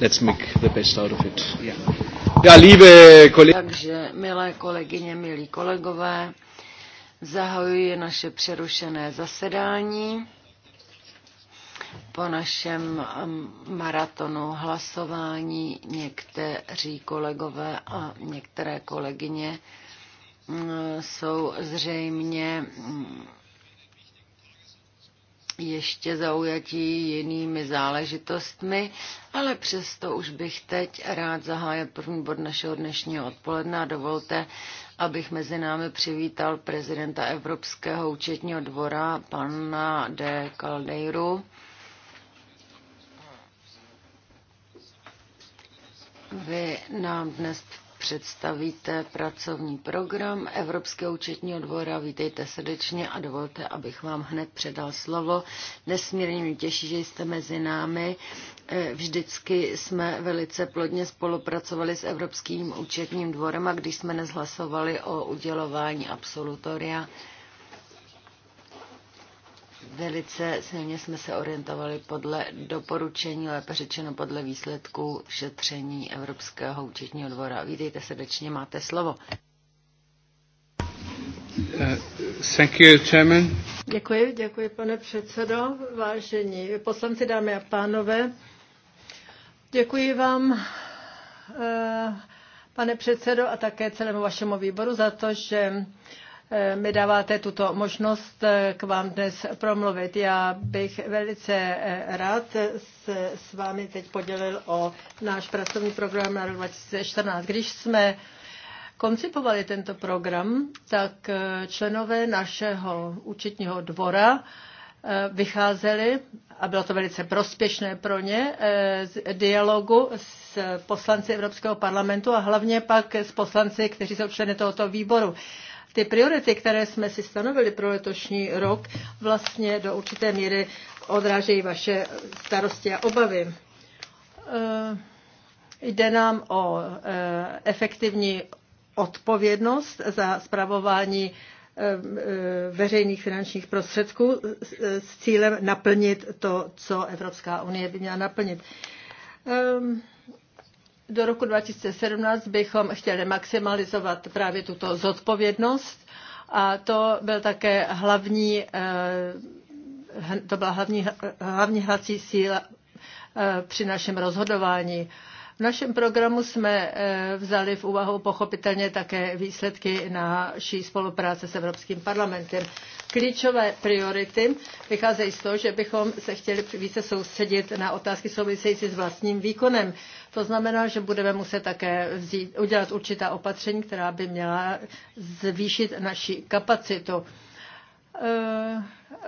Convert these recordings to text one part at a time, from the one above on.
let's make the best out of it. Yeah. Ja, liebe kolegy... Takže, milé kolegyně, milí kolegové, zahajuji naše přerušené zasedání po našem um, maratonu hlasování někteří kolegové a některé kolegyně mm, jsou zřejmě mm, ještě zaujatí jinými záležitostmi, ale přesto už bych teď rád zahájil první bod našeho dnešního odpoledne a dovolte, abych mezi námi přivítal prezidenta Evropského účetního dvora, pana de Caldeiru. Vy nám dnes představíte pracovní program Evropského účetního dvora. Vítejte srdečně a dovolte, abych vám hned předal slovo. Nesmírně mě těší, že jste mezi námi. Eh, vždycky jsme velice plodně spolupracovali s Evropským účetním dvorem a když jsme nezhlasovali o udělování absolutoria, Velice silně jsme se orientovali podle doporučení, lépe řečeno podle výsledků šetření Evropského účetního dvora. Vítejte srdečně, máte slovo. Uh, thank you, chairman. Děkuji, děkuji, pane předsedo, vážení poslanci, dámy a pánové. Děkuji vám, uh, pane předsedo, a také celému vašemu výboru za to, že Eh, mi dáváte tuto možnost eh, k vám dnes promluvit. Já bych velice eh, rád se s vámi teď podělil o náš pracovní program na rok 2014. Když jsme koncipovali tento program, tak členové našeho účetního dvora vycházeli, a bylo to velice prospěšné pro ně, z dialogu s poslanci Evropského parlamentu a hlavně pak s poslanci, kteří jsou členy tohoto výboru ty priority, které jsme si stanovili pro letošní rok, vlastně do určité míry odrážejí vaše starosti a obavy. Eh, jde nám o eh, efektivní odpovědnost za zpravování eh, veřejných finančních prostředků s cílem naplnit to, co Evropská unie by měla naplnit. Ehm, do roku 2017 bychom chtěli maximalizovat právě tuto zodpovědnost a to byl také hlavní, eh, hm, to byla hlavní, hlavní hlací síla eh, při našem rozhodování. V našem programu jsme eh, vzali v úvahu pochopitelně také výsledky naší spolupráce s Evropským parlamentem. Klíčové priority vycházejí z toho, že bychom se chtěli více soustředit na otázky související s vlastním výkonem. To znamená, že budeme muset také vzít, udělat určitá opatření, která by měla zvýšit naši kapacitu. Eh, eh,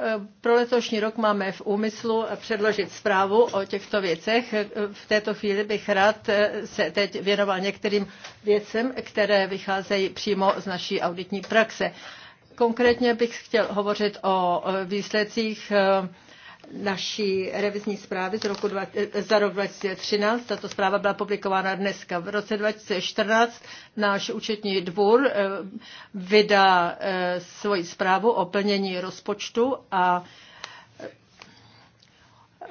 pro letošní rok máme v úmyslu předložit zprávu o těchto věcech. Eh, v této chvíli bych rád se teď věnoval některým věcem, které vycházejí přímo z naší auditní praxe. Konkrétně bych chtěl hovořit o výsledcích naší revizní zprávy z roku dva, eh, za rok 2013. Tato zpráva byla publikována dneska. V roce 2014 náš účetní dvůr eh, vydá eh, svoji zprávu o plnění rozpočtu a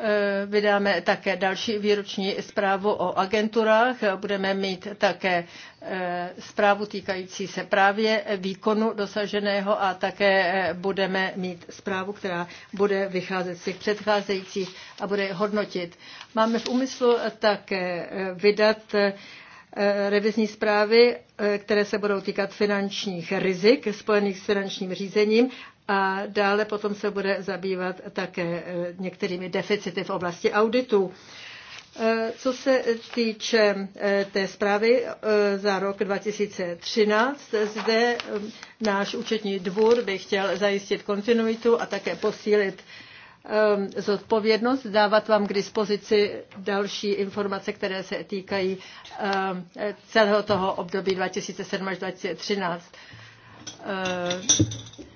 Eh, vydáme také další výroční zprávu o agenturách. Budeme mít také eh, zprávu týkající se právě výkonu dosaženého a také eh, budeme mít zprávu, která bude vycházet z těch předcházejících a bude hodnotit. Máme v úmyslu také vydat revizní zprávy, které se budou týkat finančních rizik spojených s finančním řízením a dále potom se bude zabývat také eh, některými deficity v oblasti auditu. Eh, co se týče eh, té zprávy za rok 2013, zde náš účetní dvůr by chtěl zajistit kontinuitu a také posílit zodpovědnost, dávat vám k dispozici další informace, které se týkají celého toho období 2007 až 2013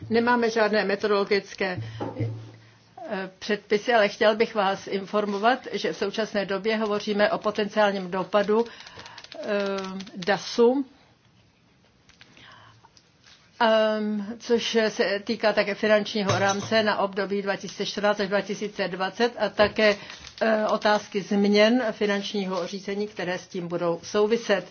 Nemáme žádné metodologické eh, předpisy, ale chtěl bych vás informovat, že v současné době hovoříme o potenciálním dopadu eh, DASu, ehm, což se týká také finančního rámce na období 2014 až 2020 a také eh, otázky změn finančního řízení, které s tím budou souviset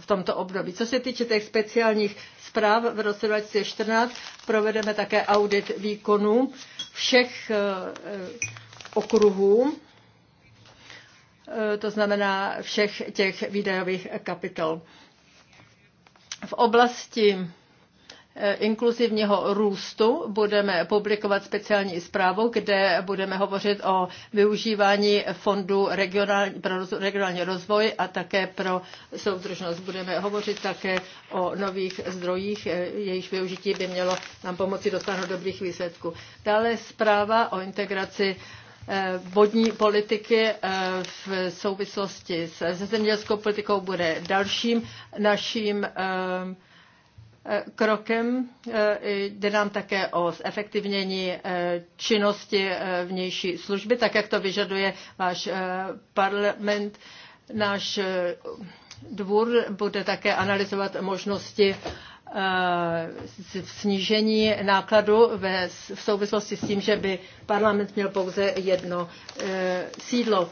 v tomto období. Co se týče těch speciálních zpráv v roce 2014, provedeme také audit výkonů všech eh, eh, okruhů, eh, to znamená všech těch výdajových kapitol. V oblasti Eh, inkluzivního růstu budeme publikovat speciální zprávu, kde budeme hovořit o využívání fondů regionální, pro regionální rozvoj a také pro soudržnost. Budeme hovořit také o nových zdrojích, eh, jejich využití by mělo nám pomoci dosáhnout dobrých výsledků. Dále zpráva o integraci eh, vodní politiky v souvislosti se zemědělskou politikou bude dalším naším Eh, krokem. Eh, jde nám také o zefektivnění eh, činnosti vnější služby, tak jak to vyžaduje váš parlament. Náš dvůr bude také analyzovat možnosti snížení nákladu v souvislosti s tím, že by parlament měl pouze jedno sídlo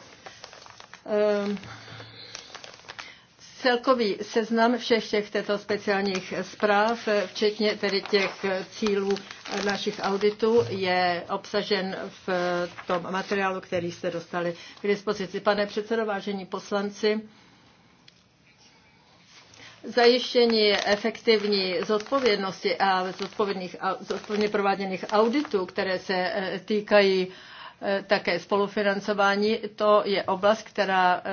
celkový seznam všech těch těchto speciálních zpráv, včetně tedy těch cílů našich auditů, je obsažen v tom materiálu, který jste dostali k dispozici. Pane předsedo, vážení poslanci, zajištění efektivní zodpovědnosti a zodpovědných, zodpovědně prováděných auditů, které se eh, týkají eh, také spolufinancování, to je oblast, která eh,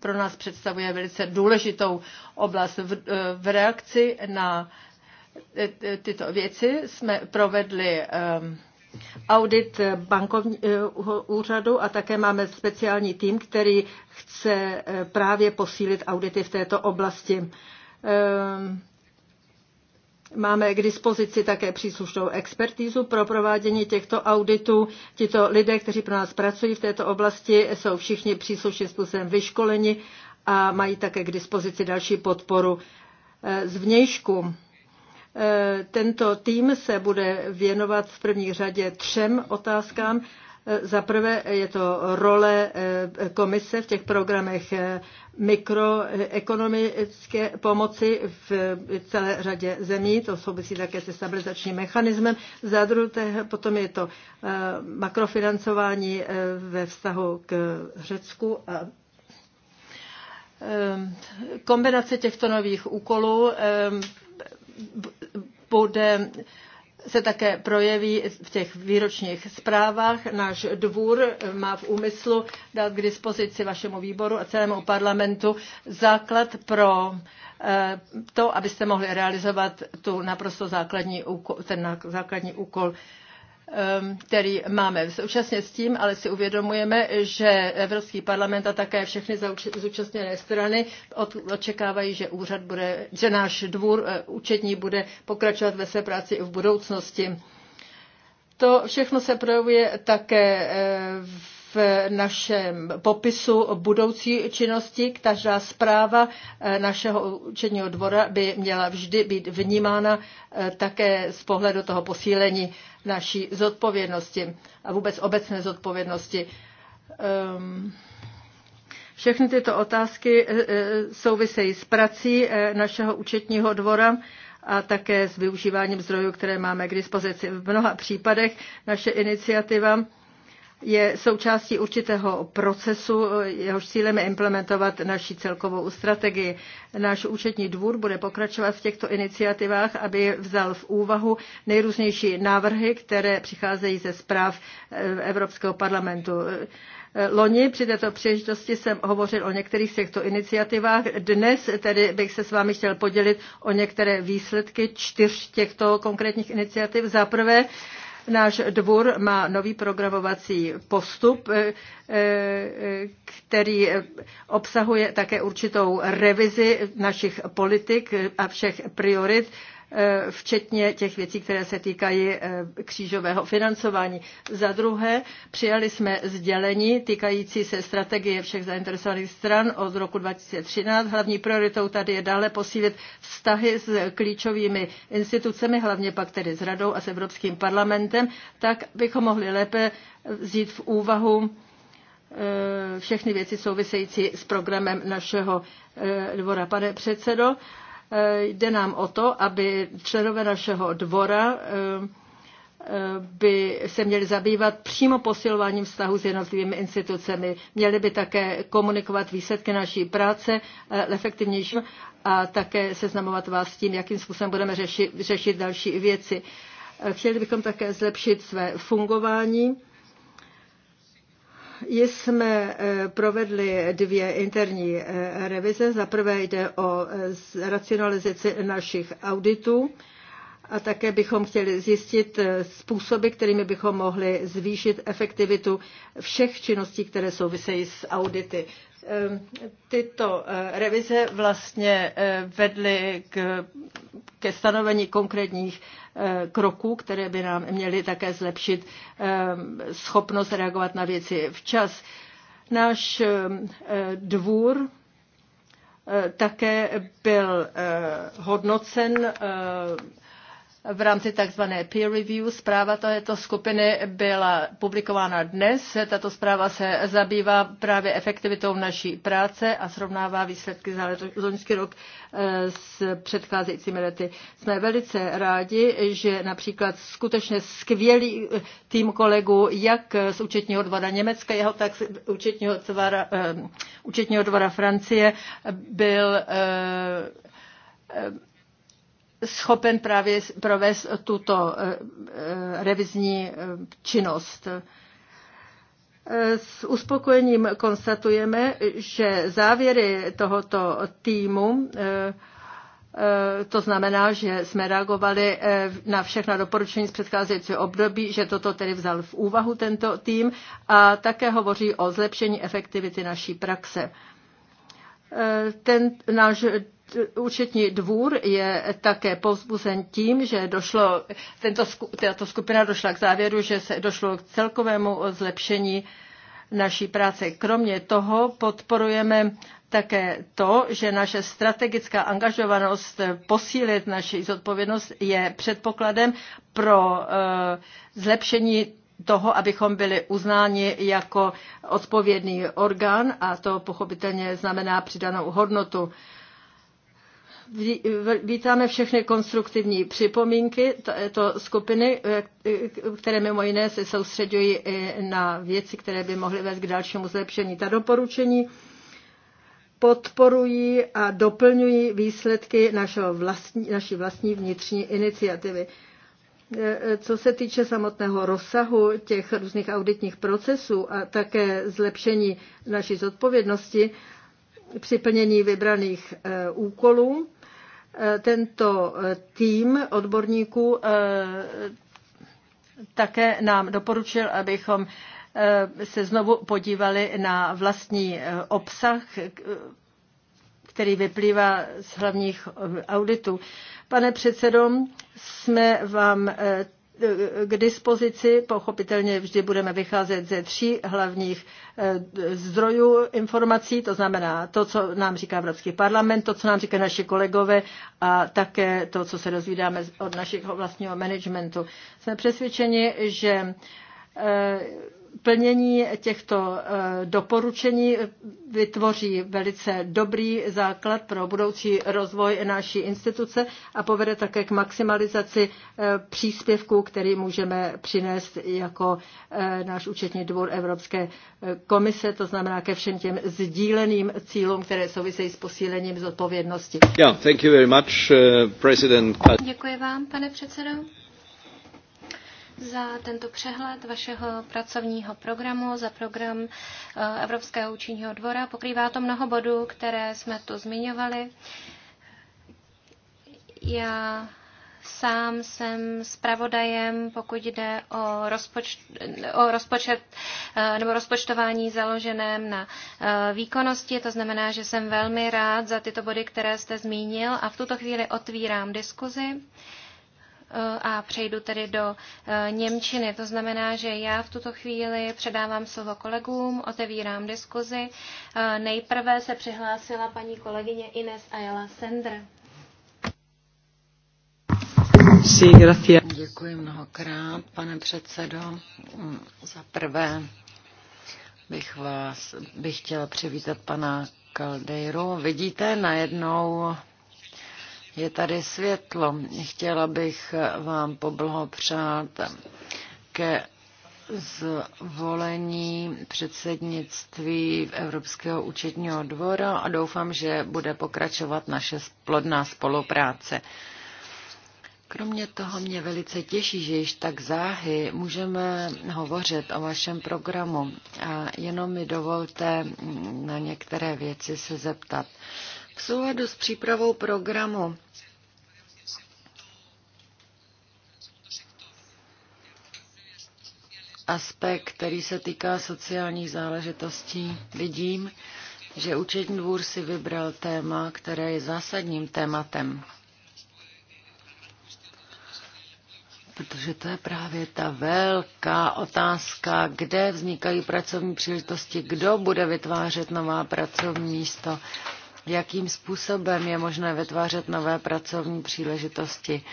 pro nás představuje velice důležitou oblast. V, eh, reakci na eh, eh, tyto věci jsme provedli ehm, audit bankovního úřadu a také máme speciální tým, který chce právě posílit audity v této oblasti. Ehm, Máme k dispozici také příslušnou expertízu pro provádění těchto auditů. Tito lidé, kteří pro nás pracují v této oblasti, jsou všichni příslušným způsobem vyškoleni a mají také k dispozici další podporu eh, z vnějšku. Eh, tento tým se bude věnovat v první řadě třem otázkám. Eh, za prvé eh, je to role eh, komise v těch programech mikroekonomické pomoci v celé řadě zemí, to souvisí také se stabilizačním mechanismem. Za druhé potom je to makrofinancování ve vztahu k Řecku a kombinace těchto nových úkolů bude se také projeví v těch výročních zprávách. Náš dvůr má v úmyslu dát k dispozici vašemu výboru a celému parlamentu základ pro eh, to, abyste mohli realizovat tu naprosto základní úkol, ten základní úkol Ehm, který máme. Současně s tím ale si uvědomujeme, že Evropský parlament a také všechny zúčastněné strany očekávají, že úřad bude, že náš dvůr eh, účetní bude pokračovat ve své práci i v budoucnosti. To všechno se projevuje také eh, v v našem popisu budoucí činnosti. Každá zpráva eh, našeho účetního dvora by měla vždy být vnímána eh, také z pohledu toho posílení naší zodpovědnosti a vůbec obecné zodpovědnosti. Ehm, všechny tyto otázky eh, souvisejí s prací našeho účetního dvora a také s využíváním zdrojů, které máme k dispozici. V mnoha případech naše iniciativa je součástí určitého procesu, jehož cílem je implementovat naši celkovou strategii. Náš účetní dvůr bude pokračovat v těchto iniciativách, aby vzal v úvahu nejrůznější návrhy, které přicházejí ze zpráv eh, Evropského parlamentu. Eh, loni při této příležitosti jsem hovořil o některých z těchto iniciativách. Dnes tedy bych se s vámi chtěl podělit o některé výsledky čtyř těchto konkrétních iniciativ. Za prvé, Náš dvůr má nový programovací postup, eh, eh, který obsahuje také určitou revizi našich politik a všech priorit Eh, včetně těch věcí, které se týkají eh, křížového financování. Za druhé, přijali jsme sdělení týkající se strategie všech zainteresovaných stran od roku 2013. Hlavní prioritou tady je dále posílit vztahy s klíčovými institucemi, hlavně pak tedy s Radou a s Evropským parlamentem, tak bychom mohli lépe vzít v úvahu eh, všechny věci související s programem našeho dvora. Pane předsedo, Eh, jde nám o to, aby členové našeho dvora eh, eh, by se měli zabývat přímo posilováním vztahu s jednotlivými institucemi. Měli by také komunikovat výsledky naší práce efektivnější a také seznamovat vás s tím, jakým způsobem budeme řešit, řešit další věci. Chtěli bychom také zlepšit své fungování jsme eh, provedli dvě interní eh, revize. Za prvé jde o eh, racionalizaci našich auditů a také bychom chtěli zjistit způsoby, kterými bychom mohli zvýšit efektivitu všech činností, které souvisejí s audity. Ehm, tyto eh, revize vlastně eh, vedly k, ke stanovení konkrétních eh, kroků, které by nám měly také zlepšit ehm, schopnost reagovat na věci včas. Náš ehm, dvůr také byl hodnocen v rámci tzv. peer review. Zpráva této skupiny byla publikována dnes. Tato zpráva se zabývá právě efektivitou naší práce a srovnává výsledky za loňský rok eh, s předcházejícími lety. Jsme velice rádi, že například skutečně skvělý eh, tým kolegů, jak z účetního dvora Německého, tak z účetního dvora, eh, účetního dvora Francie byl schopen právě provést tuto eh, eh, revizní eh, činnost. S uspokojením konstatujeme, že závěry tohoto týmu, to znamená, že jsme reagovali na všechna doporučení z předcházejícího období, že toto tedy vzal v úvahu tento tým a také hovoří o zlepšení efektivity naší praxe. Ten náš Účetní dvůr je také povzbuzen tím, že došlo, tento, tato skupina došla k závěru, že se došlo k celkovému zlepšení naší práce. Kromě toho podporujeme také to, že naše strategická angažovanost posílit naši zodpovědnost je předpokladem pro eh, zlepšení toho, abychom byli uznáni jako odpovědný orgán a to pochopitelně znamená přidanou hodnotu. Vítáme všechny konstruktivní připomínky této skupiny, eh, které mimo jiné se soustředují i na věci, které by mohly vést k dalšímu zlepšení. Ta doporučení podporují a doplňují výsledky našeho vlastní, naší vlastní vnitřní iniciativy. Eh, eh, co se týče samotného rozsahu těch různých auditních procesů a také zlepšení naší zodpovědnosti, při plnění vybraných e, úkolů. E, tento e, tým odborníků také nám doporučil, abychom se znovu podívali na vlastní obsah, který vyplývá z hlavních auditů. Pane předsedo, jsme vám k dispozici. Pochopitelně vždy budeme vycházet ze tří hlavních eh, zdrojů informací, to znamená to, co nám říká Evropský parlament, to, co nám říkají naši kolegové a také to, co se dozvídáme od našich vlastního managementu. Jsme přesvědčeni, že eh, plnění těchto eh, doporučení vytvoří velice dobrý základ pro budoucí rozvoj naší instituce a povede také k maximalizaci eh, příspěvků, který můžeme přinést jako eh, náš účetní dvůr Evropské komise, to znamená ke všem těm sdíleným cílům, které souvisejí s posílením zodpovědnosti. Yeah, thank you very much, uh, President. Děkuji vám, pane předsedo za tento přehled vašeho pracovního programu, za program eh, Evropského účinního dvora. Pokrývá to mnoho bodů, které jsme tu zmiňovali. Já sám jsem zpravodajem, pokud jde o, rozpoč, o rozpočet eh, nebo rozpočtování založeném na eh, výkonnosti. To znamená, že jsem velmi rád za tyto body, které jste zmínil a v tuto chvíli otvírám diskuzi a přejdu tedy do e, Němčiny. To znamená, že já v tuto chvíli předávám slovo kolegům, otevírám diskuzi. E, nejprve se přihlásila paní kolegyně Ines Ayala Sender. Děkuji mnohokrát, pane předsedo. Mm, za prvé bych vás bych chtěla přivítat pana Kaldejru. Vidíte, najednou je tady světlo. Chtěla bych vám poblahopřát ke zvolení předsednictví Evropského účetního dvora a doufám, že bude pokračovat naše plodná spolupráce. Kromě toho mě velice těší, že již tak záhy můžeme hovořit o vašem programu a jenom mi dovolte na některé věci se zeptat souladu s přípravou programu aspekt, který se týká sociálních záležitostí, vidím, že účetní dvůr si vybral téma, které je zásadním tématem. Protože to je právě ta velká otázka, kde vznikají pracovní příležitosti, kdo bude vytvářet nová pracovní místo, jakým způsobem je možné vytvářet nové pracovní příležitosti.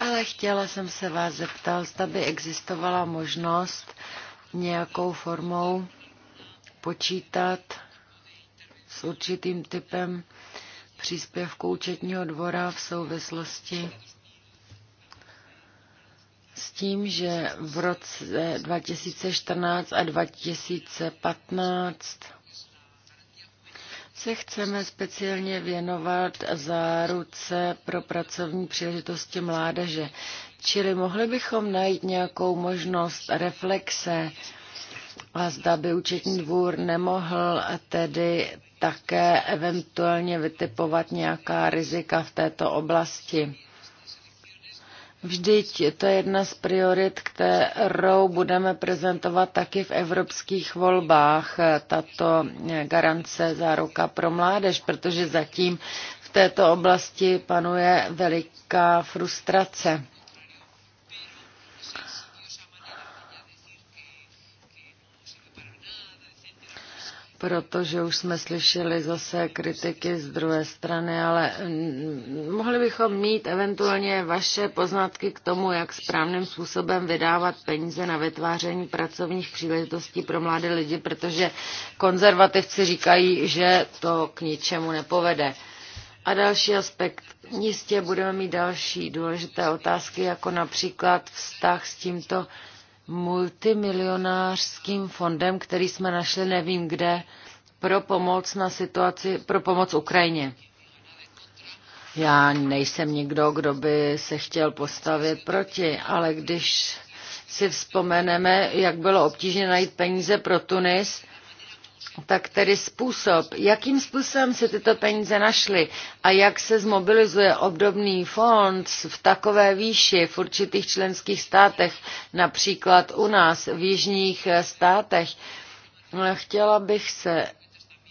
Ale chtěla jsem se vás zeptat, zda by existovala možnost nějakou formou počítat s určitým typem příspěvku účetního dvora v souvislosti s tím, že v roce 2014 a 2015 se chceme speciálně věnovat záruce pro pracovní příležitosti mládeže. Čili mohli bychom najít nějakou možnost reflexe a zda by účetní dvůr nemohl tedy také eventuálně vytipovat nějaká rizika v této oblasti. Vždyť je to jedna z priorit, kterou budeme prezentovat taky v evropských volbách, tato garance záruka pro mládež, protože zatím v této oblasti panuje veliká frustrace. protože už jsme slyšeli zase kritiky z druhé strany, ale mm, mohli bychom mít eventuálně vaše poznatky k tomu, jak správným způsobem vydávat peníze na vytváření pracovních příležitostí pro mladé lidi, protože konzervativci říkají, že to k ničemu nepovede. A další aspekt. Jistě budeme mít další důležité otázky, jako například vztah s tímto multimilionářským fondem, který jsme našli nevím kde, pro pomoc na situaci, pro pomoc Ukrajině. Já nejsem nikdo, kdo by se chtěl postavit proti, ale když si vzpomeneme, jak bylo obtížné najít peníze pro Tunis, tak tedy způsob, jakým způsobem se tyto peníze našly a jak se zmobilizuje obdobný fond v takové výši v určitých členských státech, například u nás v jižních státech, chtěla bych se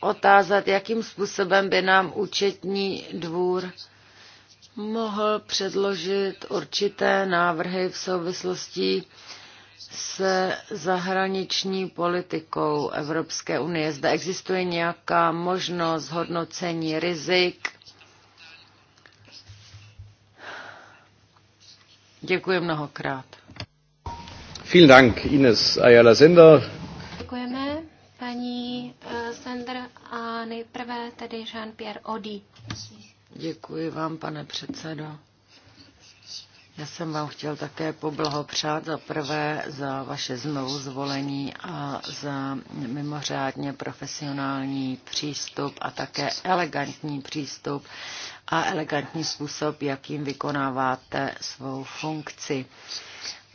otázat, jakým způsobem by nám účetní dvůr mohl předložit určité návrhy v souvislosti se zahraniční politikou Evropské unie. Zda existuje nějaká možnost hodnocení rizik. Děkuji mnohokrát. Vielen Dank, Ines Ayala Sender. Děkujeme, paní eh, Sender, a nejprve tedy Jean-Pierre Odi. Děkuji vám, pane předsedo. Já jsem vám chtěl také poblahopřát za prvé za vaše znovu zvolení a za mimořádně profesionální přístup a také elegantní přístup a elegantní způsob, jakým vykonáváte svou funkci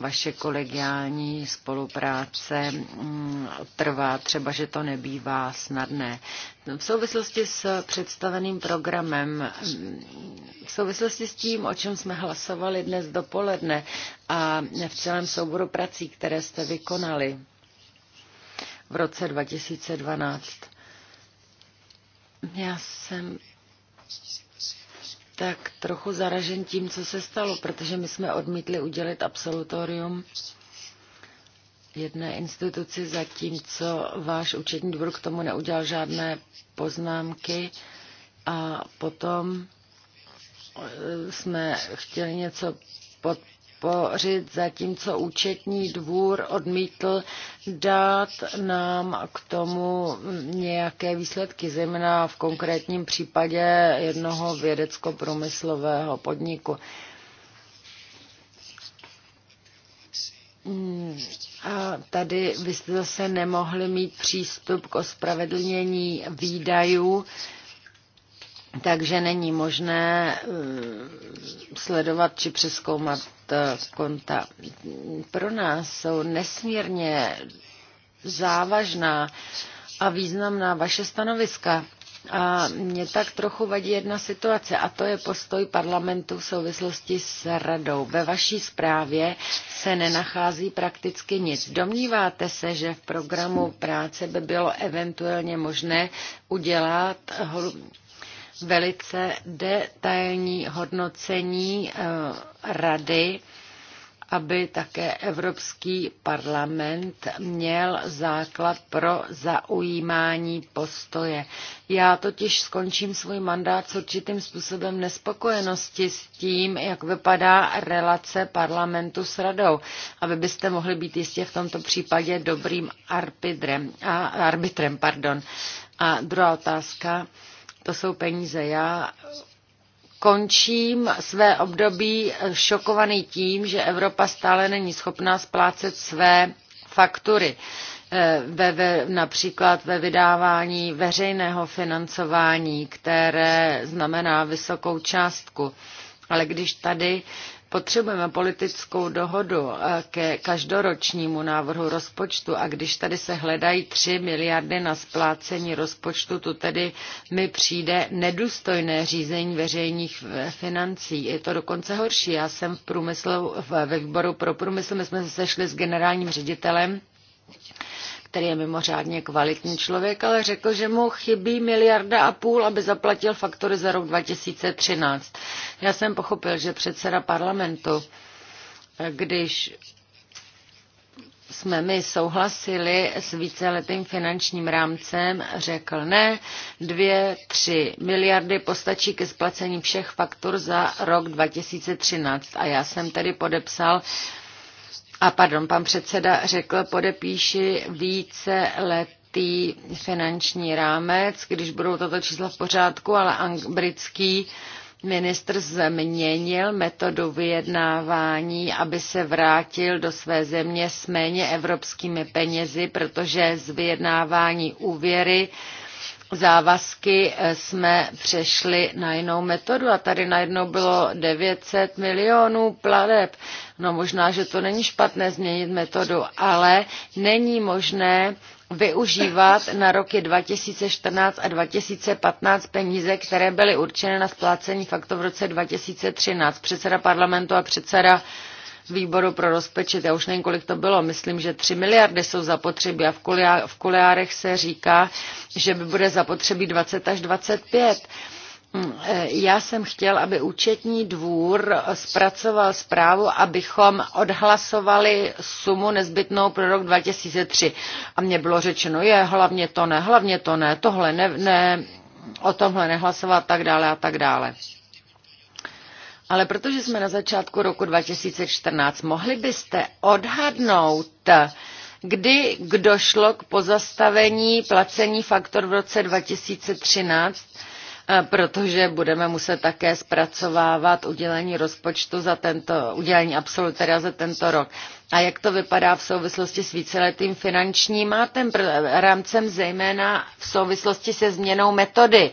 vaše kolegiální spolupráce mm, trvá, třeba že to nebývá snadné. V souvislosti s představeným programem, mm, v souvislosti s tím, o čem jsme hlasovali dnes dopoledne a v celém souboru prací, které jste vykonali v roce 2012, já jsem tak trochu zaražen tím, co se stalo, protože my jsme odmítli udělit absolutorium jedné instituci, zatímco váš účetní dvůr k tomu neudělal žádné poznámky a potom eh, jsme chtěli něco pod podpořit, zatímco účetní dvůr odmítl dát nám k tomu nějaké výsledky, zejména v konkrétním případě jednoho vědecko-průmyslového podniku. A tady byste zase nemohli mít přístup k ospravedlnění výdajů, takže není možné eh, sledovat či přeskoumat eh, konta. Pro nás jsou nesmírně závažná a významná vaše stanoviska. A mě tak trochu vadí jedna situace, a to je postoj parlamentu v souvislosti s radou. Ve vaší zprávě se nenachází prakticky nic. Domníváte se, že v programu práce by bylo eventuálně možné udělat velice detailní hodnocení eh, rady, aby také Evropský parlament měl základ pro zaujímání postoje. Já totiž skončím svůj mandát s určitým způsobem nespokojenosti s tím, jak vypadá relace parlamentu s radou. Aby byste mohli být jistě v tomto případě dobrým arbitrem. A, arbitrem pardon. a druhá otázka to jsou peníze. Já končím své období šokovaný tím, že Evropa stále není schopná splácet své faktury. Eh, ve, ve, například ve vydávání veřejného financování, které znamená vysokou částku. Ale když tady Potřebujeme politickou dohodu eh, ke každoročnímu návrhu rozpočtu a když tady se hledají 3 miliardy na splácení rozpočtu, tu tedy mi přijde nedůstojné řízení veřejných eh, financí. Je to dokonce horší. Já jsem v průmyslu, ve výboru pro průmysl, my jsme se sešli s generálním ředitelem který je mimořádně kvalitní člověk, ale řekl, že mu chybí miliarda a půl, aby zaplatil faktory za rok 2013. Já jsem pochopil, že předseda parlamentu, když jsme my souhlasili s víceletým finančním rámcem, řekl ne, dvě, tři miliardy postačí ke splacení všech faktur za rok 2013. A já jsem tedy podepsal a pardon, pan předseda řekl, podepíši více let finanční rámec, když budou tato čísla v pořádku, ale britský ministr změnil metodu vyjednávání, aby se vrátil do své země s méně evropskými penězi, protože z vyjednávání úvěry závazky eh, jsme přešli na jinou metodu a tady najednou bylo 900 milionů pladeb. No možná, že to není špatné změnit metodu, ale není možné využívat na roky 2014 a 2015 peníze, které byly určeny na splácení fakto v roce 2013. Předseda parlamentu a předseda z výboru pro rozpočet, já už nevím, kolik to bylo, myslím, že 3 miliardy jsou zapotřebí a v, kuliá, v kuliárech se říká, že by bude zapotřebí 20 až 25. Hm, eh, já jsem chtěl, aby účetní dvůr zpracoval zprávu, abychom odhlasovali sumu nezbytnou pro rok 2003. A mně bylo řečeno, je, hlavně to ne, hlavně to ne, tohle ne, ne o tomhle nehlasovat tak dále a tak dále. Ale protože jsme na začátku roku 2014, mohli byste odhadnout, kdy došlo k pozastavení placení faktor v roce 2013, protože budeme muset také zpracovávat udělení rozpočtu za tento, udělení absolutoria za tento rok. A jak to vypadá v souvislosti s víceletým finančním rámcem, zejména v souvislosti se změnou metody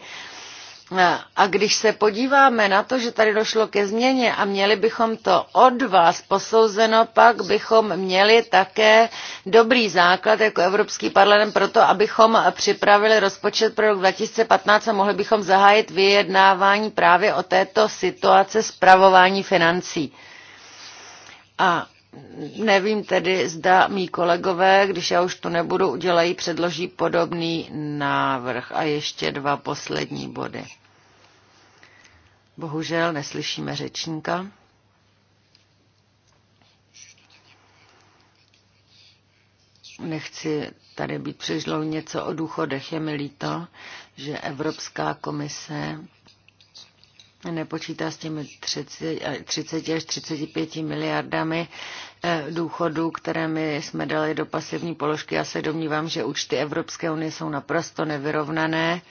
a když se podíváme na to, že tady došlo ke změně a měli bychom to od vás posouzeno, pak bychom měli také dobrý základ jako Evropský parlament pro to, abychom připravili rozpočet pro rok 2015 a mohli bychom zahájit vyjednávání právě o této situace zpravování financí. A nevím tedy, zda mý kolegové, když já už to nebudu, udělají, předloží podobný návrh. A ještě dva poslední body. Bohužel neslyšíme řečníka. Nechci tady být přežlou něco o důchodech. Je mi líto, že Evropská komise nepočítá s těmi 30, 30 až 35 miliardami eh, důchodů, které my jsme dali do pasivní položky. Já se domnívám, že účty Evropské unie jsou naprosto nevyrovnané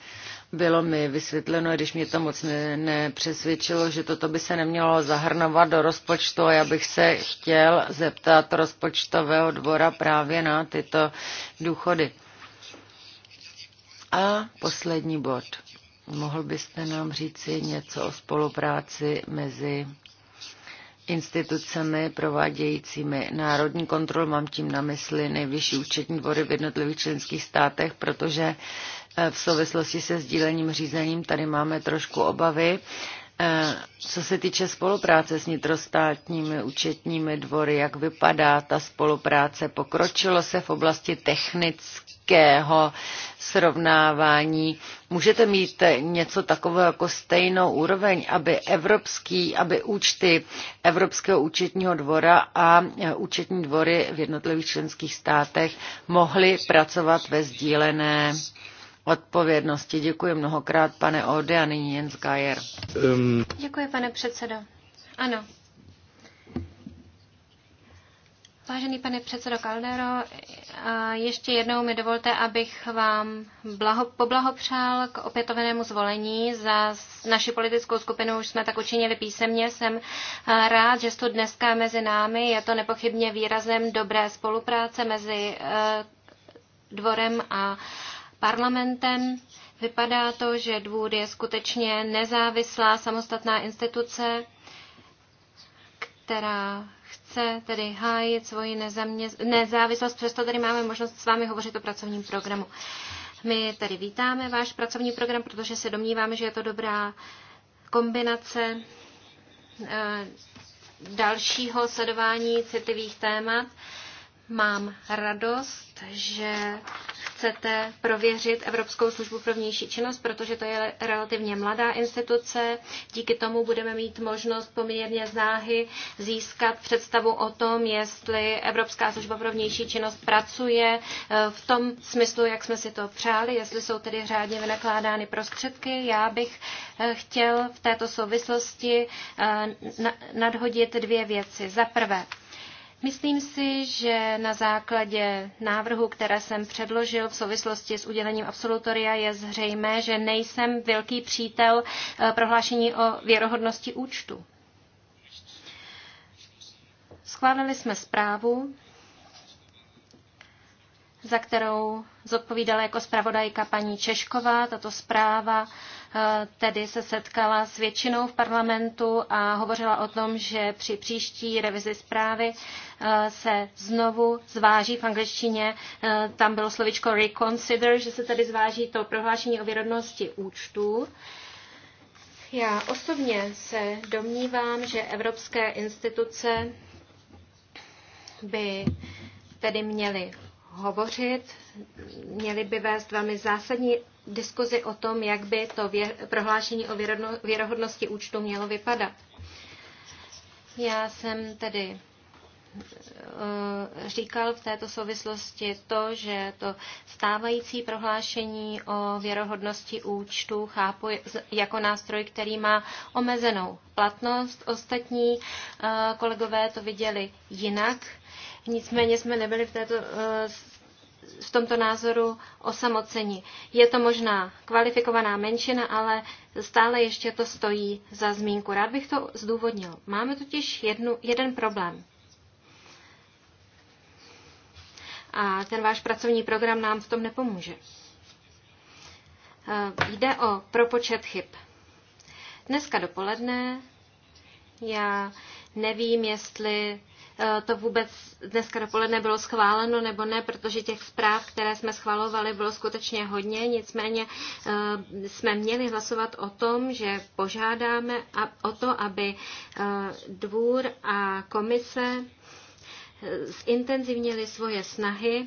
bylo mi vysvětleno, když mě to moc nepřesvědčilo, že toto by se nemělo zahrnovat do rozpočtu a já bych se chtěl zeptat rozpočtového dvora právě na tyto důchody. A poslední bod. Mohl byste nám říci něco o spolupráci mezi institucemi provádějícími národní kontrol, mám tím na mysli nejvyšší účetní dvory v jednotlivých členských státech, protože eh, v souvislosti se sdílením řízením tady máme trošku obavy Eh, co se týče spolupráce s nitrostátními účetními dvory, jak vypadá ta spolupráce? Pokročilo se v oblasti technického srovnávání. Můžete mít něco takového jako stejnou úroveň, aby, evropský, aby účty Evropského účetního dvora a eh, účetní dvory v jednotlivých členských státech mohly pracovat ve sdílené odpovědnosti. Děkuji mnohokrát, pane Ode, a nyní Jens Gajer. Um. Děkuji, pane předsedo. Ano. Vážený pane předsedo Caldero, ještě jednou mi dovolte, abych vám blaho, poblahopřál k opětovnému zvolení. Za naši politickou skupinu už jsme tak učinili písemně. Jsem rád, že jste dneska mezi námi. Je to nepochybně výrazem dobré spolupráce mezi dvorem a parlamentem. Vypadá to, že dvůr je skutečně nezávislá samostatná instituce, která chce tedy hájit svoji nezávislost, přesto tady máme možnost s vámi hovořit o pracovním programu. My tady vítáme váš pracovní program, protože se domníváme, že je to dobrá kombinace eh, dalšího sledování citlivých témat. Mám radost, že chcete prověřit Evropskou službu pro vnější činnost, protože to je relativně mladá instituce. Díky tomu budeme mít možnost poměrně záhy získat představu o tom, jestli Evropská služba pro vnější činnost pracuje eh, v tom smyslu, jak jsme si to přáli, jestli jsou tedy řádně vynakládány prostředky. Já bych eh, chtěl v této souvislosti eh, nadhodit dvě věci. Za prvé, Myslím si, že na základě návrhu, které jsem předložil v souvislosti s udělením absolutoria, je zřejmé, že nejsem velký přítel eh, prohlášení o věrohodnosti účtu. Schválili jsme zprávu, za kterou zodpovídala jako zpravodajka paní Češková. Tato zpráva Eh, tedy se setkala s většinou v parlamentu a hovořila o tom, že při příští revizi zprávy eh, se znovu zváží v angličtině, eh, tam bylo slovičko reconsider, že se tedy zváží to prohlášení o věrodnosti účtů. Já osobně se domnívám, že evropské instituce by tedy měly hovořit, měly by vést velmi zásadní diskuzi o tom, jak by to věr, prohlášení o věrodno, věrohodnosti účtu mělo vypadat. Já jsem tedy eh, říkal v této souvislosti to, že to stávající prohlášení o věrohodnosti účtu chápu jako nástroj, který má omezenou platnost. Ostatní eh, kolegové to viděli jinak. Nicméně jsme nebyli v této eh, v tomto názoru osamoceni. Je to možná kvalifikovaná menšina, ale stále ještě to stojí za zmínku. Rád bych to zdůvodnil. Máme totiž jednu, jeden problém. A ten váš pracovní program nám v tom nepomůže. Eh, jde o propočet chyb. Dneska dopoledne já nevím, jestli Eh, to vůbec dneska dopoledne bylo schváleno nebo ne, protože těch zpráv, které jsme schvalovali, bylo skutečně hodně. Nicméně eh, jsme měli hlasovat o tom, že požádáme o to, aby eh, dvůr a komise zintenzivnili svoje snahy,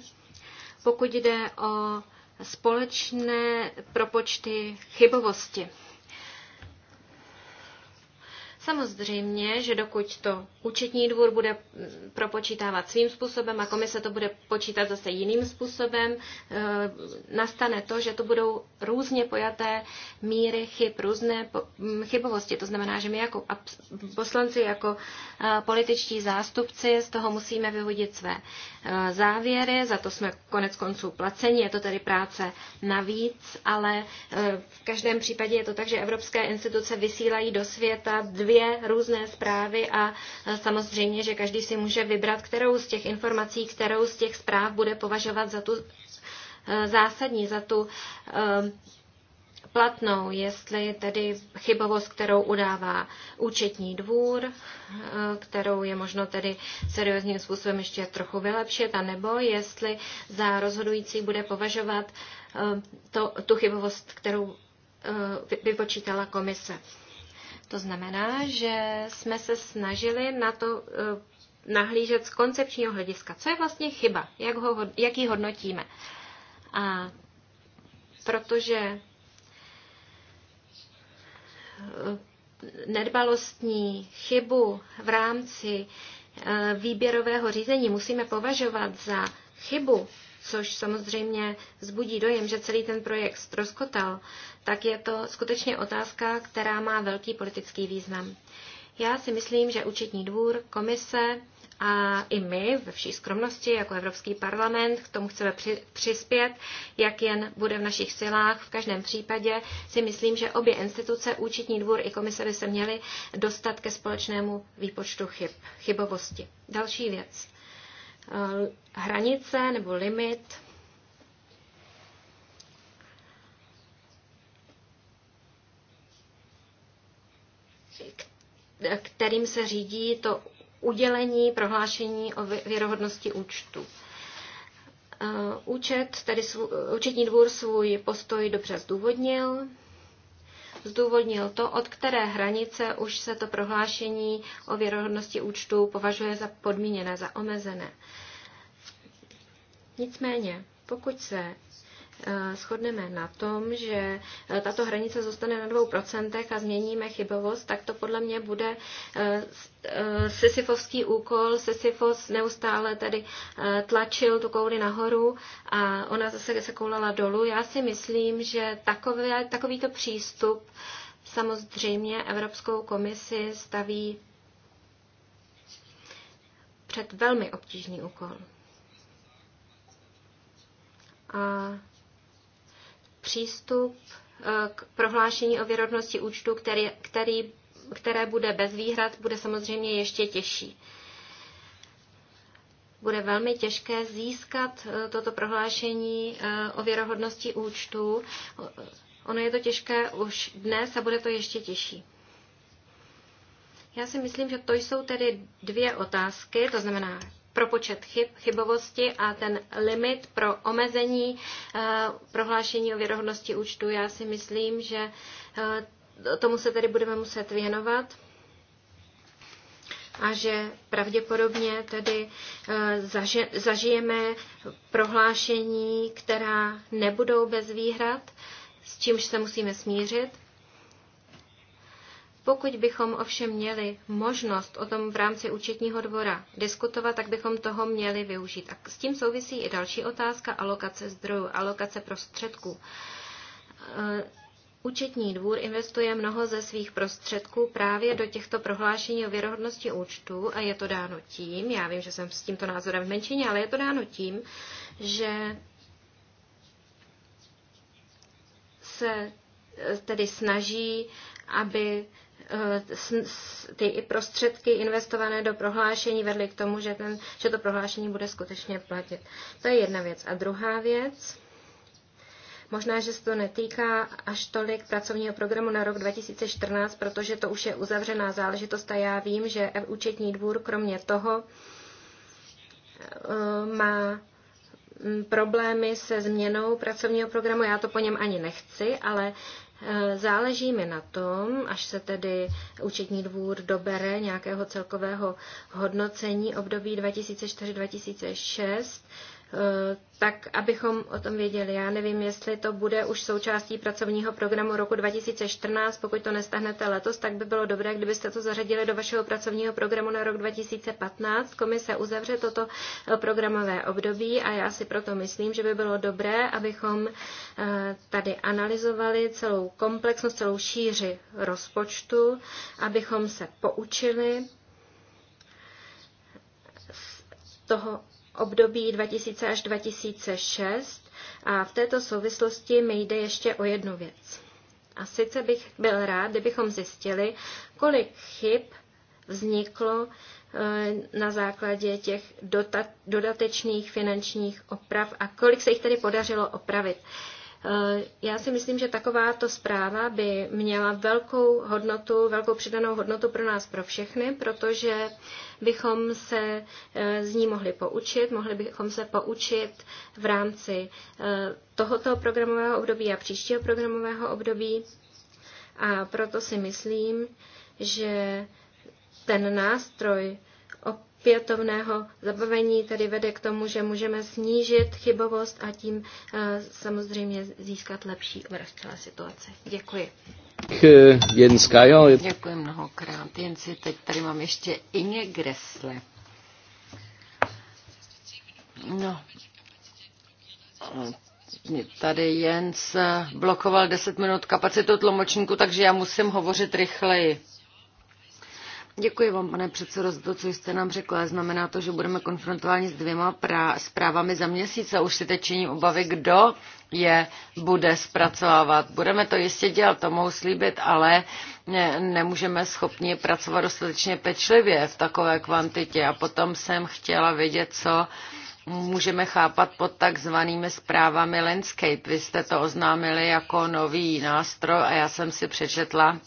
pokud jde o společné propočty chybovosti. Samozřejmě, že dokud to účetní dvůr bude mm, propočítávat svým způsobem a komise to bude počítat zase jiným způsobem, eh, nastane to, že to budou různě pojaté míry chyb, různé mm, chybovosti. To znamená, že my jako poslanci, jako eh, političtí zástupci z toho musíme vyvodit své eh, závěry, za to jsme konec konců placeni, je to tedy práce navíc, ale v každém případě je to tak, že evropské instituce vysílají do světa dvě dvě různé zprávy a e, samozřejmě, že každý si může vybrat, kterou z těch informací, kterou z těch zpráv bude považovat za tu e, zásadní, za tu e, platnou, jestli tedy chybovost, kterou udává účetní dvůr, kterou je možno tedy seriózním způsobem ještě trochu vylepšit, anebo jestli za rozhodující bude považovat to, tu chybovost, kterou vypočítala komise. To znamená, že jsme se snažili na to eh, nahlížet z koncepčního hlediska. Co je vlastně chyba? Jak, ho, jak ji hodnotíme? A protože eh, nedbalostní chybu v rámci eh, výběrového řízení musíme považovat za chybu což samozřejmě zbudí dojem, že celý ten projekt ztroskotal, tak je to skutečně otázka, která má velký politický význam. Já si myslím, že účetní dvůr, komise a i my ve vší skromnosti jako Evropský parlament k tomu chceme při, přispět, jak jen bude v našich silách. V každém případě si myslím, že obě instituce, účetní dvůr i komise by se měly dostat ke společnému výpočtu chyb, chybovosti. Další věc. Eh, hranice nebo limit kterým se řídí to udělení prohlášení o věrohodnosti účtu. Eh, účet, tedy svů, účetní dvůr svůj postoj dobře zdůvodnil zdůvodnil to, od které hranice už se to prohlášení o věrohodnosti účtu považuje za podmíněné, za omezené. Nicméně, pokud se Eh, shodneme na tom, že eh, tato hranice zůstane na 2% a změníme chybovost, tak to podle mě bude eh, sisyfovský úkol. Sisyfos neustále tady tlačil tu kouli nahoru a ona zase se koulala dolů. Já si myslím, že takové, takovýto přístup samozřejmě Evropskou komisi staví před velmi obtížný úkol. A přístup eh, k prohlášení o věrodnosti účtu, který, který, které bude bez výhrad, bude samozřejmě ještě těžší. Bude velmi těžké získat eh, toto prohlášení eh, o věrohodnosti účtu. Ono je to těžké už dnes a bude to ještě těžší. Já si myslím, že to jsou tedy dvě otázky, to znamená pro počet chyb, chybovosti a ten limit pro omezení eh, prohlášení o věrohodnosti účtu. Já si myslím, že eh, tomu se tedy budeme muset věnovat a že pravděpodobně tedy eh, zažijeme prohlášení, která nebudou bez výhrad, s čímž se musíme smířit. Pokud bychom ovšem měli možnost o tom v rámci účetního dvora diskutovat, tak bychom toho měli využít. A s tím souvisí i další otázka alokace zdrojů, alokace prostředků. Eh, účetní dvůr investuje mnoho ze svých prostředků právě do těchto prohlášení o věrohodnosti účtu a je to dáno tím, já vím, že jsem s tímto názorem v menšině, ale je to dáno tím, že se tedy snaží, aby Eh, ty prostředky investované do prohlášení vedly k tomu, že, ten, že to prohlášení bude skutečně platit. To je jedna věc. A druhá věc, možná, že se to netýká až tolik pracovního programu na rok 2014, protože to už je uzavřená záležitost a já vím, že účetní dvůr kromě toho eh, má mm, problémy se změnou pracovního programu, já to po něm ani nechci, ale Eh, záleží mi na tom, až se tedy účetní dvůr dobere nějakého celkového hodnocení období 2004-2006, Eh, tak abychom o tom věděli. Já nevím, jestli to bude už součástí pracovního programu roku 2014. Pokud to nestahnete letos, tak by bylo dobré, kdybyste to zařadili do vašeho pracovního programu na rok 2015. Komise uzavře toto eh, programové období a já si proto myslím, že by bylo dobré, abychom eh, tady analyzovali celou komplexnost, celou šíři rozpočtu, abychom se poučili z toho, období 2000 až 2006 a v této souvislosti mi jde ještě o jednu věc. A sice bych byl rád, kdybychom zjistili, kolik chyb vzniklo eh, na základě těch dodatečných finančních oprav a kolik se jich tedy podařilo opravit. Eh, já si myslím, že takováto zpráva by měla velkou hodnotu, velkou přidanou hodnotu pro nás, pro všechny, protože bychom se eh, z ní mohli poučit, mohli bychom se poučit v rámci eh, tohoto programového období a příštího programového období. A proto si myslím, že ten nástroj, opětovného zabavení tedy vede k tomu, že můžeme snížit chybovost a tím eh, samozřejmě získat lepší obraz celé situace. Děkuji. Eh, Jens jo. Děkuji mnohokrát. Jen si teď tady mám ještě Inge Gressle. No. Eh, tady Jens blokoval 10 minut kapacitu tlumočníku, takže já musím hovořit rychleji. Děkuji vám, pane předsedo, za to, co jste nám řekla. Znamená to, že budeme konfrontováni s dvěma zprávami za měsíc a už si teď činím obavy, kdo je bude zpracovávat. Budeme to jistě dělat, to mohu slíbit, ale ne, nemůžeme schopni pracovat dostatečně pečlivě v takové kvantitě. A potom jsem chtěla vědět, co můžeme chápat pod takzvanými zprávami landscape. Vy jste to oznámili jako nový nástroj a já jsem si přečetla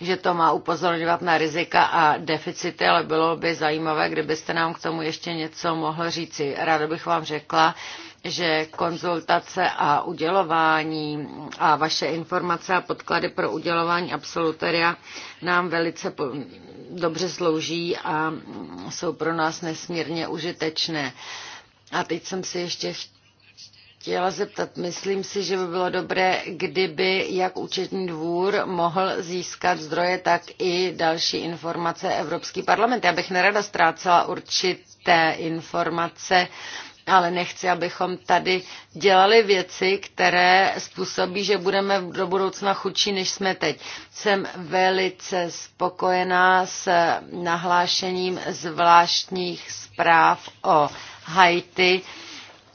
že to má upozorňovat na rizika a deficity, ale bylo by zajímavé, kdybyste nám k tomu ještě něco mohl říci. Ráda bych vám řekla, že konzultace a udělování a vaše informace a podklady pro udělování absolutoria nám velice dobře slouží a jsou pro nás nesmírně užitečné. A teď jsem si ještě chtěla chtěla zeptat. Myslím si, že by bylo dobré, kdyby jak účetní dvůr mohl získat zdroje, tak i další informace Evropský parlament. Já bych nerada ztrácela určité informace, ale nechci, abychom tady dělali věci, které způsobí, že budeme do budoucna chudší, než jsme teď. Jsem velice spokojená s nahlášením zvláštních zpráv o Haiti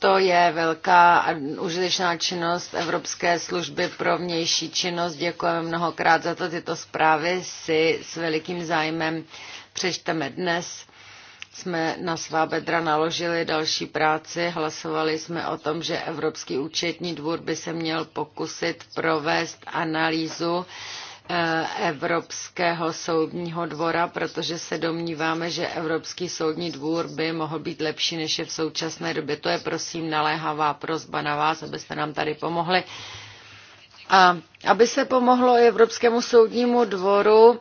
to je velká a užitečná činnost Evropské služby pro vnější činnost. Děkujeme mnohokrát za to. Tyto zprávy si s velikým zájmem přečteme dnes. Jsme na svá bedra naložili další práci, hlasovali jsme o tom, že Evropský účetní dvůr by se měl pokusit provést analýzu Evropského soudního dvora, protože se domníváme, že Evropský soudní dvůr by mohl být lepší, než je v současné době. To je prosím naléhavá prozba na vás, abyste nám tady pomohli. A aby se pomohlo Evropskému soudnímu dvoru,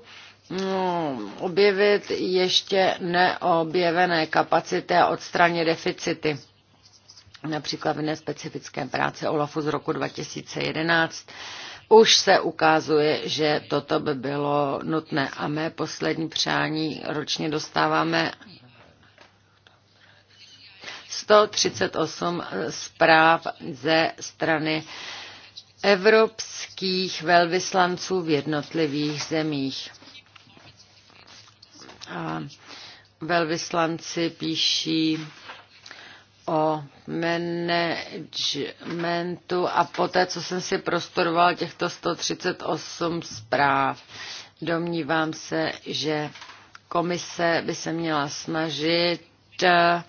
No, objevit ještě neobjevené kapacity a odstranit deficity. Například v nespecifické práci OLAFu z roku 2011 už se ukazuje, že toto by bylo nutné. A mé poslední přání ročně dostáváme 138 zpráv ze strany evropských velvyslanců v jednotlivých zemích. A velvyslanci píší o managementu a poté, co jsem si prostudoval těchto 138 zpráv, domnívám se, že komise by se měla snažit eh,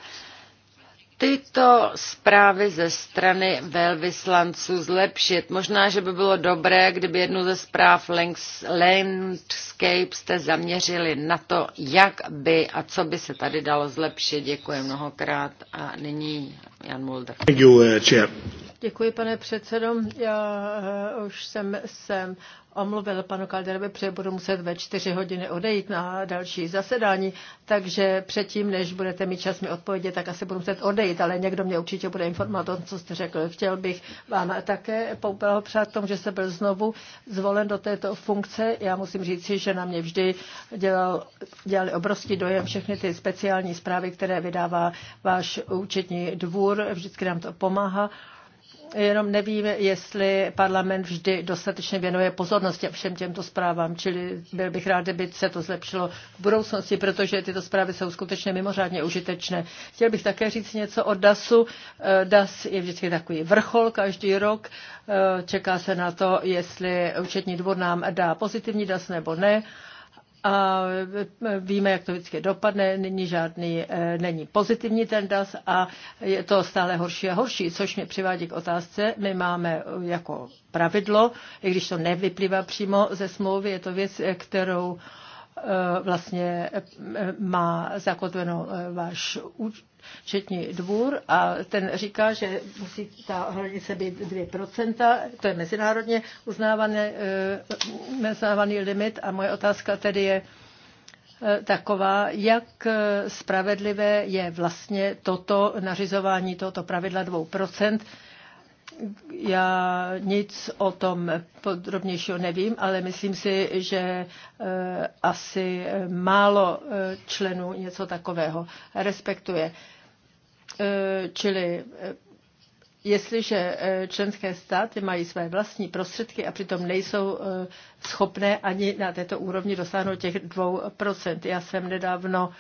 tyto zprávy ze strany velvyslanců zlepšit. Možná, že by bylo dobré, kdyby jednu ze zpráv Landscape jste zaměřili na to, jak by a co by se tady dalo zlepšit. Děkuji mnohokrát a nyní Jan Mulder. Uh, Děkuji, pane předsedo. Já eh, už jsem, jsem omluvil panu Kalderovi, protože budu muset ve čtyři hodiny odejít na další zasedání, takže předtím, než budete mít čas mi odpovědět, tak asi budu muset odejít, ale někdo mě určitě bude informovat o tom, co jste řekl. Chtěl bych vám také poblahopřát tomu, že jste byl znovu zvolen do této funkce. Já musím říci, že na mě vždy dělal, dělali obrovský dojem všechny ty speciální zprávy, které vydává váš účetní dvůr. Vždycky nám to pomáhá jenom nevím, jestli parlament vždy dostatečně věnuje pozornost těm všem těmto zprávám, čili byl bych rád, kdyby se to zlepšilo v budoucnosti, protože tyto zprávy jsou skutečně mimořádně užitečné. Chtěl bych také říct něco o DASu. Eh, DAS je vždycky takový vrchol každý rok. Eh, čeká se na to, jestli účetní dvůr nám dá pozitivní DAS nebo ne a e, víme, jak to vždycky dopadne, není žádný, e, není pozitivní ten DAS a je to stále horší a horší, což mě přivádí k otázce. My máme e, jako pravidlo, i když to nevyplývá přímo ze smlouvy, je to věc, kterou Eh, vlastně eh, má zakotveno eh, váš účetní dvůr a ten říká, že musí ta hranice být 2%, to je mezinárodně uznávaný, uznávaný limit a moje otázka tedy je taková, jak spravedlivé je vlastně toto nařizování tohoto pravidla já nic o tom podrobnějšího nevím, ale myslím si, že eh, asi eh, málo eh, členů něco takového respektuje. Čili jestliže členské státy mají své vlastní prostředky a přitom nejsou schopné ani na této úrovni dosáhnout těch 2%. Já jsem nedávno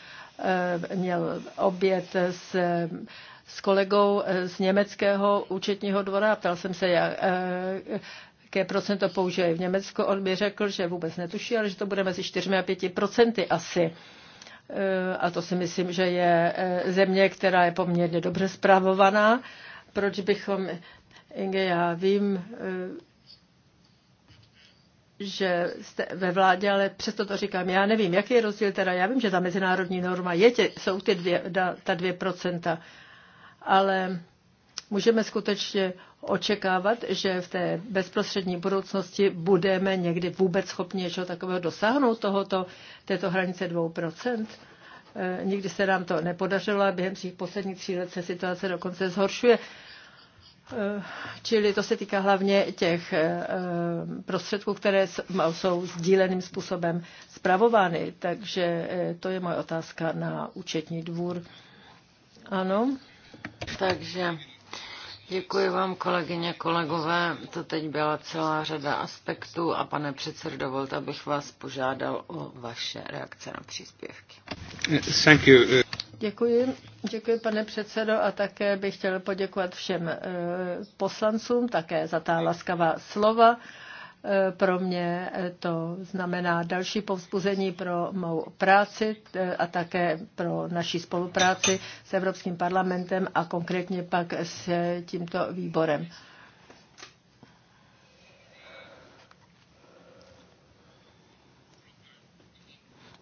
měl oběd s s kolegou eh, z německého účetního dvora a ptal jsem se, eh, jaké procento použije v Německu. On mi řekl, že vůbec netuší, ale že to bude mezi 4 a 5 procenty asi. Eh, a to si myslím, že je země, která je poměrně dobře zpravovaná. Proč bychom, Inge, já vím, že jste ve vládě, ale přesto to říkám. Já nevím, jaký je rozdíl teda. Já vím, že ta mezinárodní norma je, tě, jsou ty dvě, ta dvě procenta ale můžeme skutečně očekávat, že v té bezprostřední budoucnosti budeme někdy vůbec schopni něčeho takového dosáhnout, tohoto, této hranice 2%. Eh, nikdy se nám to nepodařilo a během těch posledních tří let se situace dokonce zhoršuje. Eh, čili to se týká hlavně těch eh, prostředků, které jsou sdíleným způsobem zpravovány. Takže to je moje otázka na účetní dvůr. Ano. Takže děkuji vám, kolegyně, kolegové. To teď byla celá řada aspektů a pane předsedo, dovolte, abych vás požádal o vaše reakce na příspěvky. Thank you. Děkuji. Děkuji, pane předsedo, a také bych chtěl poděkovat všem eh, poslancům také za ta laskavá slova. Eh, pro mě eh, to znamená další povzbuzení pro mou práci eh, a také pro naší spolupráci s Evropským parlamentem a konkrétně pak s tímto výborem.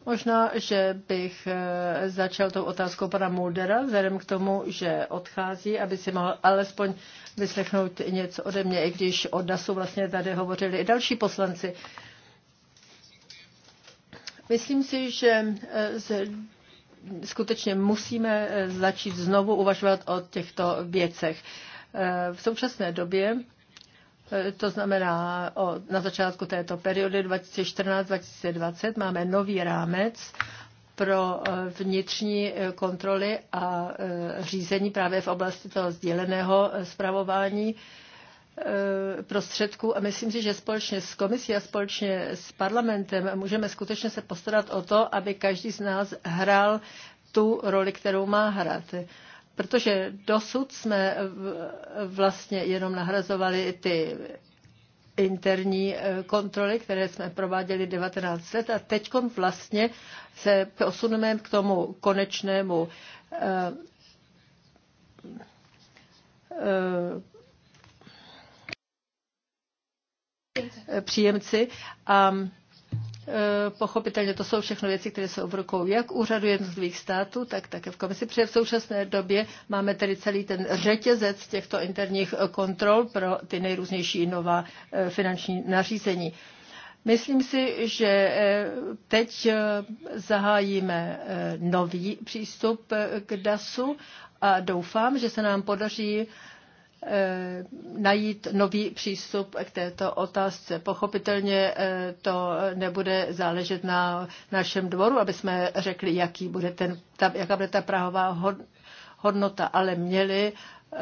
Možná, že bych eh, začal tou otázkou pana Muldera, vzhledem k tomu, že odchází, aby si mohl alespoň vyslechnout něco ode mě, i když od DASu vlastně tady hovořili i další poslanci. Myslím si, že eh, skutečně musíme eh, začít znovu uvažovat o těchto věcech. V současné době E, to znamená, o, na začátku této periody 2014-2020 máme nový rámec pro e, vnitřní e, kontroly a řízení právě v oblasti toho sdíleného zpravování prostředků a myslím si, že společně s komisí a společně s parlamentem můžeme skutečně se postarat o to, aby každý z nás hrál tu roli, kterou má hrát protože dosud jsme vlastně jenom nahrazovali ty interní eh, kontroly, které jsme prováděli 19 let a teď vlastně se posuneme k tomu konečnému eh, eh, příjemci a Eh, pochopitelně to jsou všechno věci, které jsou v rukou jak úřadu jednotlivých států, tak také v komisi, protože v současné době máme tedy celý ten řetězec těchto interních eh, kontrol pro ty nejrůznější nová eh, finanční nařízení. Myslím si, že teď zahájíme nový přístup k DASu a doufám, že se nám podaří Eh, najít nový přístup k této otázce. Pochopitelně eh, to nebude záležet na našem dvoru, aby jsme řekli, jaký bude ten, ta, jaká bude ta prahová hodnota, ale měli eh,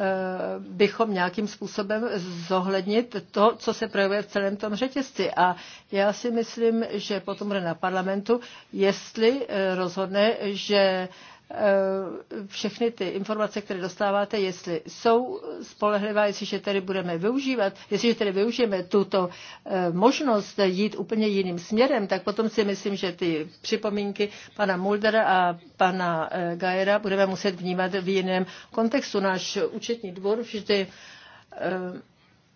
bychom nějakým způsobem zohlednit to, co se projevuje v celém tom řetězci. A já si myslím, že potom bude na parlamentu, jestli rozhodne, že všechny ty informace, které dostáváte, jestli jsou spolehlivé, jestliže tedy budeme využívat, jestliže tedy využijeme tuto eh, možnost jít úplně jiným směrem, tak potom si myslím, že ty připomínky pana Muldera a pana eh, Gajera budeme muset vnímat v jiném kontextu. Náš účetní dvor vždy eh,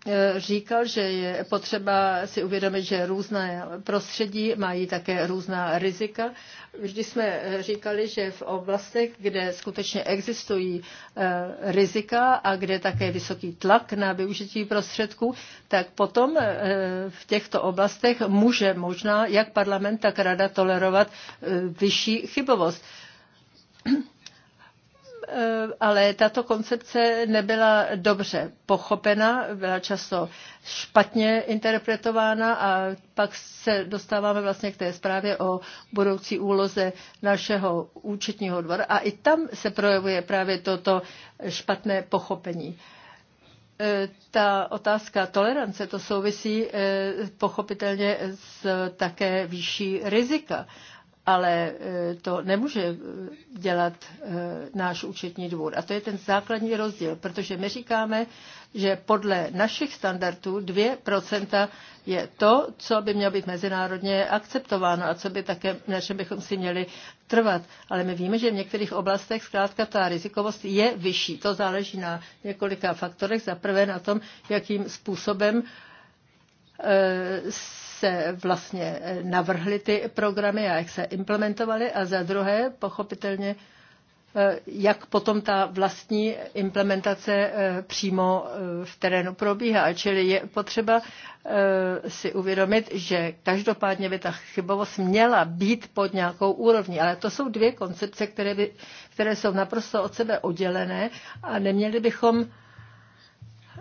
Eh, říkal, že je potřeba si uvědomit, že různé prostředí mají také různá rizika. Vždy jsme eh, říkali, že v oblastech, kde skutečně existují eh, rizika a kde také vysoký tlak na využití prostředků, tak potom v těchto oblastech může možná jak parlament, tak rada tolerovat vyšší chybovost Eh, ale tato koncepce nebyla dobře pochopena, byla často špatně interpretována a pak se dostáváme vlastně k té zprávě o budoucí úloze našeho účetního dvora a i tam se projevuje právě toto špatné pochopení eh, ta otázka tolerance, to souvisí eh, pochopitelně s také výšší rizika ale eh, to nemůže eh, dělat eh, náš účetní dvůr. A to je ten základní rozdíl, protože my říkáme, že podle našich standardů 2% je to, co by mělo být mezinárodně akceptováno a co by také, na čem bychom si měli trvat. Ale my víme, že v některých oblastech zkrátka ta rizikovost je vyšší. To záleží na několika faktorech. Za prvé na tom, jakým způsobem se vlastně eh, navrhly ty programy a jak se implementovaly a za druhé pochopitelně, eh, jak potom ta vlastní implementace eh, přímo v terénu probíhá. Čili je potřeba si uvědomit, že každopádně by ta chybovost měla být pod nějakou úrovní. Ale to jsou dvě koncepce, které, by, které jsou naprosto od sebe oddělené a neměli bychom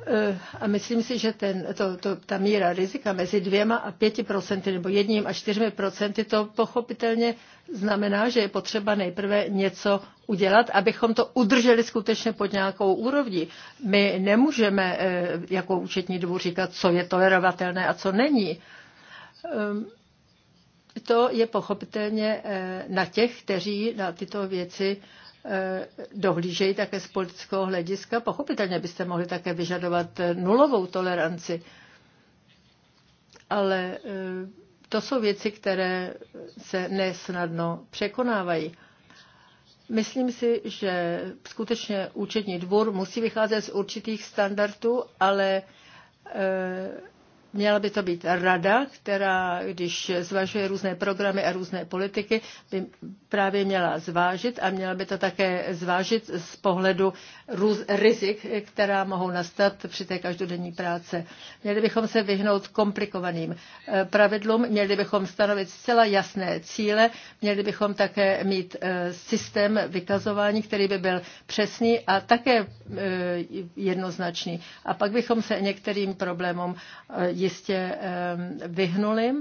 Eh, a myslím si, že ten, to, to, ta míra rizika mezi dvěma a pěti procenty nebo jedním a čtyřmi procenty, to pochopitelně znamená, že je potřeba nejprve něco udělat, abychom to udrželi skutečně pod nějakou úrovní. My nemůžeme eh, jako účetní dvůr říkat, co je tolerovatelné a co není. Ehm, to je pochopitelně eh, na těch, kteří na tyto věci Eh, dohlížejí také z politického hlediska. Pochopitelně byste mohli také vyžadovat eh, nulovou toleranci, ale eh, to jsou věci, které se nesnadno překonávají. Myslím si, že skutečně účetní dvůr musí vycházet z určitých standardů, ale Měla by to být rada, která, když zvažuje různé programy a různé politiky, by právě měla zvážit a měla by to také zvážit z pohledu růz, rizik, která mohou nastat při té každodenní práce. Měli bychom se vyhnout komplikovaným eh, pravidlům, měli bychom stanovit zcela jasné cíle, měli bychom také mít eh, systém vykazování, který by byl přesný a také eh, jednoznačný. A pak bychom se některým problémům jistě vyhnuli.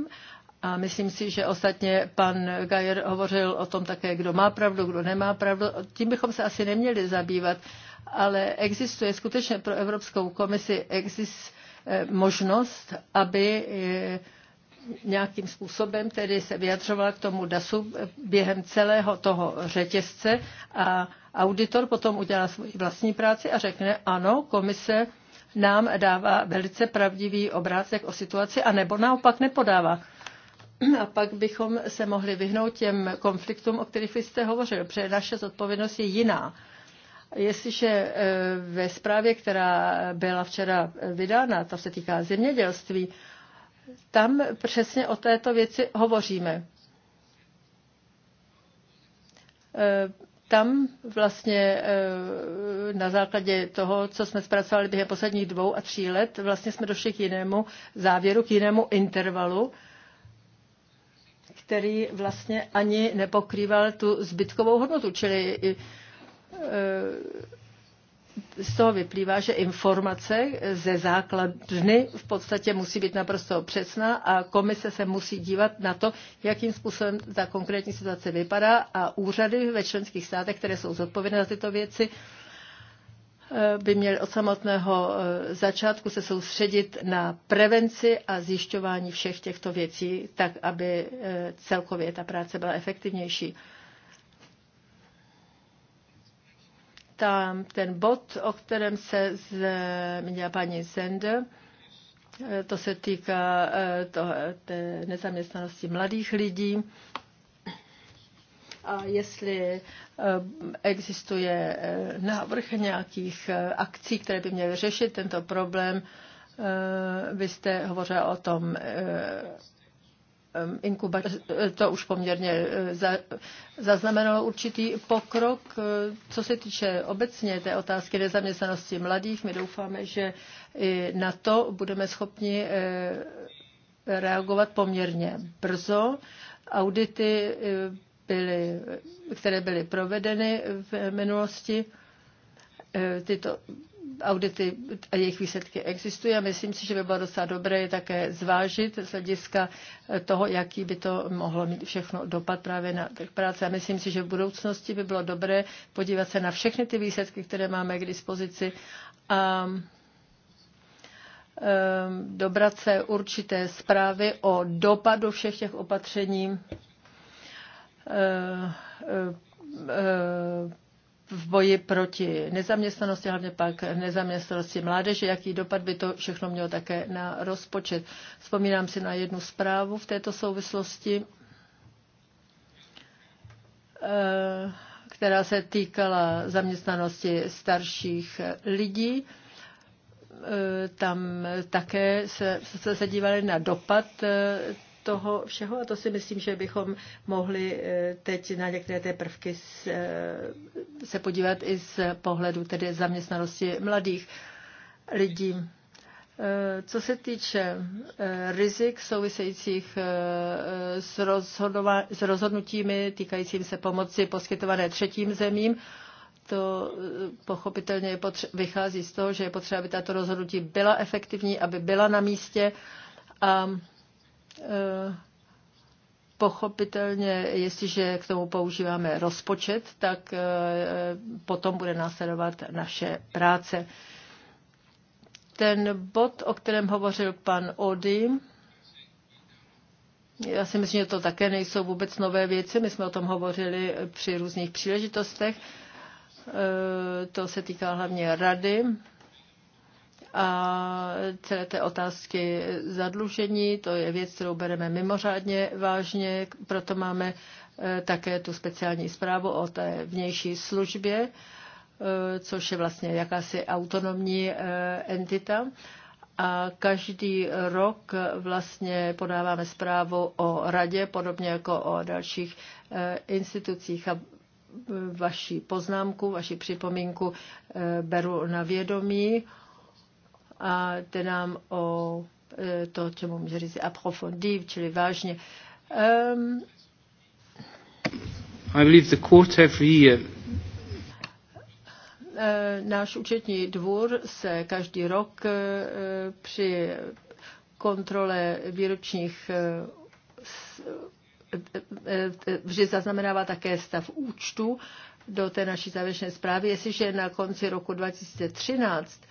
A myslím si, že ostatně pan Gajer hovořil o tom také, kdo má pravdu, kdo nemá pravdu. Tím bychom se asi neměli zabývat, ale existuje skutečně pro Evropskou komisi exist, eh, možnost, aby eh, nějakým způsobem tedy se vyjadřovala k tomu DASu eh, během celého toho řetězce a auditor potom udělá svoji vlastní práci a řekne, ano, komise nám dává velice pravdivý obrázek o situaci, anebo naopak nepodává. A pak bychom se mohli vyhnout těm konfliktům, o kterých vy jste hovořil, protože naše zodpovědnost je jiná. Jestliže e, ve zprávě, která byla včera vydána, ta se týká zemědělství, tam přesně o této věci hovoříme e, tam vlastně eh, na základě toho, co jsme zpracovali během posledních dvou a tří let, vlastně jsme došli k jinému závěru, k jinému intervalu, který vlastně ani nepokrýval tu zbytkovou hodnotu, čili eh, z toho vyplývá, že informace ze základny v podstatě musí být naprosto přesná a komise se musí dívat na to, jakým způsobem ta konkrétní situace vypadá a úřady ve členských státech, které jsou zodpovědné za tyto věci, eh, by měly od samotného eh, začátku se soustředit na prevenci a zjišťování všech těchto věcí, tak aby eh, celkově ta práce byla efektivnější. ta, ten bod, o kterém se zmínila paní Zende, e, To se týká e, toho, té nezaměstnanosti mladých lidí. A jestli e, existuje návrh nějakých akcí, které by měly řešit tento problém, vy jste hovořila o tom Um, eh, to už poměrně eh, zaznamenalo určitý pokrok. Eh, co se týče obecně té otázky nezaměstnanosti mladých, my doufáme, že i na to budeme schopni reagovat poměrně brzo. Audity, byly, které byly provedeny v minulosti, tyto audity a jejich výsledky existují a myslím si, že by bylo docela dobré je také zvážit z hlediska eh, toho, jaký by to mohlo mít všechno dopad právě na trh práce. A myslím si, že v budoucnosti by bylo dobré podívat se na všechny ty výsledky, které máme k dispozici a eh, dobrat se určité zprávy o dopadu všech těch opatření eh, v boji proti nezaměstnanosti, hlavně pak nezaměstnanosti mládeže, jaký dopad by to všechno mělo také na rozpočet. Vzpomínám si na jednu zprávu v této souvislosti, eh, která se týkala zaměstnanosti starších lidí. Eh, tam také se, se dívali na dopad eh, toho všeho a to si myslím, že bychom mohli eh, teď na některé ty prvky eh, se podívat i z pohledu tedy zaměstnanosti mladých lidí. Eh, co se týče rizik souvisejících s, s rozhodnutími týkajícím se pomoci poskytované třetím zemím, to pochopitelně vychází z toho, že je potřeba, aby tato rozhodnutí byla efektivní, aby byla na místě a Eh, pochopitelně, jestliže k tomu používáme rozpočet, tak eh, potom bude následovat naše práce. Ten bod, o kterém hovořil pan Ody, já si myslím, že to také nejsou vůbec nové věci. My jsme o tom hovořili při různých příležitostech. Eh, to se týká hlavně rady a celé té otázky zadlužení, to je věc, kterou bereme mimořádně vážně, proto máme e, také tu speciální zprávu o té vnější službě, e, což je vlastně jakási autonomní e, entita. A každý rok vlastně podáváme zprávu o radě, podobně jako o dalších institucích a vaši poznámku, vaši připomínku beru na vědomí a jde nám o e, to, čemu může říct aprofondiv, čili vážně. Um, I believe the court every year uh, náš účetní dvůr se každý rok e, při kontrole výročních e, vždy zaznamenává také stav účtu do té naší závěrečné zprávy. Jestliže na konci roku 2013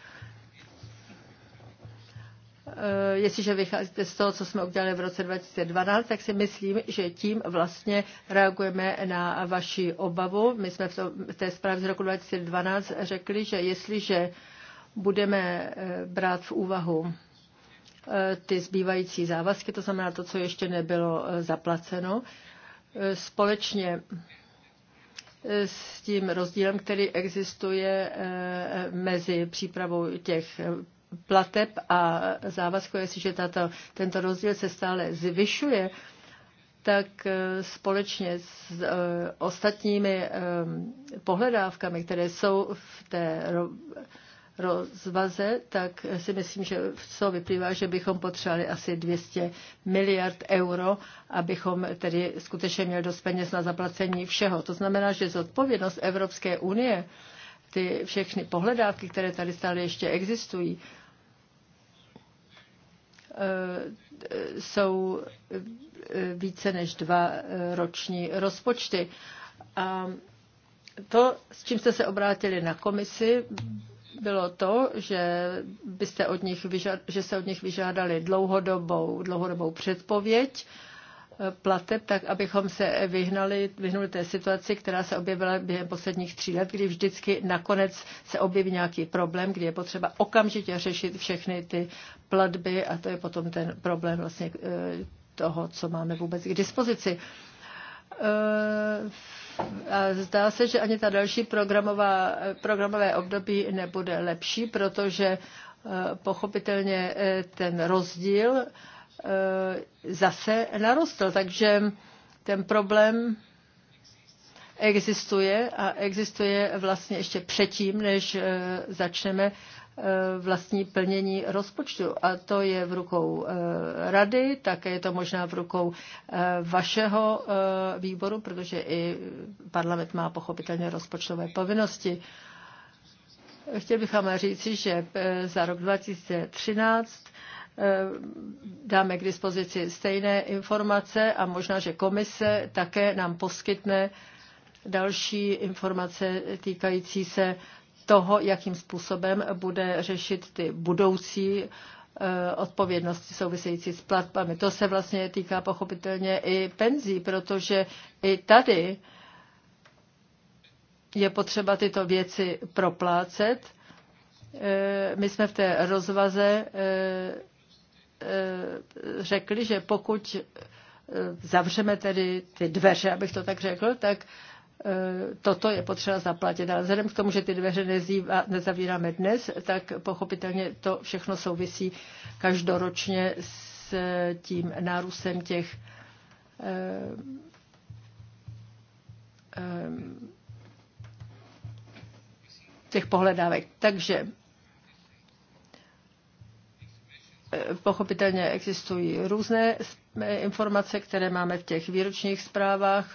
Eh, jestliže vycházíte z toho, co jsme udělali v roce 2012, tak si myslím, že tím vlastně reagujeme na vaši obavu. My jsme v, to, v té zprávě z roku 2012 řekli, že jestliže budeme eh, brát v úvahu eh, ty zbývající závazky, to znamená to, co ještě nebylo zaplaceno, společně s tím rozdílem, který existuje mezi přípravou těch plateb a závazku, jestliže tato, tento rozdíl se stále zvyšuje, tak eh, společně s eh, ostatními eh, pohledávkami, které jsou v té rozvaze, tak si myslím, že co vyplývá, že bychom potřebovali asi 200 miliard euro, abychom tedy skutečně měli dost peněz na zaplacení všeho. To znamená, že zodpovědnost Evropské unie, ty všechny pohledávky, které tady stále ještě existují, jsou více než dva roční rozpočty. A to, s čím jste se obrátili na komisi, bylo to, že, byste od nich vyžad, že se od nich vyžádali dlouhodobou, dlouhodobou předpověď, uh, plateb, tak abychom se vyhnali, vyhnuli té situaci, která se objevila během posledních tří let, kdy vždycky nakonec se objeví nějaký problém, kdy je potřeba okamžitě řešit všechny ty platby a to je potom ten problém vlastně eh, toho, co máme vůbec k dispozici. Eh, a zdá se, že ani ta další programová, programové období nebude lepší, protože eh, pochopitelně ten rozdíl Eh, zase narostl. Takže ten problém existuje a existuje vlastně ještě předtím, než eh, začneme eh, vlastní plnění rozpočtu. A to je v rukou rady, také je to možná v rukou vašeho výboru, protože i parlament má pochopitelně rozpočtové povinnosti. Chtěl bych vám říci, že za rok 2013 Eh, dáme k dispozici stejné informace a možná, že komise také nám poskytne další informace týkající se toho, jakým způsobem bude řešit ty budoucí eh, odpovědnosti související s platbami. To se vlastně týká pochopitelně i penzí, protože i tady je potřeba tyto věci proplácet. Eh, my jsme v té rozvaze Eh, řekli, že pokud eh, zavřeme tedy ty dveře, abych to tak řekl, tak eh, toto je potřeba zaplatit. Ale vzhledem k tomu, že ty dveře nezavíráme dnes, tak pochopitelně to všechno souvisí každoročně s tím nárůstem těch těch pohledávek. Takže Pochopitelně existují různé informace, které máme v těch výročních zprávách.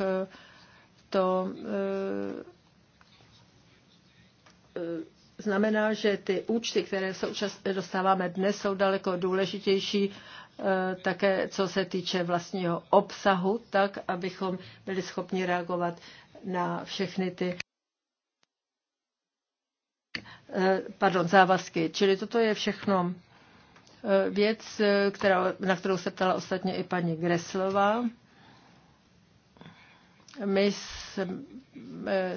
To eh, znamená, že ty účty, které dostáváme dnes, jsou daleko důležitější eh, také co se týče vlastního obsahu, tak abychom byli schopni reagovat na všechny ty eh, pardon, závazky. Čili toto je všechno Eh, věc, eh, která, na kterou se ptala ostatně i paní Greslova, My jsme eh,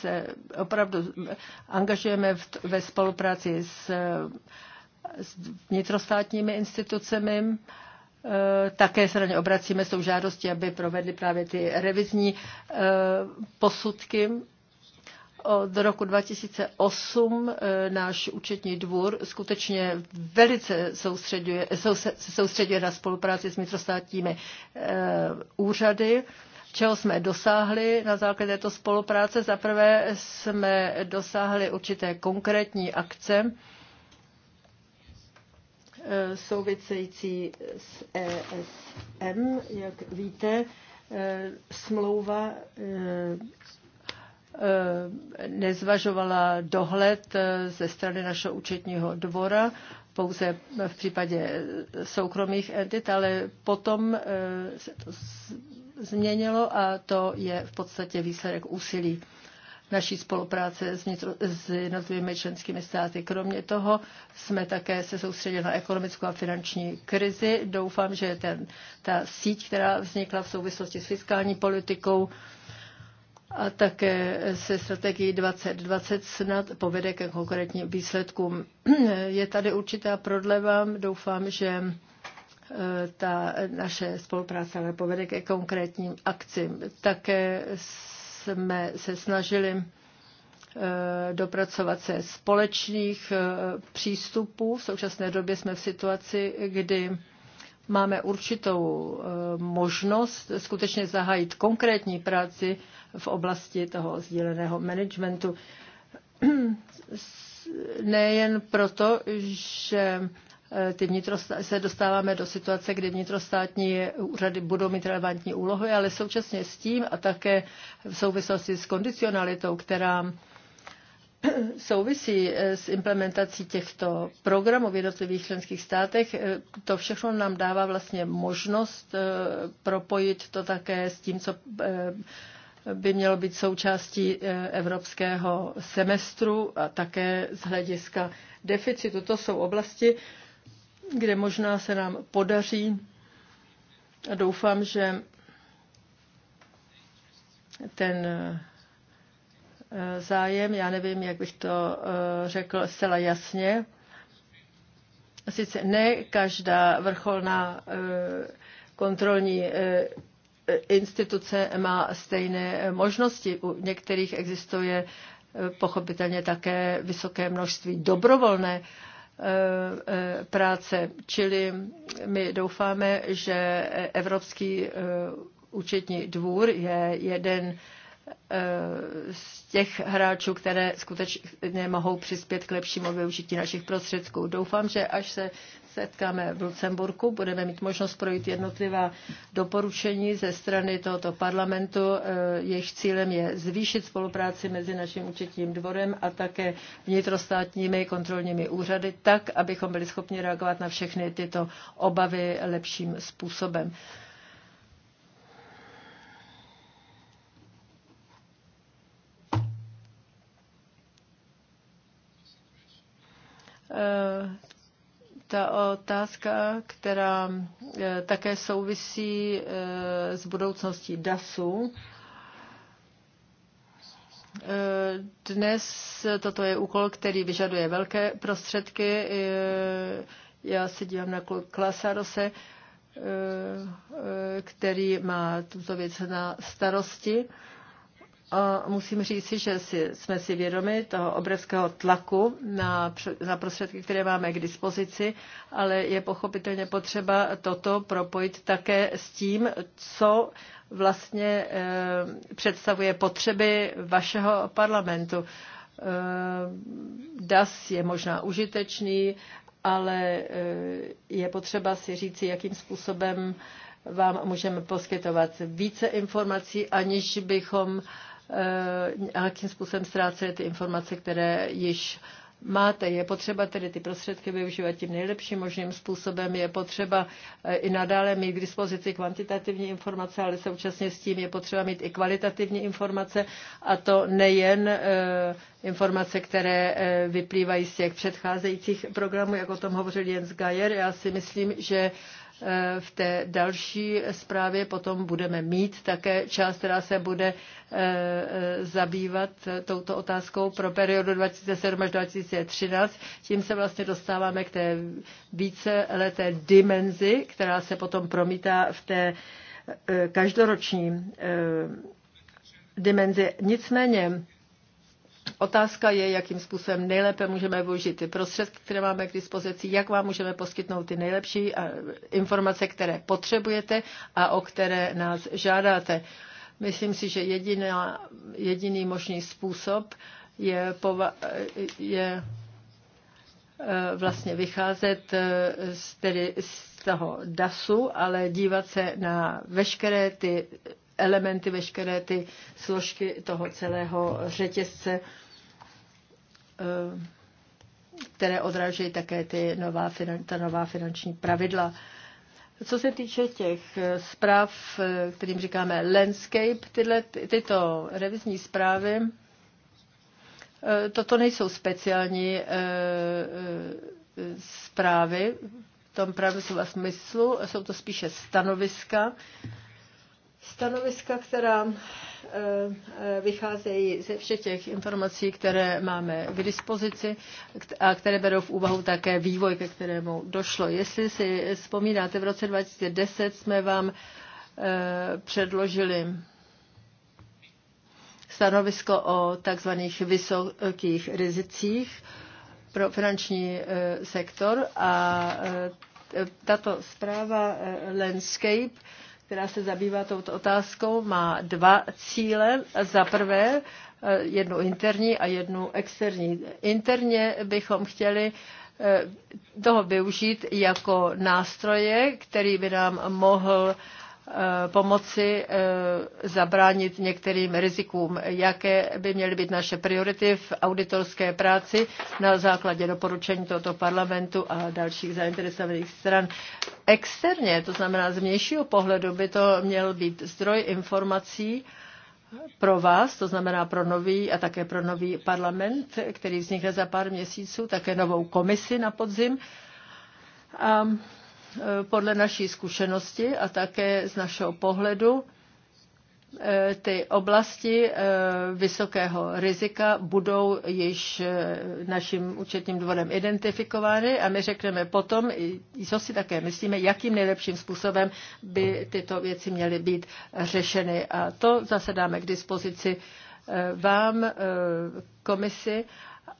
se opravdu angažujeme v, ve spolupráci s, s vnitrostátními institucemi. Také se na ně obracíme s tou žádostí, aby provedli právě ty revizní posudky od roku 2008 eh, náš účetní dvůr skutečně velice soustředuje, soustředuje na spolupráci s vnitrostátními eh, úřady čeho jsme dosáhli na základě této spolupráce. Zaprvé jsme dosáhli určité konkrétní akce eh, související s ESM. Jak víte, smlouva Eh, nezvažovala dohled eh, ze strany našeho účetního dvora, pouze v případě soukromých entit, ale potom eh, se to změnilo a to je v podstatě výsledek úsilí naší spolupráce s, vnitro, s jednotlivými členskými státy. Kromě toho jsme také se soustředili na ekonomickou a finanční krizi. Doufám, že ten, ta síť, která vznikla v souvislosti s fiskální politikou, a také se strategií 2020 snad povede ke konkrétním výsledkům. Je tady určitá prodleva, doufám, že e, ta naše spolupráce ale povede ke konkrétním akcím. Také jsme se snažili e, dopracovat se společných e, přístupů. V současné době jsme v situaci, kdy máme určitou eh, možnost skutečně zahájit konkrétní práci v oblasti toho sdíleného managementu. Nejen proto, že eh, ty se dostáváme do situace, kdy vnitrostátní úřady budou mít relevantní úlohy, ale současně s tím a také v souvislosti s kondicionalitou, která souvisí eh, s implementací těchto programů v jednotlivých členských státech. Eh, to všechno nám dává vlastně možnost eh, propojit to také s tím, co by mělo být součástí evropského semestru a také z hlediska deficitu. To jsou oblasti, kde možná se nám podaří a doufám, že ten Eh, zájem, já nevím, jak bych to eh, řekl zcela jasně. Sice ne každá vrcholná eh, kontrolní instituce má stejné možnosti. U některých existuje pochopitelně také vysoké množství dobrovolné práce. Čili my doufáme, že Evropský účetní dvůr je jeden Eh, z těch hráčů, které skutečně mohou přispět k lepšímu využití našich prostředků. Doufám, že až se setkáme v Lucemburku, budeme mít možnost projít jednotlivá doporučení ze strany tohoto parlamentu. Eh, jejich cílem je zvýšit spolupráci mezi naším účetním dvorem a také vnitrostátními kontrolními úřady, tak, abychom byli schopni reagovat na všechny tyto obavy lepším způsobem. Eh, ta otázka, která eh, také souvisí eh, s budoucností DASu. Dnes toto je úkol, který vyžaduje velké prostředky. Já se dívám na Klasarose, který má tuto věc na starosti musím říci, že si, jsme si vědomi toho obrovského tlaku na, na prostředky, které máme k dispozici, ale je pochopitelně potřeba toto propojit také s tím, co vlastně e, představuje potřeby vašeho parlamentu. E, DAS je možná užitečný, ale eh, je potřeba si říci, jakým způsobem vám můžeme poskytovat více informací, aniž bychom Eh, jakým způsobem ztráceli ty informace, které již máte. Je potřeba tedy ty prostředky využívat tím nejlepším možným způsobem. Je potřeba eh, i nadále mít k dispozici kvantitativní informace, ale současně s tím je potřeba mít i kvalitativní informace a to nejen eh, informace, které vyplývají z těch předcházejících programů, jak o tom hovořil Jens Geier. Já si myslím, že Eh, v té další zprávě potom budeme mít také část, která se bude eh, eh, zabývat touto otázkou pro periodu 2007 až 2013. Tím se vlastně dostáváme k té víceleté dimenzi, která se potom promítá v té každoroční dimenzi. Nicméně Otázka je, jakým způsobem nejlépe můžeme využít ty prostředky, které máme k dispozici, jak vám můžeme poskytnout ty nejlepší eh, informace, které potřebujete a o které nás žádáte. Myslím si, že jediná, jediný možný způsob je, pova, eh, je eh, vlastně vycházet z, tedy z toho DASu, ale dívat se na veškeré ty elementy, veškeré ty složky toho celého řetězce Eh, které odrážejí také ty nová, ta nová finanční pravidla. Co se týče těch eh, zpráv, eh, kterým říkáme landscape, tyhle, tyto revizní zprávy, toto nejsou speciální zprávy v tom pravém slova smyslu, jsou to spíše stanoviska, stanoviska, která eh, eh, vycházejí ze všech těch informací, které máme k dispozici a které berou v úvahu také vývoj, ke kterému došlo. Jestli si vzpomínáte, v roce 2010 jsme vám eh, předložili stanovisko o takzvaných vysokých rizicích pro finanční sektor a tato zpráva Landscape která se zabývá touto otázkou, má dva cíle. Za prvé, eh, jednu interní a jednu externí. Interně bychom chtěli eh, toho využít jako nástroje, který by nám mohl Eh, pomoci eh, zabránit některým rizikům. Jaké by měly být naše priority v auditorské práci na základě doporučení tohoto parlamentu a dalších zainteresovaných stran. Externě, to znamená z vnějšího pohledu, by to měl být zdroj informací, pro vás, to znamená pro nový a také pro nový parlament, který vznikne za pár měsíců, také novou komisi na podzim. Eh, podle naší zkušenosti a také z našeho pohledu eh, ty oblasti eh, vysokého rizika budou již naším účetním dvorem identifikovány a my řekneme potom, co si také myslíme, jakým nejlepším způsobem by tyto věci měly být řešeny. A to zase dáme k dispozici vám, komisi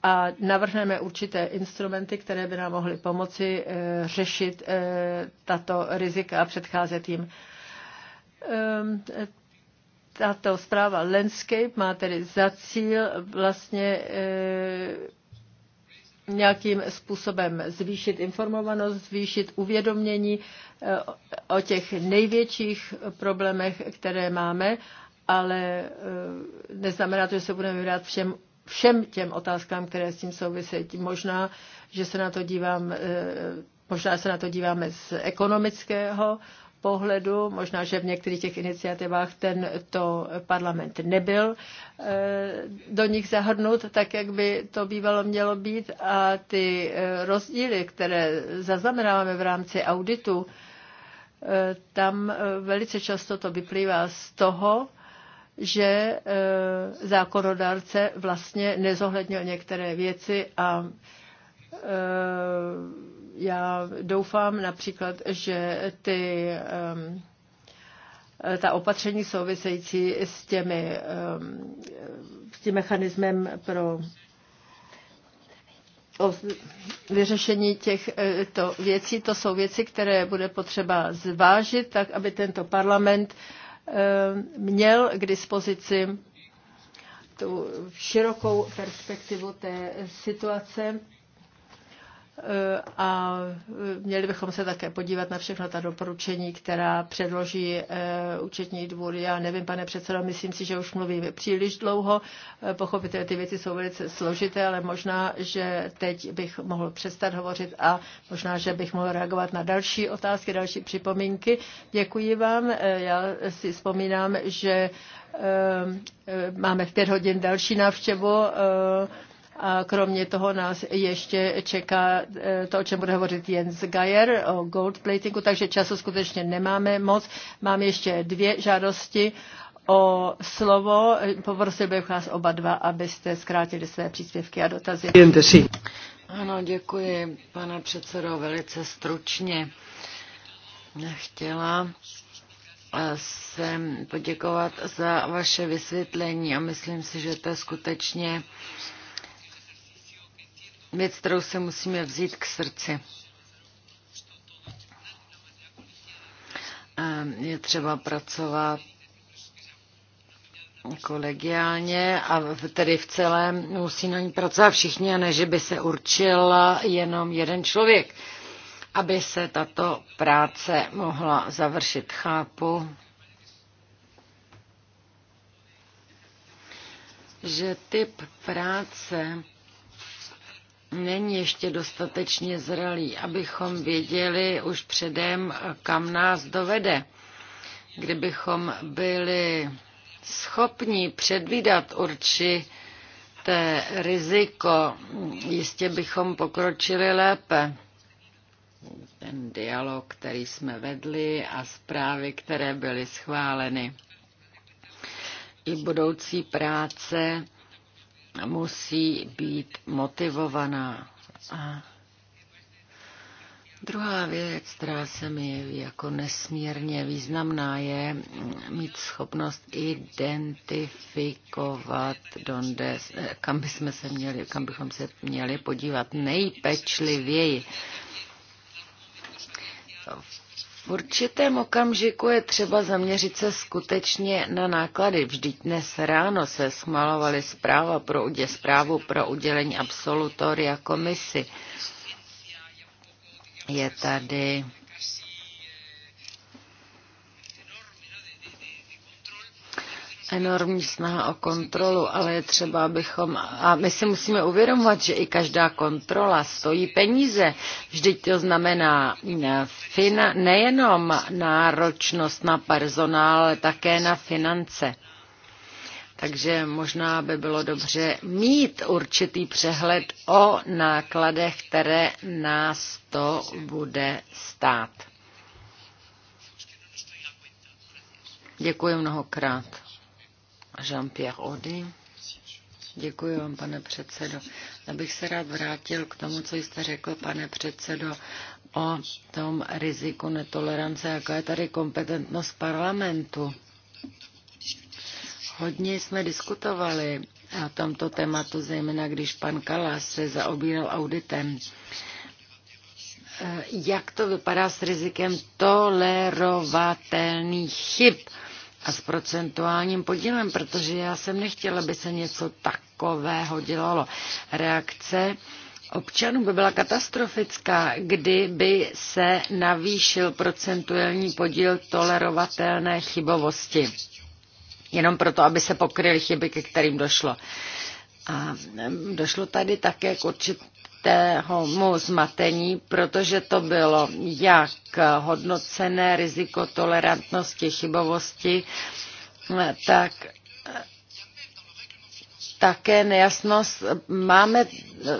a navrhneme určité instrumenty, které by nám mohly pomoci eh, řešit eh, tato rizika a předcházet jim. Ehm, tato zpráva Landscape má tedy za cíl vlastně eh, nějakým způsobem zvýšit informovanost, zvýšit uvědomění o těch největších problémech, které máme, ale neznamená to, že se budeme vydat všem všem těm otázkám, které s tím souvisejí. Možná, že se na to dívám, eh, možná se na to díváme z ekonomického pohledu, možná, že v některých těch iniciativách ten to parlament nebyl eh, do nich zahrnut, tak jak by to bývalo mělo být. A ty eh, rozdíly, které zaznamenáváme v rámci auditu, tam velice často to vyplývá z toho, že e, zákonodárce vlastně nezohlednil některé věci a e, já doufám například, že ty, e, ta opatření související s, těmi, s tím mechanismem pro o vyřešení těchto věcí. To jsou věci, které bude potřeba zvážit, tak aby tento parlament Eh, měl k dispozici tu širokou perspektivu té situace Eh, a eh, měli bychom se také podívat na všechno ta doporučení, která předloží eh, účetní dvůr. Já nevím, pane předsedo, myslím si, že už mluvím příliš dlouho. Pochopitelně ty věci jsou velice složité, ale možná, že teď bych mohl přestat hovořit a možná, že bych mohl reagovat na další otázky, další připomínky. Děkuji vám. Já si vzpomínám, že máme v pět hodin další návštěvu a kromě toho nás ještě čeká e, to, o čem bude hovořit Jens Geier o gold platingu, takže času skutečně nemáme moc. Mám ještě dvě žádosti o slovo. Poprosil bych vás oba dva, abyste zkrátili své příspěvky a dotazy. Ano, děkuji, pane předsedo, velice stručně. Nechtěla eh, jsem poděkovat za vaše vysvětlení a myslím si, že to je skutečně věc, kterou se musíme vzít k srdci. Je třeba pracovat kolegiálně a tedy v celém musí na ní pracovat všichni, a ne, že by se určil jenom jeden člověk, aby se tato práce mohla završit. Chápu, že typ práce není ještě dostatečně zralý, abychom věděli už předem, kam nás dovede. Kdybychom byli schopni předvídat určité riziko, jistě bychom pokročili lépe. Ten dialog, který jsme vedli a zprávy, které byly schváleny. I budoucí práce musí být motivovaná. A druhá věc, která se mi jeví jako nesmírně významná, je mít schopnost identifikovat, donde, kam, bychom se měli, kam bychom se měli podívat nejpečlivěji. V v určitém okamžiku je třeba zaměřit se skutečně na náklady. Vždyť dnes ráno se schmalovaly zpráva pro udě, zprávu pro udělení absolutoria komisi. Je tady enormní snaha o kontrolu, ale je třeba, abychom, a my si musíme uvědomovat, že i každá kontrola stojí peníze. Vždyť to znamená fina, nejenom náročnost na personál, ale také na finance. Takže možná by bylo dobře mít určitý přehled o nákladech, které nás to bude stát. Děkuji mnohokrát. Jean-Pierre Audy. Děkuji vám, pane předsedo. Já bych se rád vrátil k tomu, co jste řekl, pane předsedo, o tom riziku netolerance, jaká je tady kompetentnost parlamentu. Hodně jsme diskutovali o tomto tématu, zejména když pan Kalas se zaobíral auditem. Eh, jak to vypadá s rizikem tolerovatelných chyb? a s procentuálním podílem, protože já jsem nechtěla, aby se něco takového dělalo. Reakce občanů by byla katastrofická, kdyby se navýšil procentuální podíl tolerovatelné chybovosti. Jenom proto, aby se pokryly chyby, ke kterým došlo. A došlo tady také k určitě mu zmatení, protože to bylo jak hodnocené riziko tolerantnosti chybovosti, tak také nejasnost. Máme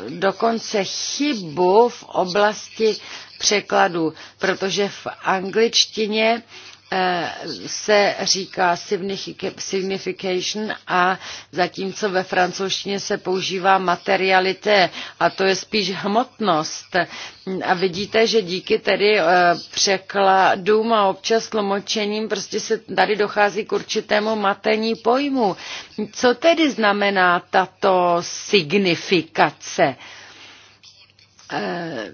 dokonce chybu v oblasti překladu, protože v angličtině se říká signification a zatímco ve francouzštině se používá materialité a to je spíš hmotnost. A vidíte, že díky tedy eh, překladům a občas tlumočením prostě se tady dochází k určitému matení pojmu. Co tedy znamená tato signifikace? Eh,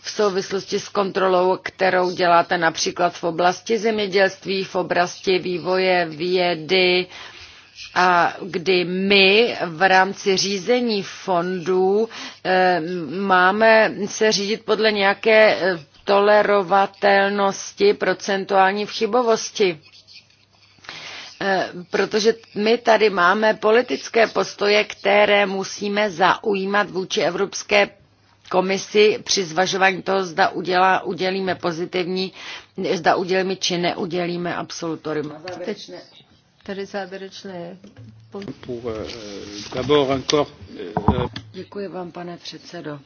v souvislosti s kontrolou, kterou děláte například v oblasti zemědělství, v oblasti vývoje vědy, a kdy my v rámci řízení fondů eh, máme se řídit podle nějaké eh, tolerovatelnosti procentuální v chybovosti protože my tady máme politické postoje, které musíme zaujímat vůči Evropské komisi při zvažování toho, zda udělá, udělíme pozitivní, zda udělíme či neudělíme absolutorium. Tady závěrečné. Eh, eh, Děkuji vám, pane předsedo.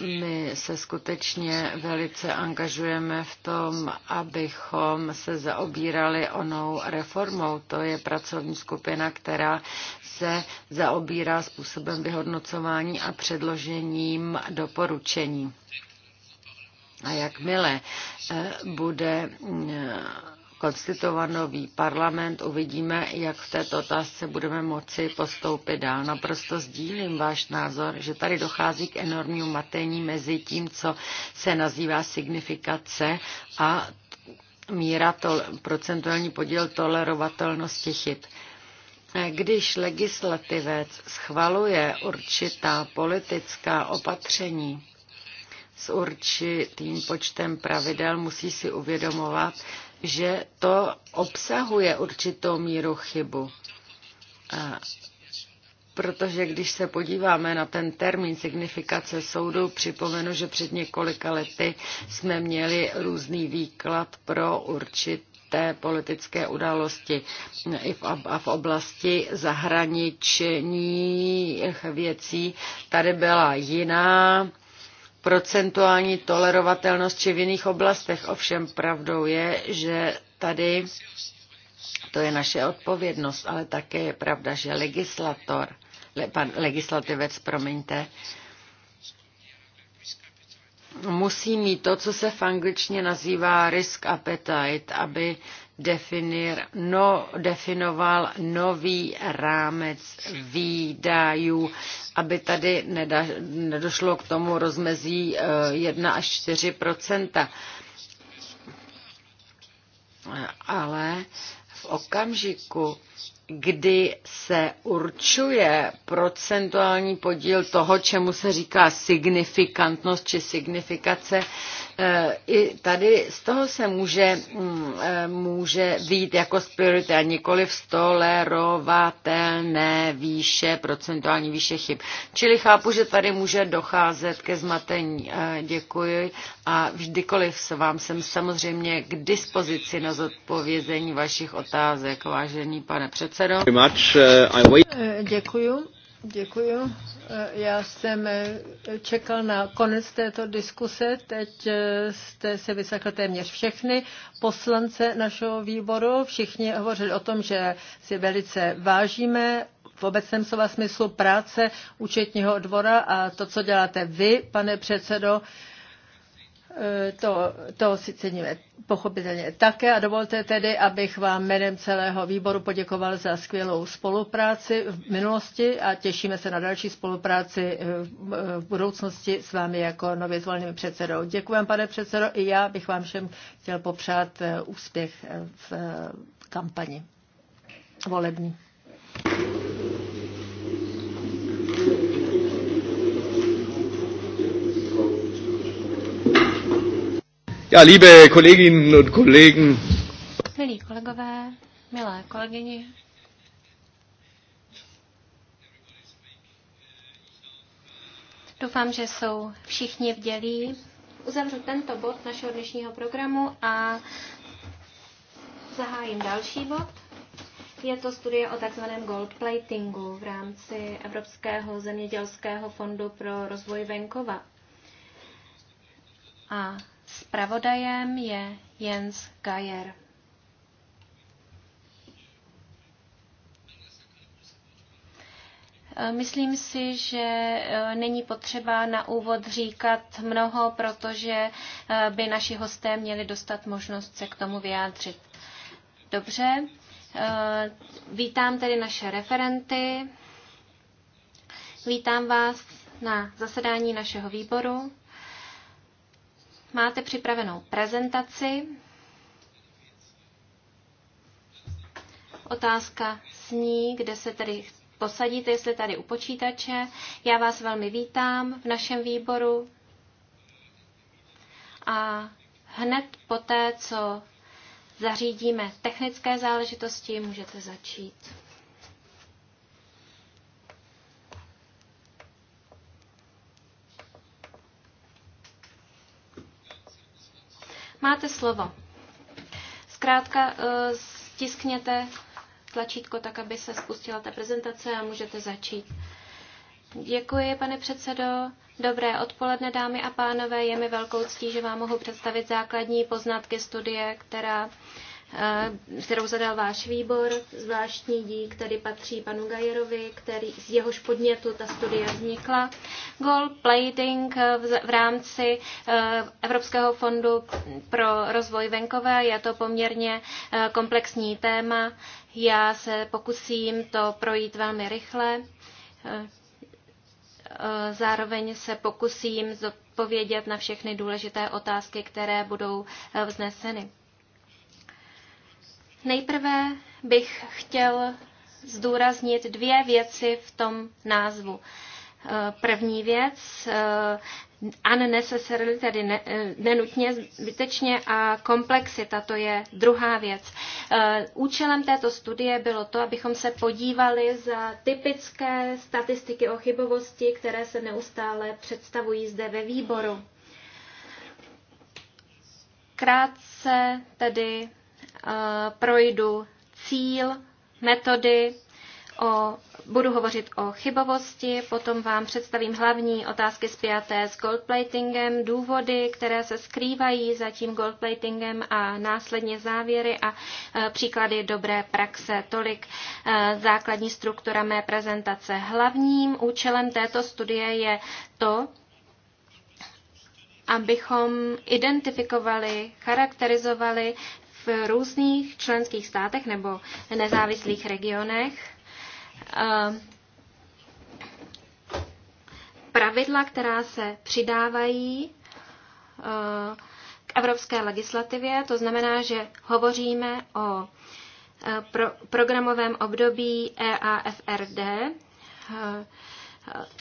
My se skutečně velice angažujeme v tom, abychom se zaobírali onou reformou. To je pracovní skupina, která se zaobírá způsobem vyhodnocování a předložením doporučení. A jakmile eh, bude eh, konstituovaný parlament, uvidíme, jak v této otázce budeme moci postoupit dál. Naprosto sdílím váš názor, že tady dochází k enormnímu matení mezi tím, co se nazývá signifikace a míra tol- procentuální podíl tolerovatelnosti chyb. Když legislativec schvaluje určitá politická opatření s určitým počtem pravidel, musí si uvědomovat, že to obsahuje určitou míru chybu. A protože když se podíváme na ten termín signifikace soudu, připomenu, že před několika lety jsme měli různý výklad pro určité politické události i v, a v oblasti zahraničních věcí. Tady byla jiná procentuální tolerovatelnost či v jiných oblastech. Ovšem pravdou je, že tady to je naše odpovědnost, ale také je pravda, že legislator, le, pan, legislativec, promiňte, musí mít to, co se v angličtině nazývá risk appetite, aby definir, no, definoval nový rámec výdajů, aby tady neda, nedošlo k tomu rozmezí 1 eh, až 4 Ale v okamžiku, kdy se určuje procentuální podíl toho, čemu se říká signifikantnost či signifikace, Eh, I tady z toho se může, mm, eh, může být jako spirit a nikoli v stolerovatelné výše, procentuální výše chyb. Čili chápu, že tady může docházet ke zmatení. Eh, děkuji a vždykoliv s vám jsem samozřejmě k dispozici na zodpovězení vašich otázek, vážený pane předsedo. Děkuji. Děkuji. Já jsem eh, čekal na konec této diskuse. Teď eh, jste se vyslechl téměř všechny poslance našeho výboru. Všichni hovořili o tom, že si velice vážíme v obecném slova smyslu práce účetního dvora a to, co děláte vy, pane předsedo, Eh, to, to si ceníme pochopitelně také a dovolte tedy, abych vám jménem celého výboru poděkoval za skvělou spolupráci v minulosti a těšíme se na další spolupráci eh, v budoucnosti s vámi jako nově zvoleným předsedou. Děkuji, pane předsedo, i já bych vám všem chtěl popřát eh, úspěch v kampani volební. Ja, liebe Kolleginnen und Kollegen. Milí kolegové, milé kolegyni. Doufám, že jsou všichni v dělí. Uzavřu tento bod našeho dnešního programu a zahájím další bod. Je to studie o takzvaném gold platingu v rámci Evropského zemědělského fondu pro rozvoj venkova. A Spravodajem je Jens Geier. Eh, myslím si, že eh, není potřeba na úvod říkat mnoho, protože eh, by naši hosté měli dostat možnost se k tomu vyjádřit. Dobře, vítám tedy naše referenty. Vítám vás na zasedání našeho výboru máte připravenou prezentaci. Otázka sní, kde se tedy posadíte, jestli tady u počítače. Já vás velmi vítám v našem výboru. A hned poté, co zařídíme technické záležitosti, můžete začít. Máte slovo. Zkrátka eh, stiskněte tlačítko tak, aby se spustila ta prezentace a můžete začít. Děkuji, pane předsedo. Dobré odpoledne, dámy a pánové. Je mi velkou ctí, že vám mohu představit základní poznatky studie, která Eh, kterou zadal váš výbor. Zvláštní dík tady patří panu Gajerovi, který z jehož podnětu ta studie vznikla. Gold plating eh, v rámci eh, Evropského fondu pro rozvoj venkova je to poměrně komplexní téma. Já se pokusím to projít velmi rychle. Zároveň se pokusím zodpovědět na všechny důležité otázky, které budou vzneseny. Nejprve bych chtěl zdůraznit dvě věci v tom názvu. Eh, první věc, eh, unnecessarily, tedy eh, nenutně, zbytečně a komplexita, to je druhá věc. Účelem této studie bylo to, abychom se podívali za typické statistiky o chybovosti, které se neustále představují zde ve výboru. Krátce tedy projdu cíl, metody, o, budu hovořit o chybovosti, potom vám představím hlavní otázky spjaté s goldplatingem, důvody, které se skrývají za tím goldplatingem a následně závěry a e, příklady dobré praxe. Tolik e, základní struktura mé prezentace. Hlavním účelem této studie je to, abychom identifikovali, charakterizovali v různých členských státech nebo nezávislých regionech eh, pravidla, která se přidávají eh, k evropské legislativě. To znamená, že hovoříme o eh, programovém období EAFRD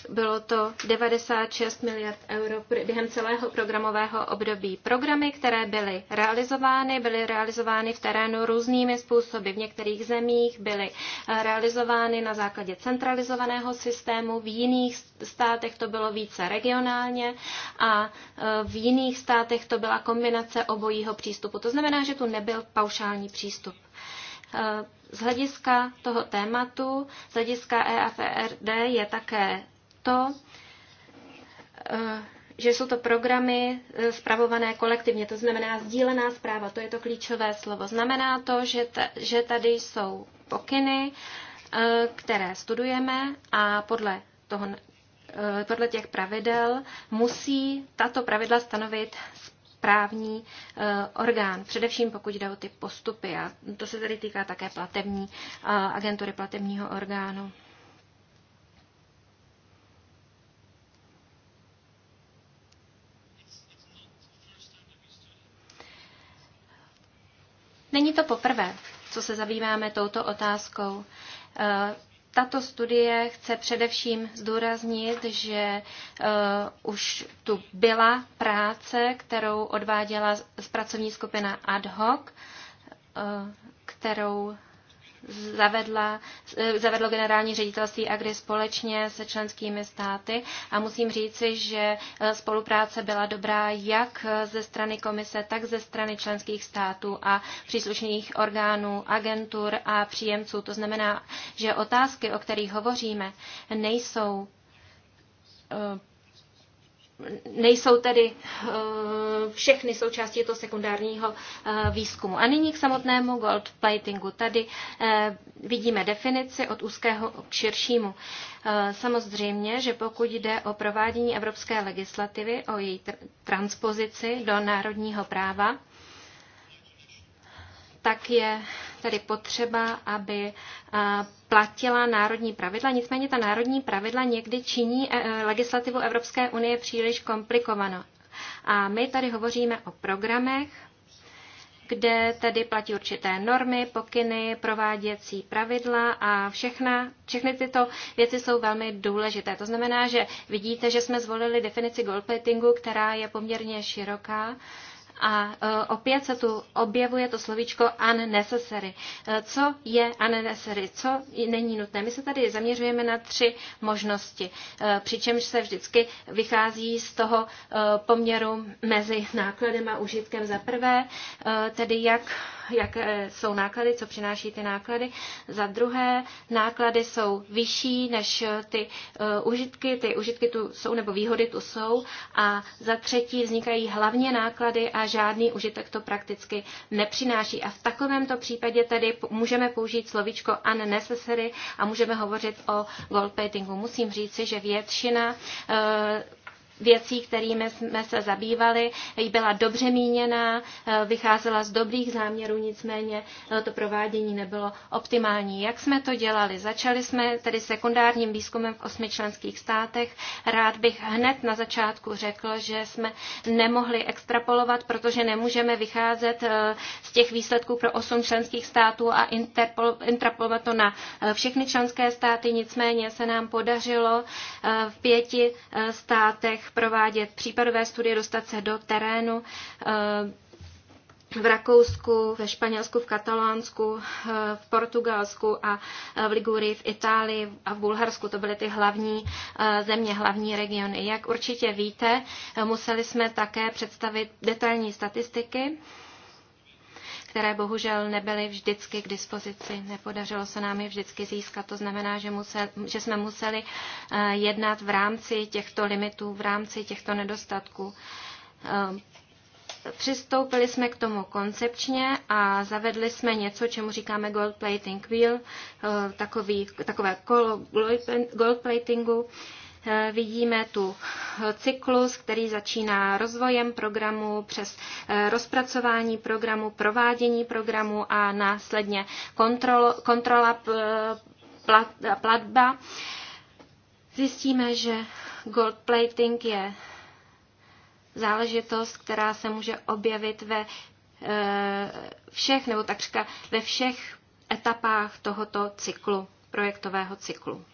bylo to 96 miliard euro během celého programového období. Programy, které byly realizovány, byly realizovány v terénu různými způsoby. V některých zemích byly eh, realizovány na základě centralizovaného systému, v jiných státech to bylo více regionálně a eh, v jiných státech to byla kombinace obojího přístupu. To znamená, že tu nebyl paušální přístup. Eh, z hlediska toho tématu, z hlediska EAFRD je také to, eh, že jsou to programy eh, spravované kolektivně, to znamená sdílená zpráva, to je to klíčové slovo. Znamená to, že, že tady jsou pokyny, eh, které studujeme a podle, toho, podle těch pravidel musí tato pravidla stanovit správní eh, orgán, především pokud jde o ty postupy. A to se tady týká také platební eh, agentury platebního orgánu. Není to poprvé, co se zabýváme touto otázkou. Eh, tato studie chce především zdůraznit, že uh, už tu byla práce, kterou odváděla pracovní skupina ad hoc, uh, kterou zavedla, eh, zavedlo generální ředitelství AGRI společně se členskými státy a musím říci, že eh, spolupráce byla dobrá jak eh, ze strany komise, tak ze strany členských států a příslušných orgánů, agentur a příjemců. To znamená, že otázky, o kterých hovoříme, nejsou nejsou tedy eh, všechny součástí toho sekundárního eh, výzkumu. A nyní k samotnému gold platingu. Tady eh, vidíme definici od úzkého k širšímu. Samozřejmě, že pokud jde o provádění evropské legislativy, o její transpozici do národního práva, tak je tedy potřeba, aby eh, platila národní pravidla. Nicméně ta národní pravidla někdy činí eh, legislativu Evropské unie příliš komplikovanou. A my tady hovoříme o programech, kde tedy platí určité normy, pokyny, prováděcí pravidla a všechna, všechny tyto věci jsou velmi důležité. To znamená, že vidíte, že jsme zvolili definici goalplatingu, která je poměrně široká. A e, opět se tu objevuje to slovíčko unnecessary. E, co je unnecessary? Co není nutné? My se tady zaměřujeme na tři možnosti, e, přičemž se vždycky vychází z toho poměru mezi nákladem a užitkem za prvé, tedy jak jaké jsou náklady, co přináší ty náklady. Za druhé, náklady jsou vyšší než ty uh, užitky, ty užitky tu jsou nebo výhody tu jsou. A za třetí vznikají hlavně náklady a žádný užitek to prakticky nepřináší. A v takovémto případě tedy můžeme použít slovíčko unnecessary a můžeme hovořit o gold platingu. Musím říci, že většina eh, věcí, kterými jsme se zabývali, byla dobře míněná, eh, vycházela z dobrých záměrů, nicméně eh, to provádění nebylo optimální. Jak jsme to dělali? Začali jsme tedy sekundárním výzkumem v osmi členských státech. Rád bych hned na začátku řekl, že jsme nemohli extrapolovat, protože nemůžeme vycházet eh, z těch výsledků pro osm členských států a intrapolovat to na všechny členské státy. Nicméně se nám podařilo v pěti státech místech, provádět případové studie, dostat se do terénu, eh, v Rakousku, ve Španělsku, v Katalánsku, eh, v Portugalsku a eh, v Ligurii, v Itálii a v Bulharsku. To byly ty hlavní země, hlavní regiony. Jak určitě víte, museli jsme také představit detailní statistiky které bohužel nebyly vždycky k dispozici. Nepodařilo se nám je vždycky získat. To znamená, že, musel, že jsme museli eh, jednat v rámci těchto limitů, v rámci těchto nedostatků. Eh, přistoupili jsme k tomu koncepčně a zavedli jsme něco, čemu říkáme gold plating wheel, eh, takový, takové kolo gold platingu. Gold Eh, vidíme tu eh, cyklus, který začíná rozvojem programu přes eh, rozpracování programu, provádění programu a následně kontrol, kontrola plat, platba. Zjistíme, že gold plating je záležitost, která se může objevit ve všech nebo takřka ve všech etapách tohoto cyklu, projektového cyklu.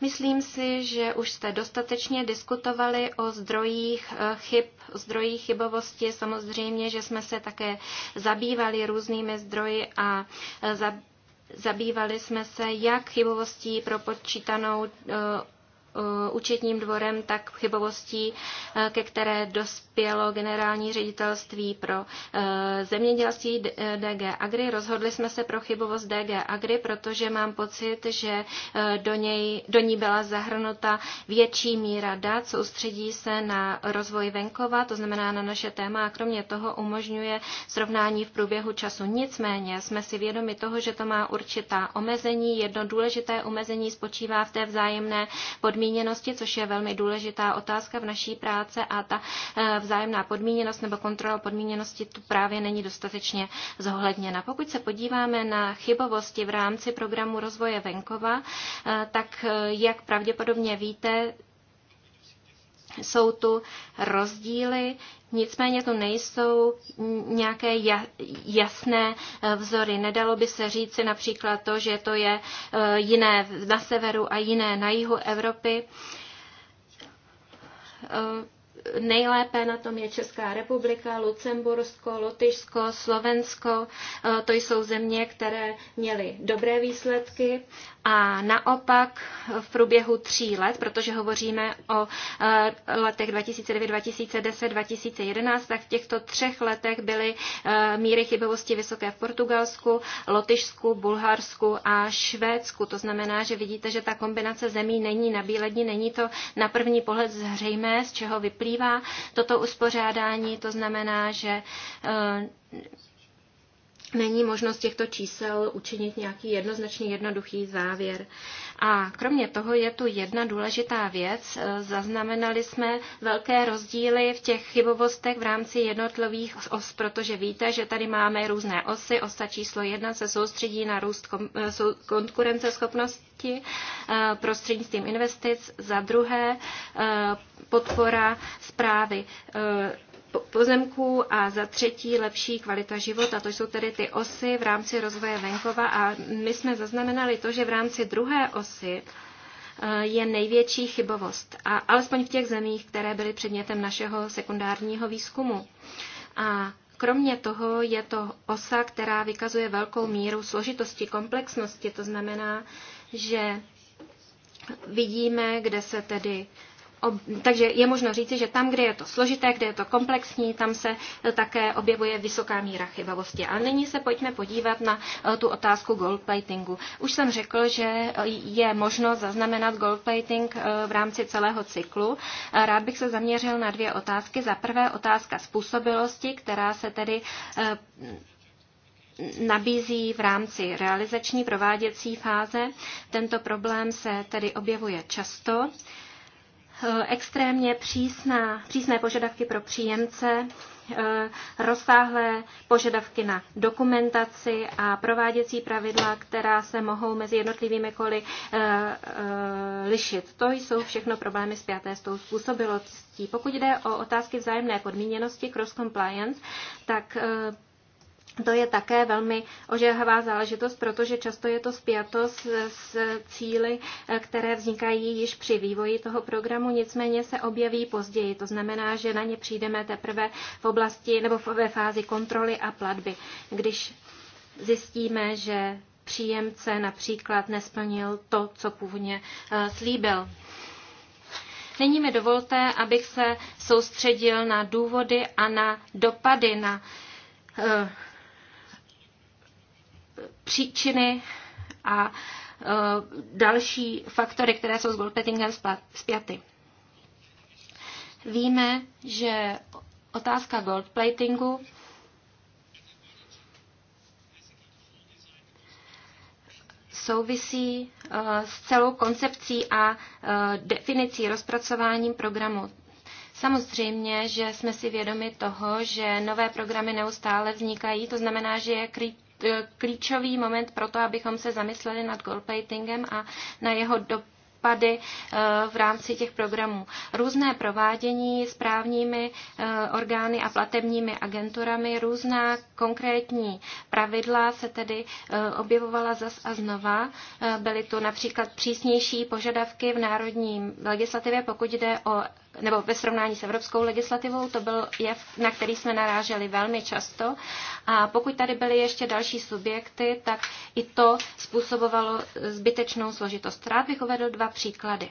Myslím si, že už jste dostatečně diskutovali o zdrojích eh, chyb, o zdrojích chybovosti. Samozřejmě, že jsme se také zabývali různými zdroji a eh, zabývali jsme se jak chybovostí propočítanou eh, Eh, účetním dvorem, tak chybovostí, eh, ke které dospělo generální ředitelství pro eh, zemědělství DG Agri. Rozhodli jsme se pro chybovost DG Agri, protože mám pocit, že do, něj, do ní byla zahrnuta větší míra dat, soustředí se na rozvoj venkova, to znamená na naše téma a kromě toho umožňuje srovnání v průběhu času. Nicméně jsme si vědomi toho, že to má určitá omezení. Jedno důležité omezení spočívá v té vzájemné podmínce podmíněnosti, což je velmi důležitá otázka v naší práce a ta eh, vzájemná podmíněnost nebo kontrola podmíněnosti tu právě není dostatečně zohledněna. Pokud se podíváme na chybovosti v rámci programu rozvoje venkova, eh, tak eh, jak pravděpodobně víte, jsou tu rozdíly, nicméně tu nejsou nějaké jasné eh, vzory. Nedalo by se říci například to, že to je eh, jiné na severu a jiné na jihu Evropy eh, nejlépe na tom je Česká republika, Lucembursko, Lotyšsko, Slovensko. To jsou země, které měly dobré výsledky a naopak v průběhu tří let, protože hovoříme o eh, letech 2009, 2010, 2011, tak v těchto třech letech byly eh, míry chybovosti vysoké v Portugalsku, Lotyšsku, Bulharsku a Švédsku. To znamená, že vidíte, že ta kombinace zemí není na bílední, není to na první pohled zřejmé, z čeho vyplývá toto uspořádání. To znamená, že eh, není možnost těchto čísel učinit nějaký jednoznačný, jednoduchý závěr. A kromě toho je tu jedna důležitá věc. E, zaznamenali jsme velké rozdíly v těch chybovostech v rámci jednotlivých os, protože víte, že tady máme různé osy. Osa číslo jedna se soustředí na růst e, konkurenceschopnosti e, prostřednictvím investic. Za druhé podpora zprávy pozemků a za třetí lepší kvalita života. To jsou tedy ty osy v rámci rozvoje venkova a my jsme zaznamenali to, že v rámci druhé osy eh, je největší chybovost, a alespoň v těch zemích, které byly předmětem našeho sekundárního výzkumu. A kromě toho je to osa, která vykazuje velkou míru složitosti, komplexnosti. To znamená, že vidíme, kde se tedy takže je možno říci, že tam, kde je to složité, kde je to komplexní, tam se eh, také objevuje vysoká míra chybavosti. A nyní se pojďme podívat na eh, tu otázku goldplatingu. Už jsem řekl, že eh, je možno zaznamenat goldplating v rámci celého cyklu. Rád bych se zaměřil na dvě otázky. Za prvé otázka způsobilosti, která se tedy nabízí v rámci realizační prováděcí fáze. Tento problém se tedy objevuje často. Eh, extrémně přísná, přísné požadavky pro příjemce, eh, rozsáhlé požadavky na dokumentaci a prováděcí pravidla, která se mohou mezi jednotlivými koly eh, lišit. To jsou všechno problémy spjaté s tou způsobilostí. Pokud jde o otázky vzájemné podmíněnosti cross-compliance, tak to je také velmi ožehavá záležitost, protože často je to spjato s, s cíly, eh, které vznikají již při vývoji toho programu, nicméně se objeví později. To znamená, že na ně přijdeme teprve v oblasti nebo ve fázi kontroly a platby, když zjistíme, že příjemce například nesplnil to, co původně eh, slíbil. Nyní mi dovolte, abych se soustředil na důvody a na dopady na eh, příčiny a e, další faktory, které jsou s goalpettingem zpěty. Víme, že otázka goldplatingu souvisí e, s celou koncepcí a e, definicí rozpracováním programu. Samozřejmě, že jsme si vědomi toho, že nové programy neustále vznikají, to znamená, že je Eh, klíčový moment pro to, abychom se zamysleli nad goalplatingem a na jeho dopady eh, v rámci těch programů. Různé provádění správními eh, orgány a platebními agenturami, různá konkrétní pravidla se tedy objevovala zas a znova. Byly tu například přísnější požadavky v národní legislativě, pokud jde o nebo ve srovnání s evropskou legislativou, to byl jev, na který jsme naráželi velmi často. A pokud tady byly ještě další subjekty, tak i to způsobovalo zbytečnou složitost. Rád bych uvedl dva příklady.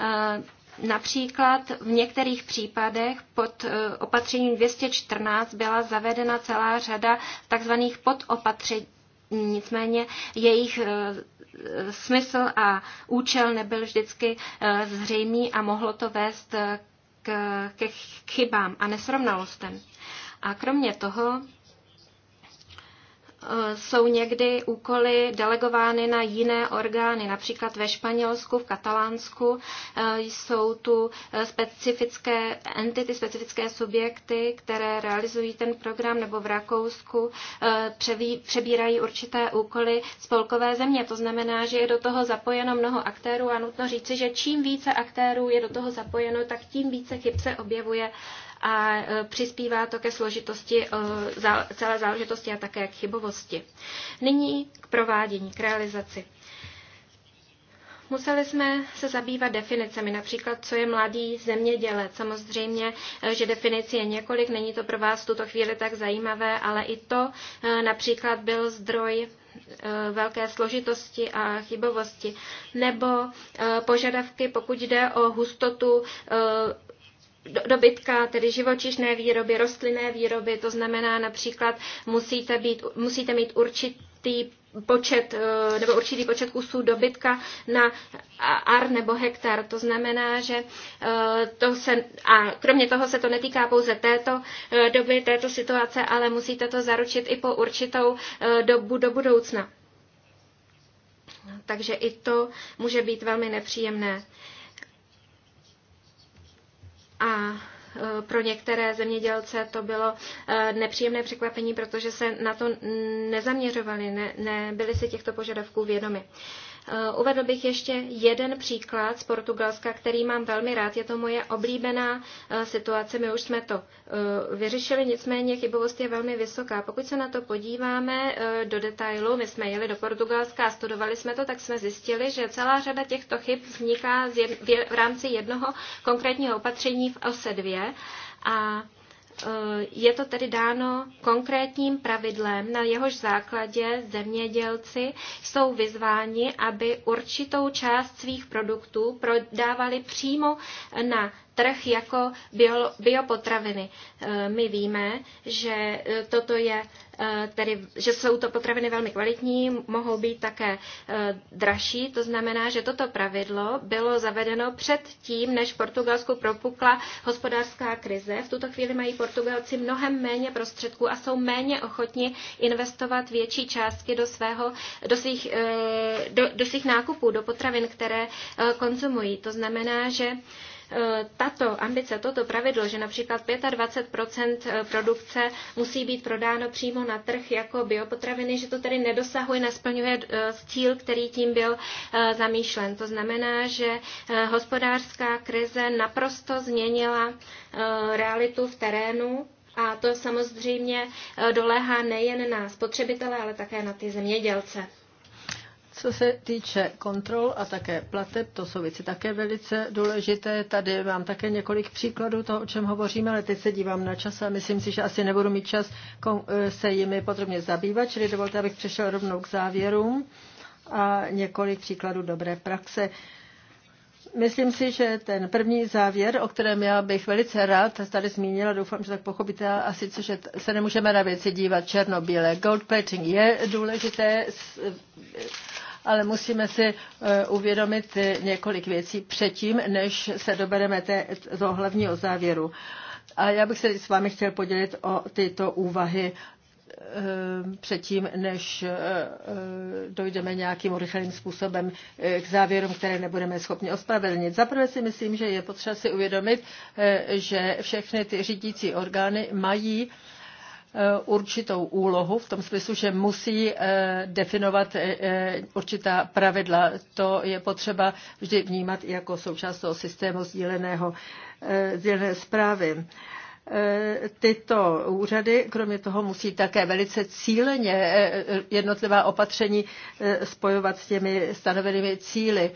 E, například v některých případech pod e, opatřením 214 byla zavedena celá řada takzvaných podopatření Nicméně jejich eh, smysl a účel nebyl vždycky eh, zřejmý a mohlo to vést eh, k, chybám a nesrovnalostem. A kromě toho Eh, jsou někdy úkoly delegovány na jiné orgány. Například ve Španělsku, v Katalánsku eh, jsou tu eh, specifické entity, specifické subjekty, které realizují ten program, nebo v Rakousku přebírají určité úkoly spolkové země. To znamená, že je do toho zapojeno mnoho aktérů a nutno říci, že čím více aktérů je do toho zapojeno, tak tím více chyb se objevuje a e, přispívá to ke složitosti e, celé záležitosti a také k chybovosti. Nyní k provádění, k realizaci. Museli jsme se zabývat definicemi, například co je mladý zemědělec. Samozřejmě, e, že definici je několik, není to pro vás v tuto chvíli tak zajímavé, ale i to například byl zdroj velké složitosti a chybovosti, nebo požadavky, pokud jde o hustotu dobytka, tedy živočišné výroby, rostlinné výroby, to znamená například musíte, být, musíte mít určitý počet eh, nebo určitý počet kusů dobytka na ar nebo hektar. To znamená, že eh, to se, a kromě toho se to netýká pouze této eh, doby, této situace, ale musíte to zaručit i po určitou dobu do budoucna. Takže i to může být velmi nepříjemné. A e, pro některé zemědělce to bylo e, nepříjemné překvapení, protože se na to nezaměřovali, ne, nebyli si těchto požadavků vědomi. Eh, uvedl bych ještě jeden příklad z Portugalska, který mám velmi rád. Je to moje oblíbená eh, situace. My už jsme to eh, vyřešili, nicméně chybovost je velmi vysoká. Pokud se na to podíváme do detailu, my jsme jeli do Portugalska a studovali jsme to, tak jsme zjistili, že celá řada těchto chyb vzniká v rámci jednoho konkrétního opatření v OSE 2 a Eh, je to tedy dáno konkrétním pravidlem, na jehož základě zemědělci jsou vyzváni, aby určitou část svých produktů prodávali přímo na trh jako bio, biopotraviny. Eh, my víme, že eh, toto je eh, tedy, že jsou to potraviny velmi kvalitní, mohou být také dražší, to znamená, že toto pravidlo bylo zavedeno před tím, než v Portugalsku propukla hospodářská krize. V tuto chvíli mají Portugalci mnohem méně prostředků a jsou méně ochotni investovat větší částky do, svého, do, svých, do, do svých nákupů, do potravin, které konzumují. To znamená, že Eh, tato ambice, toto pravidlo, že například 25 eh, produkce musí být prodáno přímo na trh jako biopotraviny, že to tedy nedosahuje, nesplňuje eh, cíl, který tím byl zamýšlen. To znamená, že hospodářská krize naprosto změnila realitu v terénu a to samozřejmě doléhá nejen na spotřebitele, ale také na ty zemědělce. Co se týče kontrol a také plateb, to jsou věci také velice důležité. Tady mám také několik příkladů toho, o čem hovoříme, ale teď se dívám na čas a myslím si, že asi nebudu mít čas eh, se jimi podrobně zabývat, čili dovolte, abych přešel rovnou k závěrům a několik příkladů dobré praxe. Myslím si, že ten první závěr, o kterém já bych velice rád tady zmínila, doufám, že tak pochopíte, a sice, že se nemůžeme na věci dívat černobíle. Gold plating je důležité, ale musíme si eh, uvědomit eh, několik věcí předtím, než se dobereme té, toho hlavního závěru. A já bych se s vámi chtěl podělit o tyto úvahy eh, předtím, než dojdeme nějakým rychlým způsobem k závěrům, které nebudeme schopni ospravedlnit. Zaprvé si myslím, že je potřeba si uvědomit, že všechny ty řídící orgány mají Eh, určitou úlohu v tom smyslu, že musí eh, definovat eh, určitá pravidla. To je potřeba vždy vnímat jako součást toho systému sdíleného, sdílené zprávy. Tyto úřady, kromě toho, musí také velice cíleně jednotlivá opatření spojovat s těmi stanovenými cíly.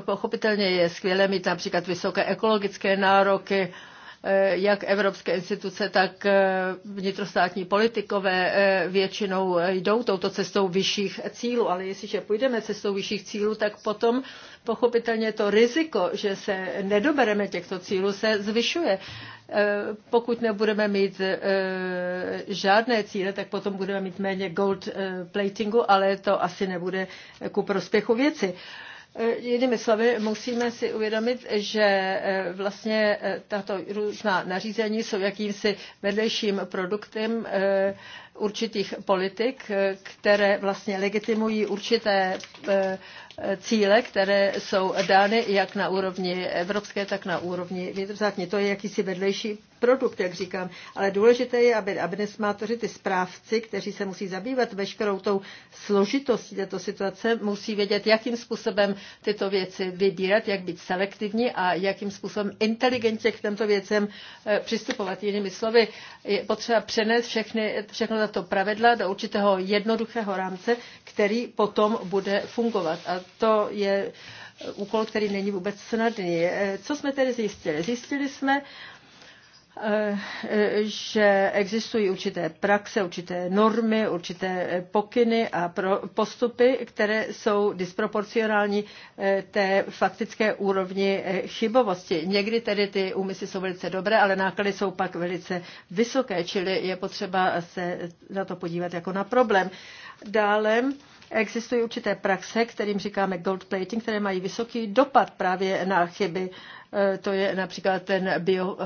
Pochopitelně je skvělé mít například vysoké ekologické nároky, Eh, jak evropské instituce, tak eh, vnitrostátní politikové eh, většinou jdou touto cestou vyšších cílů, ale jestliže půjdeme cestou vyšších cílů, tak potom pochopitelně to riziko, že se nedobereme těchto cílů, se zvyšuje. Pokud nebudeme mít žádné cíle, tak potom budeme mít méně gold platingu, ale to asi nebude ku prospěchu věci. Eh, jinými slovy, musíme si uvědomit, že eh, vlastně eh, tato různá nařízení jsou jakýmsi vedlejším produktem určitých politik, které vlastně legitimují určité eh, cíle, které jsou dány jak na úrovni evropské, tak na úrovni vnitrostátní. To je jakýsi vedlejší produkt, jak říkám. Ale důležité je, aby administrátoři, ty správci, kteří se musí zabývat veškerou tou složitostí této situace, musí vědět, jakým způsobem tyto věci vybírat, jak být selektivní a jakým způsobem inteligentně k těmto věcem eh, přistupovat. Jinými slovy, je potřeba přenést všechny, všechno tato pravidla do určitého jednoduchého rámce, který potom bude fungovat. A to je úkol, který není vůbec snadný. Eh, co jsme tedy zjistili? Zjistili jsme Eh, že existují určité praxe, určité normy, určité eh, pokyny a postupy, které jsou disproporcionální eh, té faktické úrovni chybovosti. Někdy tedy ty úmysly jsou velice dobré, ale náklady jsou pak velice vysoké, čili je potřeba se na to podívat jako na problém. Dále existují určité praxe, kterým říkáme gold plating, které mají vysoký dopad právě na chyby. To je například ten bio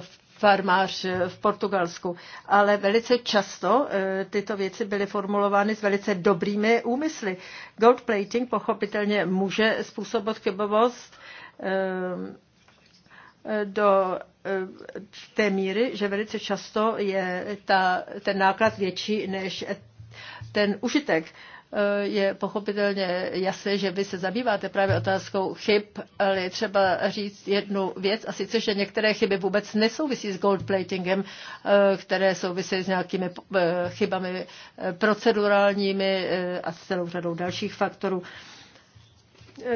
farmář v Portugalsku. Ale velice často eh, tyto věci byly formulovány s velice dobrými úmysly. Gold plating pochopitelně může způsobit chybovost eh, do eh, té míry, že velice často je ta, ten náklad větší než ten užitek je pochopitelně jasné, že vy se zabýváte právě otázkou chyb, ale třeba říct jednu věc, a sice, že některé chyby vůbec nesouvisí s goldplatingem, eh, které souvisí s nějakými eh, chybami eh, procedurálními a s celou řadou dalších faktorů.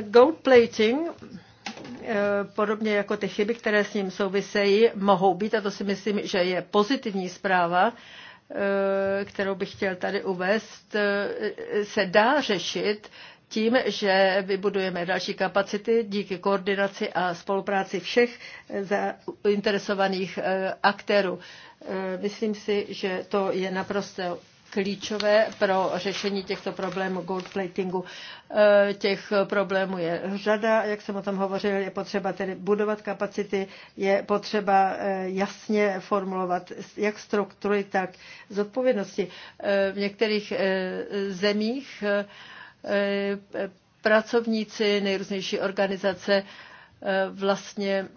Goldplating podobně jako ty chyby, které s ním souvisejí, mohou být, a to si myslím, že je pozitivní zpráva, Eh, kterou bych chtěl tady uvést, eh, se dá řešit tím, že vybudujeme další kapacity díky koordinaci a spolupráci všech zainteresovaných eh, aktérů. Myslím si, že to je naprosto klíčové pro řešení těchto problémů goldplatingu. Eh, těch problémů je řada, jak jsem o tom hovořil, je potřeba tedy budovat kapacity, je potřeba eh, jasně formulovat jak struktury, tak zodpovědnosti. Eh, v některých zemích pracovníci, nejrůznější organizace vlastně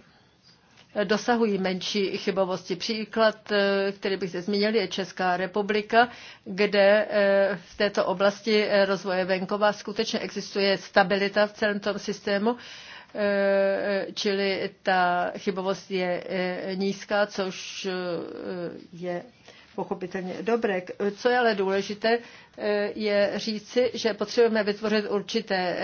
dosahují menší chybovosti. Příklad, eh, který bych se zmínil, je Česká republika, kde eh, v této oblasti eh, rozvoje venkova skutečně existuje stabilita v celém tom systému, čili ta chybovost je nízká, což je pochopitelně dobré. Co je ale důležité, je říci, že potřebujeme vytvořit určité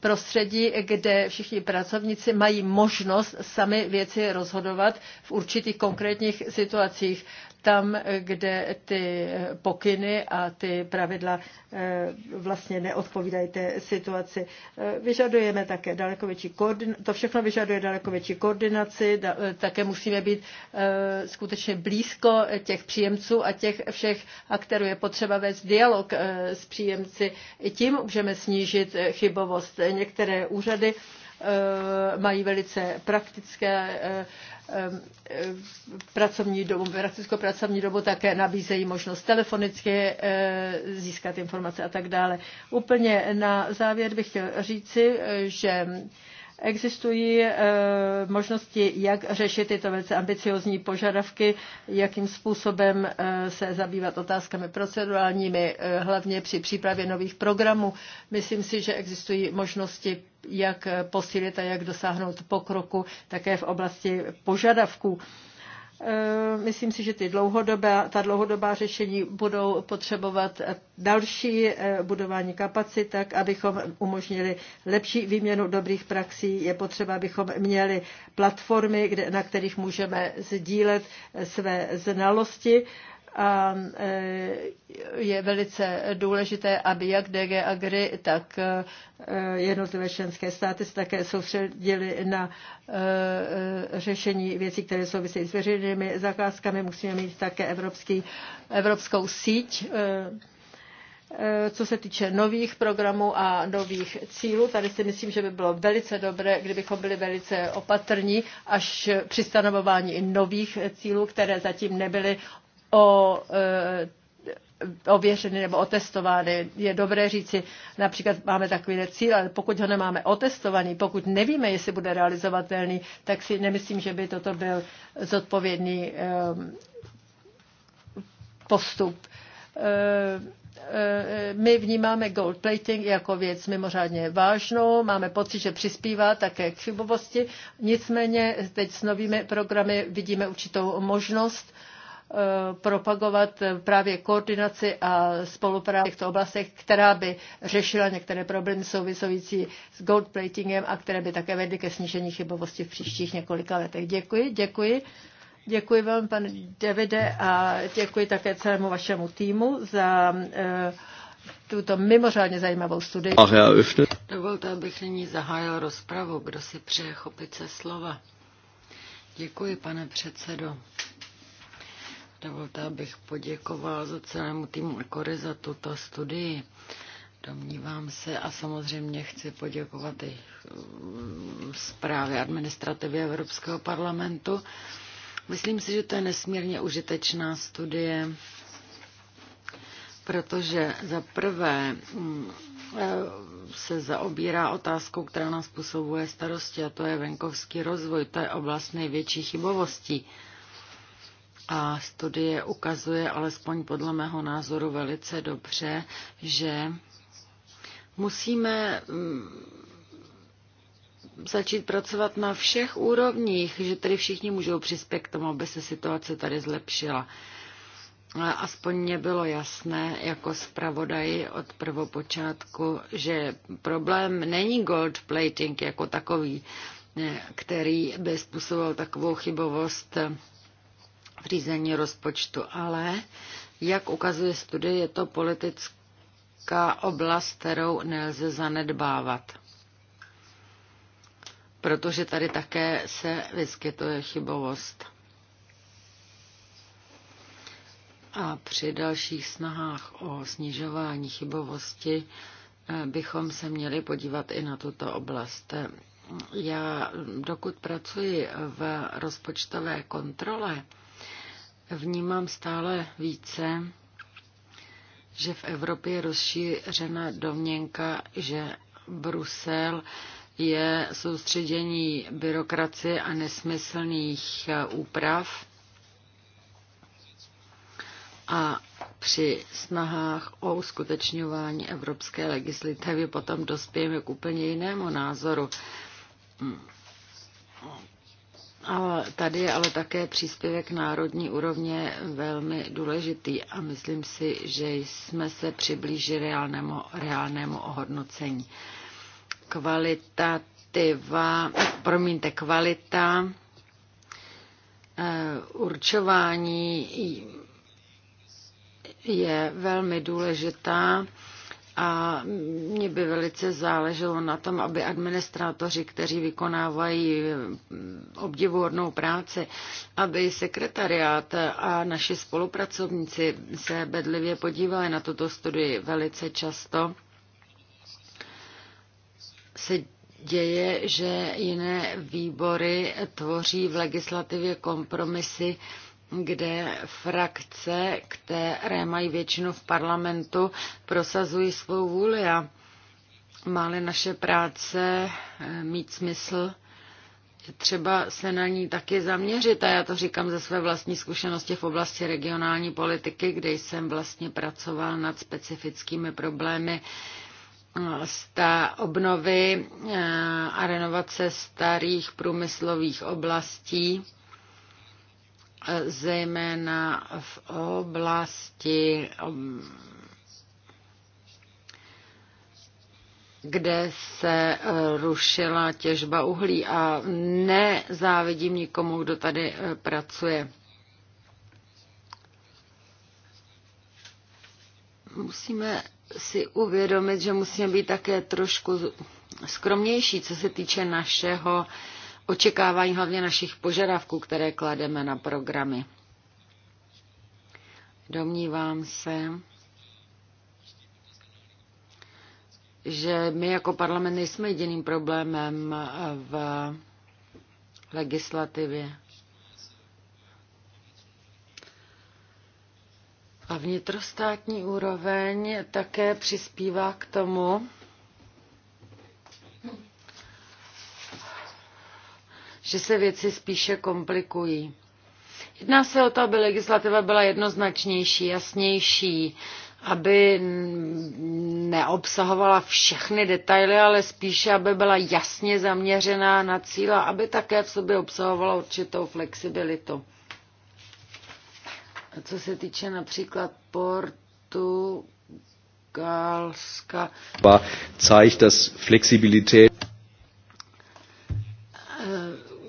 prostředí, kde všichni pracovníci mají možnost sami věci rozhodovat v určitých konkrétních situacích. Tam, kde ty pokyny a ty pravidla eh, vlastně neodpovídají té situaci. Eh, vyžadujeme také daleko větší koordinaci, to všechno vyžaduje daleko větší koordinaci, eh, také musíme být skutečně blízko těch příjemců a těch všech aktérů. Je potřeba vést dialog s příjemci. I tím můžeme snížit chybovost některé úřady eh, mají velice praktické eh, eh, pracovní dobu, praktickou pracovní dobu také nabízejí možnost telefonicky získat informace a tak dále. Úplně na závěr bych chtěl říci, že Existují eh, možnosti, jak řešit tyto velice ambiciozní požadavky, jakým způsobem eh, se zabývat otázkami procedurálními, eh, hlavně při přípravě nových programů. Myslím si, že existují možnosti, jak posílit a jak dosáhnout pokroku také v oblasti požadavků Eh, myslím si, že ty dlouhodobá, ta dlouhodobá řešení budou potřebovat další eh, budování kapacit, tak abychom umožnili lepší výměnu dobrých praxí. Je potřeba, abychom měli platformy, kde, na kterých můžeme sdílet eh, své znalosti a e, je velice důležité, aby jak DG Agri, tak e, jednotlivé členské státy se také soustředili na e, řešení věcí, které souvisí s veřejnými zakázkami. Musíme mít také evropský, evropskou síť co se týče nových programů a nových cílů, tady si myslím, že by bylo velice dobré, kdybychom byli velice opatrní až při stanovování nových cílů, které zatím nebyly o eh, ověřeny nebo otestovány. Je dobré říci, například máme takový cíl, ale pokud ho nemáme otestovaný, pokud nevíme, jestli bude realizovatelný, tak si nemyslím, že by toto byl zodpovědný eh, postup. Eh, my vnímáme gold plating jako věc mimořádně vážnou, máme pocit, že přispívá také k chybovosti, nicméně teď s novými programy vidíme určitou možnost, Eh, propagovat právě koordinaci a spolupráci v těchto oblastech, která by řešila některé problémy související s gold platingem a které by také vedly ke snížení chybovosti v příštích několika letech. Děkuji, děkuji. Děkuji vám, pane Davide, a děkuji také celému vašemu týmu za eh, tuto mimořádně zajímavou studii. Dovolte, abych nyní zahájil rozpravu, kdo si přeje chopit se slova. Děkuji, pane předsedo. Dovolte, abych poděkoval za celému týmu Ekory za tuto studii. Domnívám se a samozřejmě chci poděkovat i mm, zprávě administrativy Evropského parlamentu. Myslím si, že to je nesmírně užitečná studie, protože za prvé mm, e, se zaobírá otázkou, která nás způsobuje starosti, a to je venkovský rozvoj. To je oblast největší chybovostí a studie ukazuje, alespoň podle mého názoru, velice dobře, že musíme mm, začít pracovat na všech úrovních, že tedy všichni můžou přispět k tomu, aby se situace tady zlepšila. Aspoň mě bylo jasné jako zpravodaji od prvopočátku, že problém není gold plating jako takový, který by způsoboval takovou chybovost v řízení rozpočtu, ale jak ukazuje studie, je to politická oblast, kterou nelze zanedbávat. Protože tady také se vyskytuje chybovost. A při dalších snahách o snižování chybovosti eh, bychom se měli podívat i na tuto oblast. Já, dokud pracuji v rozpočtové kontrole, vnímám stále více, že v Evropě je rozšířena domněnka, že Brusel je soustředění byrokracie a nesmyslných eh, úprav a při snahách o uskutečňování evropské legislativy potom dospějeme k úplně jinému názoru. A tady je ale také příspěvek národní úrovně velmi důležitý a myslím si, že jsme se přiblížili reálnému, reálnému ohodnocení. Kvalitativa, promiňte, kvalita eh, určování je velmi důležitá a mě by velice záleželo na tom, aby administrátoři, kteří vykonávají mm, obdivuhodnou práci, aby sekretariát a naši spolupracovníci se bedlivě podívali na tuto studii velice často. Se děje, že jiné výbory tvoří v legislativě kompromisy, kde frakce, které mají většinu v parlamentu, prosazují svou vůli a má naše práce eh, mít smysl, je třeba se na ní taky zaměřit. A já to říkám ze své vlastní zkušenosti v oblasti regionální politiky, kde jsem vlastně pracoval nad specifickými problémy sta eh, obnovy eh, a renovace starých průmyslových oblastí zejména v oblasti, kde se eh, rušila těžba uhlí a nezávidím nikomu, kdo tady eh, pracuje. Musíme si uvědomit, že musíme být také trošku skromnější, co se týče našeho uh, očekávání hlavně našich požadavků, které klademe na programy. Domnívám se, že my jako parlament nejsme jediným problémem v legislativě. A vnitrostátní úroveň také přispívá k tomu, že se věci spíše komplikují. Jedná se o to, aby legislativa byla jednoznačnější, jasnější, aby neobsahovala všechny detaily, ale spíše, aby byla jasně zaměřená na cíle, aby také v sobě obsahovala určitou flexibilitu. A co se týče například portu, Galska. Zeigt, dass Flexibilität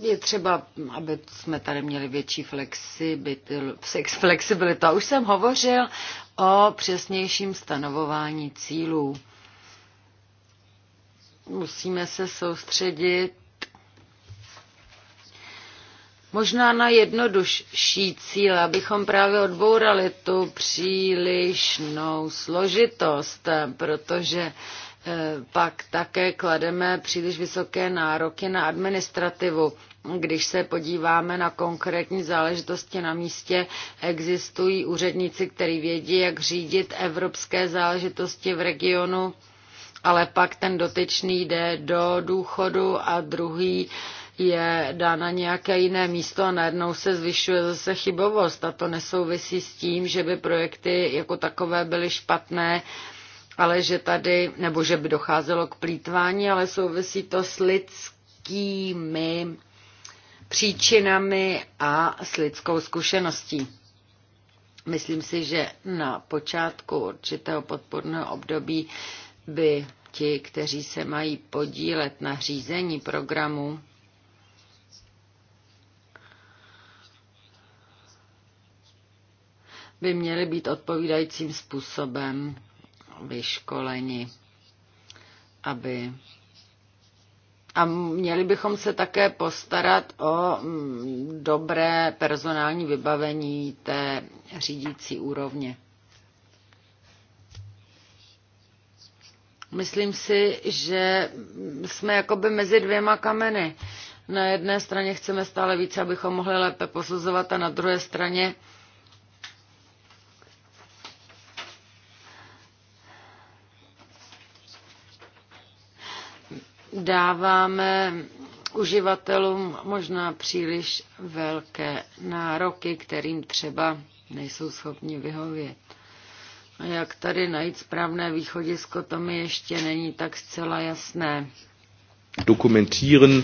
je třeba, aby jsme tady měli větší flexibilitu. A už jsem hovořil o přesnějším stanovování cílů. Musíme se soustředit možná na jednodušší cíl, abychom právě odbourali tu přílišnou složitost, protože E, pak také klademe příliš vysoké nároky na administrativu. Když se podíváme na konkrétní záležitosti na místě, existují úředníci, kteří vědí, jak řídit evropské záležitosti v regionu, ale pak ten dotyčný jde do důchodu a druhý je dá na nějaké jiné místo a najednou se zvyšuje zase chybovost. A to nesouvisí s tím, že by projekty jako takové byly špatné, ale že tady, nebo že by docházelo k plítvání, ale souvisí to s lidskými příčinami a s lidskou zkušeností. Myslím si, že na počátku určitého podporného období by ti, kteří se mají podílet na řízení programu, by měly být odpovídajícím způsobem vyškoleni, aby a měli bychom se také postarat o mm, dobré personální vybavení té řídící úrovně. Myslím si, že jsme jakoby mezi dvěma kameny. Na jedné straně chceme stále více, abychom mohli lépe posuzovat a na druhé straně dáváme uživatelům možná příliš velké nároky, kterým třeba nejsou schopni vyhovět. A jak tady najít správné východisko, to mi ještě není tak zcela jasné. Dokumentieren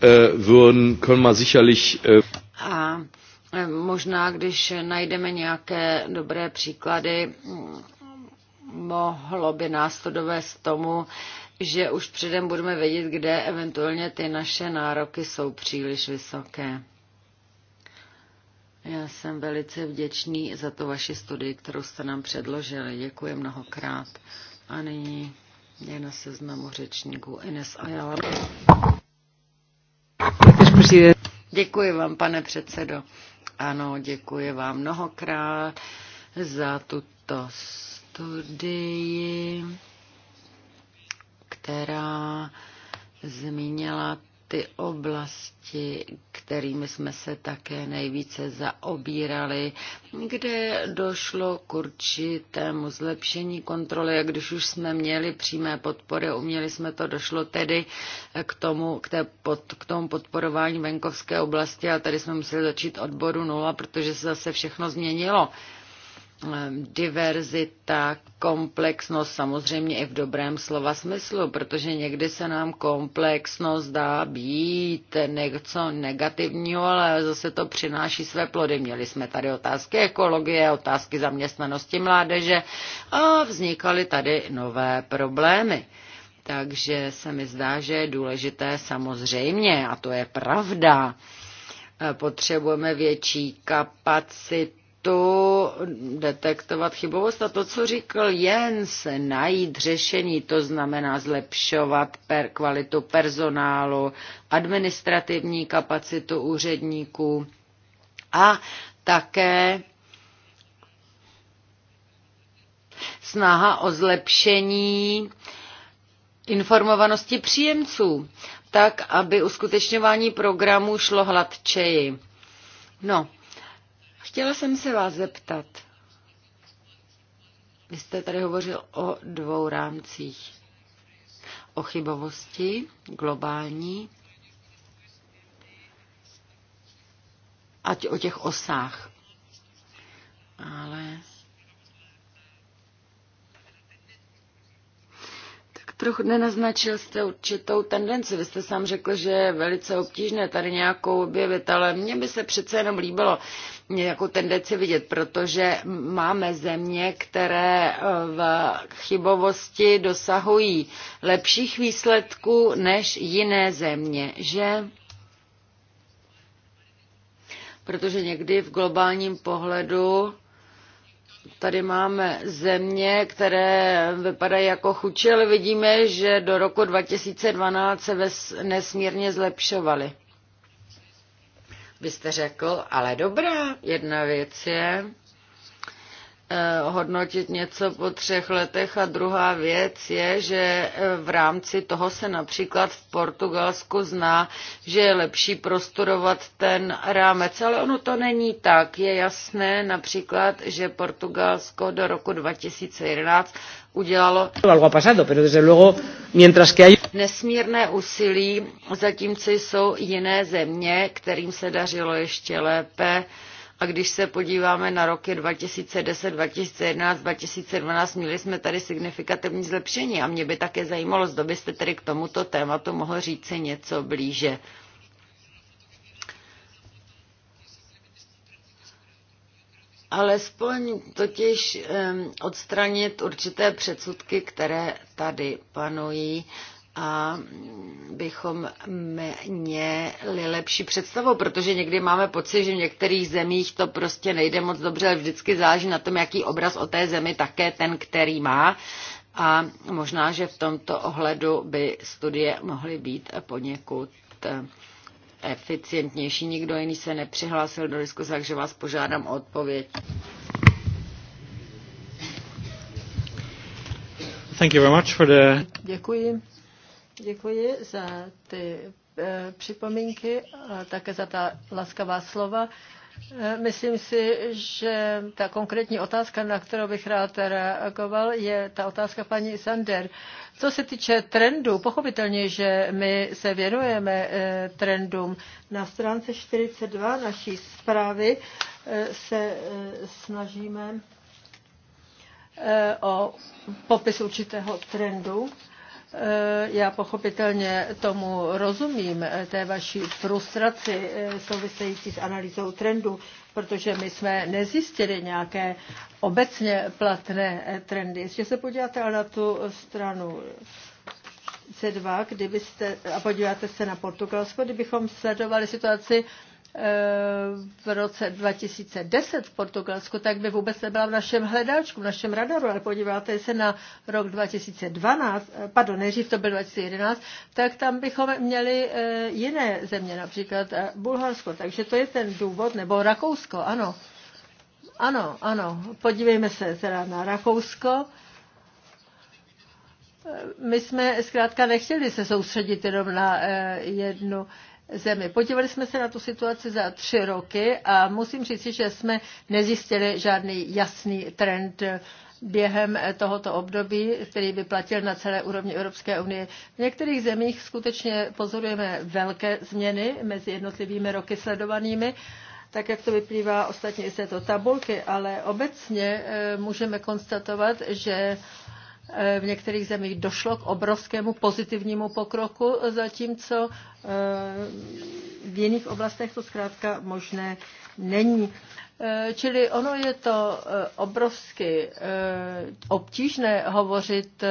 äh, würden, können wir sicherlich. Äh A e, možná, když najdeme nějaké dobré příklady, mohlo by nás to dovést tomu, že už předem budeme vědět, kde eventuálně ty naše nároky jsou příliš vysoké. Já jsem velice vděčný za to vaši studii, kterou jste nám předložili. Děkuji mnohokrát. A nyní je na seznamu řečníků Ines Ayala. Děkuji vám, pane předsedo. Ano, děkuji vám mnohokrát za tuto studii která zmínila ty oblasti, kterými jsme se také nejvíce zaobírali, kde došlo k určitému zlepšení kontroly a když už jsme měli přímé podpory, uměli jsme to, došlo tedy k tomu, k, té pod, k tomu podporování venkovské oblasti a tady jsme museli začít od bodu nula, protože se zase všechno změnilo. Uh, Ehm, diverzita, komplexnost, samozřejmě i v dobrém slova smyslu, protože někdy se nám komplexnost dá být něco negativního, ale zase to přináší své plody. Měli jsme tady otázky ekologie, otázky zaměstnanosti mládeže a vznikaly tady nové problémy. Takže se mi zdá, že je důležité samozřejmě, a to je pravda, eh, potřebujeme větší kapacitu tu detektovat chybovost. A to, co říkal Jens, najít řešení, to znamená zlepšovat per kvalitu personálu, administrativní kapacitu úředníků a také snaha o zlepšení informovanosti příjemců, tak, aby uskutečňování programů šlo hladčeji. No, Chtěla jsem se vás zeptat. Vy jste tady hovořil o dvou rámcích. O chybovosti globální ať o těch osách. Ale Trochu nenaznačil jste určitou tendenci. Vy jste sám řekl, že je velice obtížné tady nějakou objevit, ale mně by se přece jenom líbilo nějakou tendenci vidět, protože máme země, které eh, v chybovosti dosahují lepších výsledků než jiné země, že? Protože někdy v globálním pohledu tady máme země, které vypadají jako chuče, ale vidíme, že do roku 2012 se ves, nesmírně zlepšovaly. Byste řekl, ale dobrá, jedna věc je, Eh, hodnotit něco po třech letech a druhá věc je, že eh, v rámci toho se například v Portugalsku zná, že je lepší prostudovat ten rámec, ale ono to není tak. Je jasné například, že Portugalsko do roku 2011 udělalo nesmírné úsilí, zatímco jsou jiné země, kterým se dařilo ještě lépe, a když se podíváme na roky 2010, 2011, 2012, měli jsme tady signifikativní zlepšení a mě by také zajímalo, zda byste tedy k tomuto tématu mohl říci něco blíže. alespoň totiž um, odstranit určité předsudky, které tady panují a bychom měli lepší představu, protože někdy máme pocit, že v některých zemích to prostě nejde moc dobře, ale vždycky záleží na tom, jaký obraz o té zemi také ten, který má. A možná, že v tomto ohledu by studie mohly být poněkud eh, eficientnější. Nikdo jiný se nepřihlásil do diskuse, takže vás požádám o odpověď. Thank you very much for the... Děkuji Děkuji za ty eh, připomínky a také za ta laskavá slova. Eh, myslím si, že ta konkrétní otázka, na kterou bych rád reagoval, je ta otázka paní Sander. Co se týče trendů, pochopitelně, že my se věnujeme eh, trendům. Na stránce 42 naší zprávy se snažíme o popis určitého trendu. Eh, já pochopitelně tomu rozumím, eh, té vaší frustraci eh, související s analýzou trendu, protože my jsme nezjistili nějaké obecně platné trendy. Jestli se podíváte na tu stranu C2, kdybyste, a podíváte se na Portugalsko, kdybychom sledovali situaci v roce 2010 v Portugalsku, tak by vůbec nebyla v našem hledáčku, v našem radaru, ale podíváte se na rok 2012, eh, pardon, nejdřív to byl 2011, tak tam bychom měli eh, jiné země, například eh, Bulharsko, takže to je ten důvod, nebo Rakousko, ano. Ano, ano, podívejme se teda na Rakousko. My jsme zkrátka nechtěli se soustředit jenom na jednu zemi. Podívali jsme se na tu situaci za tři roky a musím říct, že jsme nezjistili žádný jasný trend během tohoto období, který by platil na celé úrovni Evropské unie. V některých zemích skutečně pozorujeme velké změny mezi jednotlivými roky sledovanými, tak jak to vyplývá ostatně i z této tabulky, ale obecně eh, můžeme konstatovat, že Eh, v některých zemích došlo k obrovskému pozitivnímu pokroku, zatímco eh, v jiných oblastech to zkrátka možné není. Eh, čili ono je to obrovsky obtížné hovořit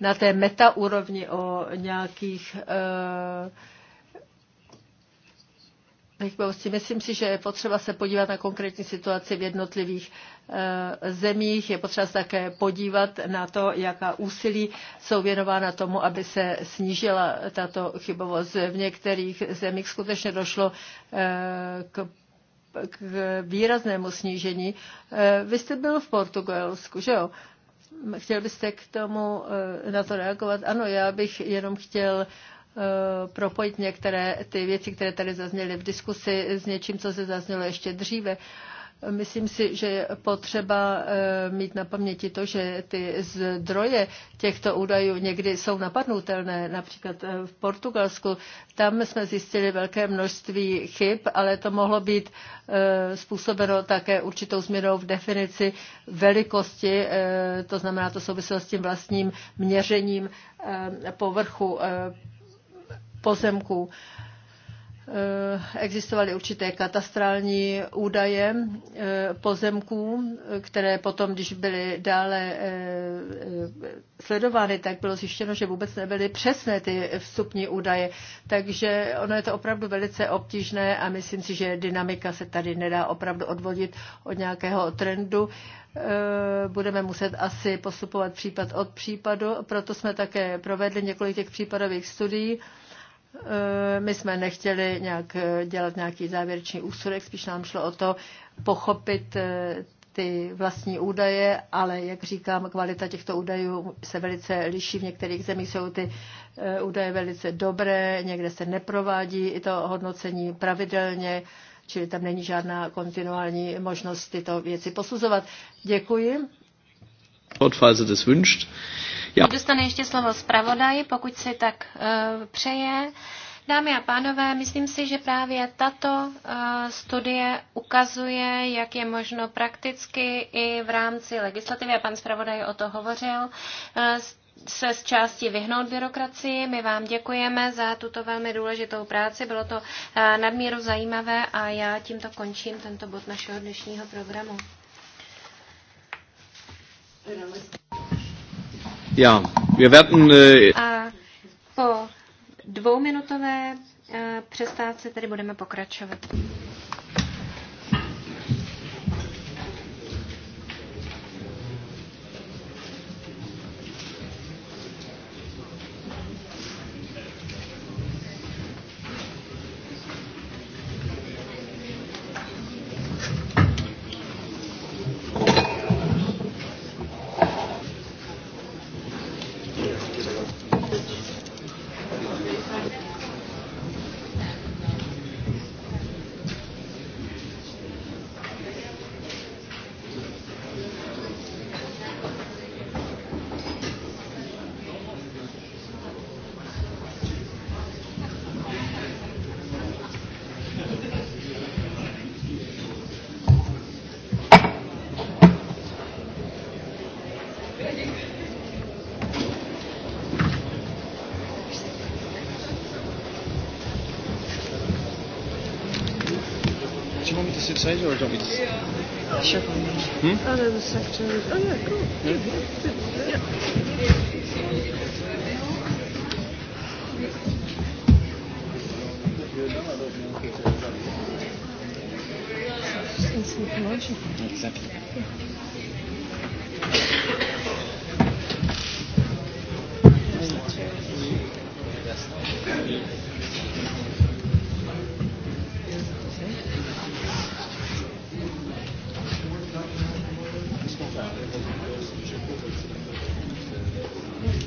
na té metaúrovni o nějakých pohyblivostí. Myslím si, že je potřeba se podívat na konkrétní situaci v jednotlivých eh, zemích. Je potřeba se také podívat na to, jaká úsilí jsou věnována tomu, aby se snížila tato chybovost. V některých zemích skutečně došlo eh, k k výraznému snížení. Eh, vy jste byl v Portugalsku, že jo? Chtěl byste k tomu na to reagovat? Ano, já bych jenom chtěl uh, Eh, propojit některé ty věci, které tady zazněly v diskusi s něčím, co se zaznělo ještě dříve. Myslím si, že je potřeba eh, mít na paměti to, že ty zdroje těchto údajů někdy jsou napadnutelné. Například eh, v Portugalsku, tam jsme zjistili velké množství chyb, ale to mohlo být způsobeno také určitou změnou v definici velikosti, to znamená to souviselo s tím vlastním měřením povrchu pozemků. E, existovaly určité katastrální údaje e, pozemků, které potom, když byly dále e, sledovány, tak bylo zjištěno, že vůbec nebyly přesné ty vstupní údaje. Takže ono je to opravdu velice obtížné a myslím si, že dynamika se tady nedá opravdu odvodit od nějakého trendu budeme muset asi postupovat případ od případu. Proto jsme také provedli několik těch případových studií Eh, my jsme nechtěli nějak eh, dělat nějaký závěrečný úsudek, spíš nám šlo o to pochopit eh, ty vlastní údaje, ale jak říkám, kvalita těchto údajů se velice liší. V některých zemích jsou ty údaje velice dobré, někde se neprovádí i to hodnocení pravidelně, čili tam není žádná kontinuální možnost tyto věci posuzovat. Děkuji. wünscht. Já. Dostane ještě slovo zpravodaj, pokud si tak uh, přeje. Dámy a pánové, myslím si, že právě tato eh, studie ukazuje, jak je možno prakticky i v rámci legislativy, a pan zpravodaj o to hovořil, eh, se z části vyhnout byrokracii. My vám děkujeme za tuto velmi důležitou práci. Bylo to nadmíru zajímavé a já tímto končím tento bod našeho dnešního programu. Ja, wir werden, äh, A po dvouminutové eh, přestávce tedy budeme pokračovat. or do you Sure. Hmm? Oh, the secretary. Oh, yeah, cool. Yeah. Hm? yeah. Exactly. Yeah.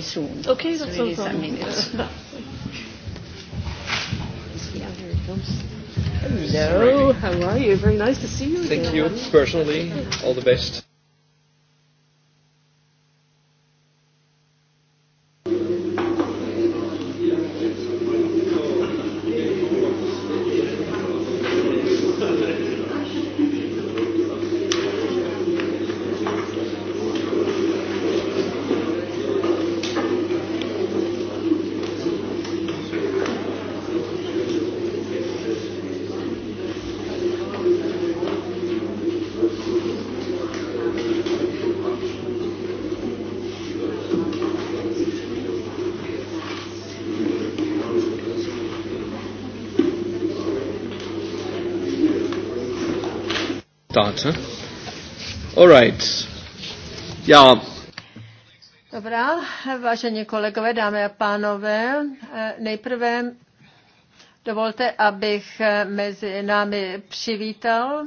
very soon. Okay, that's no really no problem. Minutes. Hello, how are you? Very nice to see you. Thank again. you personally. All the best. start. Ne? All right. Dobrá, vážení kolegové, dámy a pánové, nejprve dovolte, abych mezi námi přivítal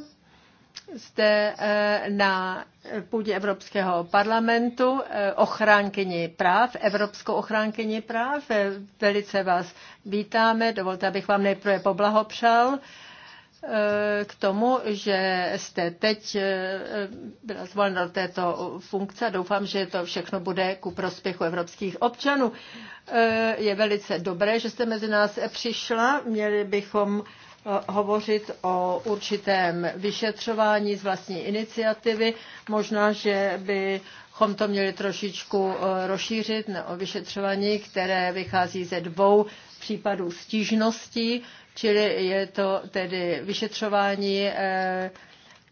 zde eh, na půdě Evropského parlamentu eh, ochránkyni práv, Evropskou ochránkyni práv. Eh, velice vás vítáme, dovolte, abych vám nejprve poblahopřál k tomu, že jste teď eh, byla zvolena do této funkce. Doufám, že to všechno bude ku prospěchu evropských občanů. Eh, je velice dobré, že jste mezi nás přišla. Měli bychom eh, hovořit o určitém vyšetřování z vlastní iniciativy. Možná, že bychom to měli trošičku rozšířit o vyšetřování, které vychází ze dvou případů stížností Čili je to tedy vyšetřování, eh,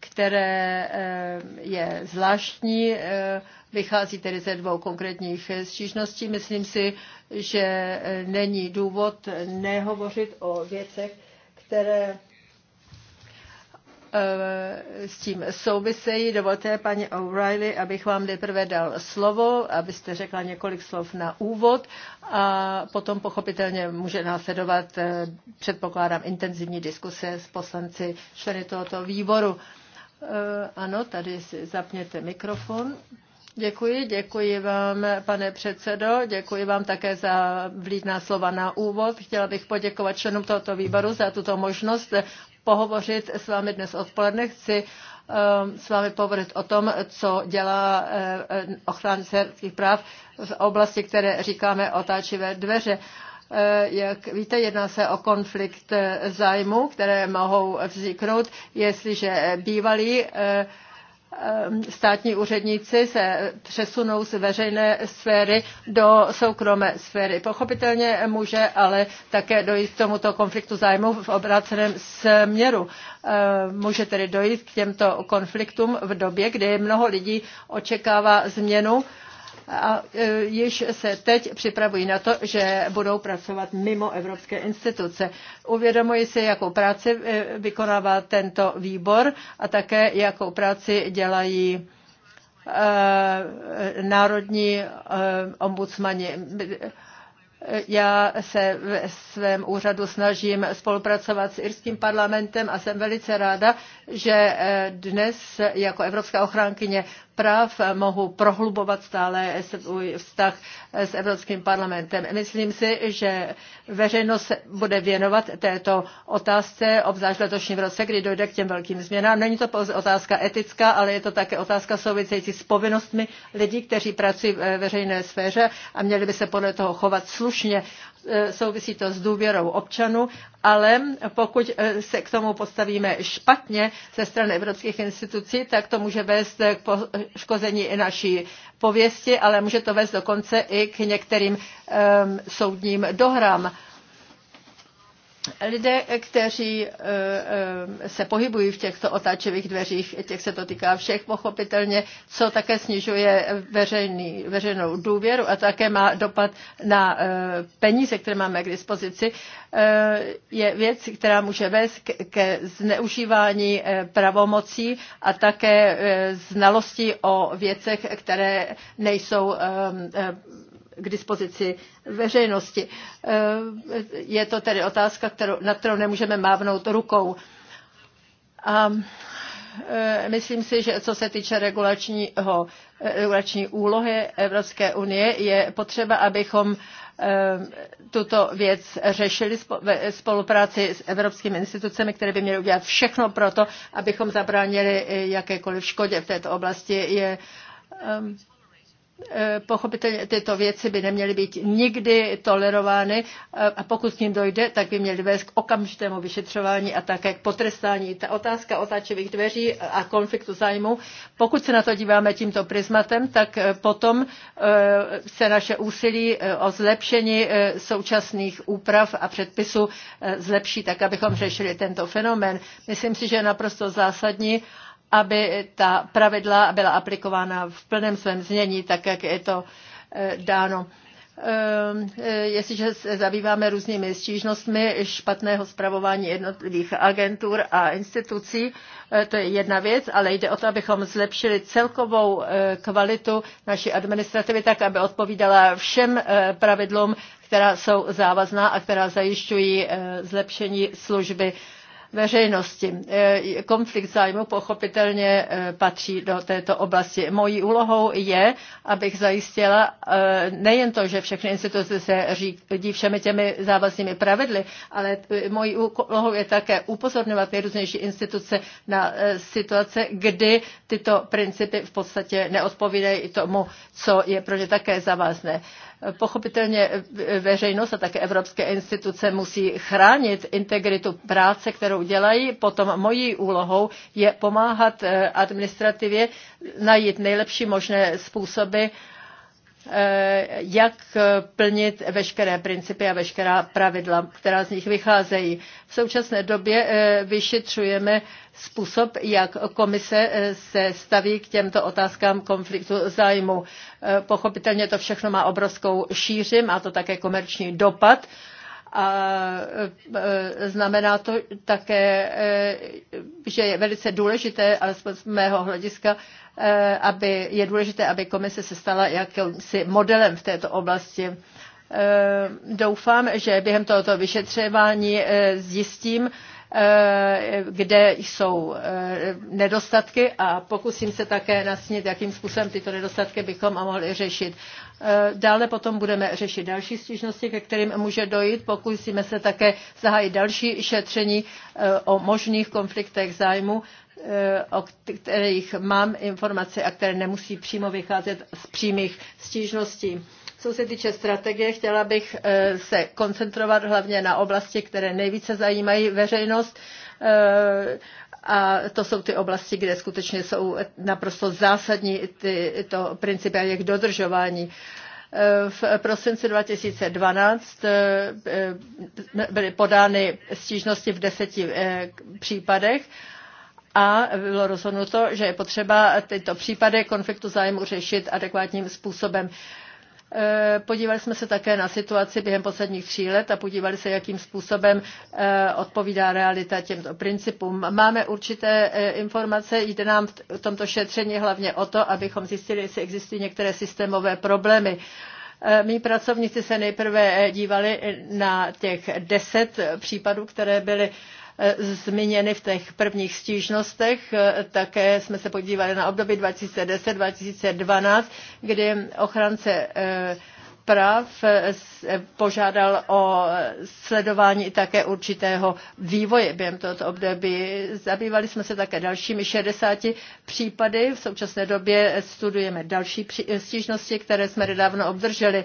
které eh, je zvláštní, eh, vychází tedy ze dvou konkrétních stížností. Myslím si, že není důvod nehovořit o věcech, které s tím souvisejí. Dovolte, paní O'Reilly, abych vám nejprve dal slovo, abyste řekla několik slov na úvod a potom pochopitelně může následovat, eh, předpokládám, intenzivní diskuse s poslanci členy tohoto výboru. Eh, ano, tady si zapněte mikrofon. Děkuji, děkuji vám, pane předsedo, děkuji vám také za vlídná slova na úvod. Chtěla bych poděkovat členům tohoto výboru za tuto možnost pohovořit s vámi dnes odpoledne. Chci um, s vámi pohovořit o tom, co dělá eh, ochránce lidských práv v oblasti, které říkáme otáčivé dveře. Eh, jak víte, jedná se o konflikt eh, zájmů, které mohou vzniknout, jestliže bývalý Ehm, státní úředníci se přesunou z veřejné sféry do soukromé sféry. Pochopitelně může ale také dojít k tomuto konfliktu zájmu v obráceném směru. Ehm, může tedy dojít k těmto konfliktům v době, kdy mnoho lidí očekává změnu a e, již se teď připravují na to, že budou pracovat mimo evropské instituce. Uvědomuji si, jakou práci e, vykonává tento výbor a také jakou práci dělají e, národní ombudsmani. Já se ve svém úřadu snažím spolupracovat s irským parlamentem a jsem velice ráda, že dnes jako Evropská ochránkyně práv mohu prohlubovat stále svůj vztah s Evropským parlamentem. Myslím si, že veřejnost bude věnovat této otázce, obzvlášť letošním roce, kdy dojde k těm velkým změnám. Není to pouze otázka etická, ale je to také otázka související s povinnostmi lidí, kteří pracují ve veřejné sféře a měli by se podle toho chovat slušně. Eh, souvisí to s důvěrou občanů, ale pokud eh, se k tomu postavíme špatně ze strany evropských institucí, tak to může vést k poškození i naší pověsti, ale může to vést dokonce i k některým ehm, soudním dohrám lidé, kteří eh, eh, se pohybují v těchto otáčivých dveřích, těch se to týká všech pochopitelně, co také snižuje veřejný, veřejnou důvěru a také má dopad na eh, peníze, které máme k dispozici, je věc, která může vést ke zneužívání pravomocí a také znalostí o věcech, které nejsou k dispozici veřejnosti. Eh, je to tedy otázka, kterou, na kterou nemůžeme mávnout rukou. A eh, myslím si, že co se týče regulačního, eh, regulační úlohy Evropské unie, je potřeba, abychom tuto věc řešili ve spolupráci s evropskými institucemi, které by měly udělat všechno pro to, abychom zabránili jakékoliv škodě v této oblasti. Je ehm, Eh, pochopitelně tyto věci by neměly být nikdy tolerovány eh, a pokud k ním dojde, tak by měly vést k okamžitému vyšetřování a také k potrestání. Ta otázka otáčivých dveří a konfliktu zájmu, pokud se na to díváme tímto prismatem, tak eh, potom se naše úsilí o zlepšení současných úprav a předpisů zlepší tak, abychom řešili tento fenomén. Myslím si, že je naprosto zásadní, aby ta pravidla byla aplikována v plném svém znění, tak jak je to eh, dáno. Ehm, eh, jestliže se zabýváme různými stížnostmi špatného zpravování jednotlivých agentur a institucí, eh, to je jedna věc, ale jde o to, abychom zlepšili celkovou kvalitu naší administrativy tak, aby odpovídala všem pravidlům, která jsou závazná a která zajišťují zlepšení služby veřejnosti. Eh, konflikt zájmu pochopitelně eh, patří do této oblasti. Mojí úlohou je, abych zajistila eh, nejen to, že všechny instituce se řídí všemi těmi závaznými pravidly, ale mojí úlohou je také upozorňovat nejrůznější instituce na situace, kdy tyto principy v podstatě neodpovídají tomu, co je pro ně také závazné. Pochopitelně veřejnost a také evropské instituce musí chránit integritu práce, kterou dělají. Potom mojí úlohou je pomáhat eh, administrativě najít nejlepší možné způsoby, Eh, jak eh, plnit veškeré principy a veškerá pravidla, která z nich vycházejí. V současné době eh, vyšetřujeme způsob, jak komise se staví k těmto otázkám konfliktu zájmu. Pochopitelně to všechno má obrovskou šíři, má to také komerční dopad a e, znamená to také, e, že je velice důležité, alespoň z mého hlediska, e, aby, je důležité, aby komise se stala jakýmsi modelem v této oblasti. Doufám, že během tohoto vyšetřování zjistím, Eh, kde jsou eh, nedostatky a pokusím se také nasnit, jakým způsobem tyto nedostatky bychom mohli řešit. Eh, dále potom budeme řešit další stížnosti, ke kterým může dojít. Pokusíme se také zahájit další šetření o možných konfliktech zájmu, o kterých mám informace a které nemusí přímo vycházet z přímých stížností. Co se týče strategie, chtěla bych eh, se koncentrovat hlavně na oblasti, které nejvíce zajímají veřejnost. Eh, a to jsou ty oblasti, kde skutečně jsou naprosto zásadní tyto principy a jejich dodržování. Eh, v prosinci 2012 byly podány stížnosti v deseti případech a bylo rozhodnuto, že je potřeba tyto případy konfliktu zájmu řešit adekvátním způsobem. Eh, podívali jsme se také na situaci během posledních tří let a podívali se, jakým způsobem eh, odpovídá realita těmto principům. Máme určité eh, informace, jde nám v tomto šetření hlavně o to, abychom zjistili, jestli existují některé systémové problémy. Mí pracovníci se nejprve dívali na těch deset případů, které byly E, zmíněny v těch prvních stížnostech. E, také jsme se podívali na období 2010-2012, kdy ochránce e, práv požádal o sledování také určitého vývoje během tohoto období. Zabývali jsme se také dalšími 60 případy. V současné době studujeme další stížnosti, které jsme nedávno obdrželi.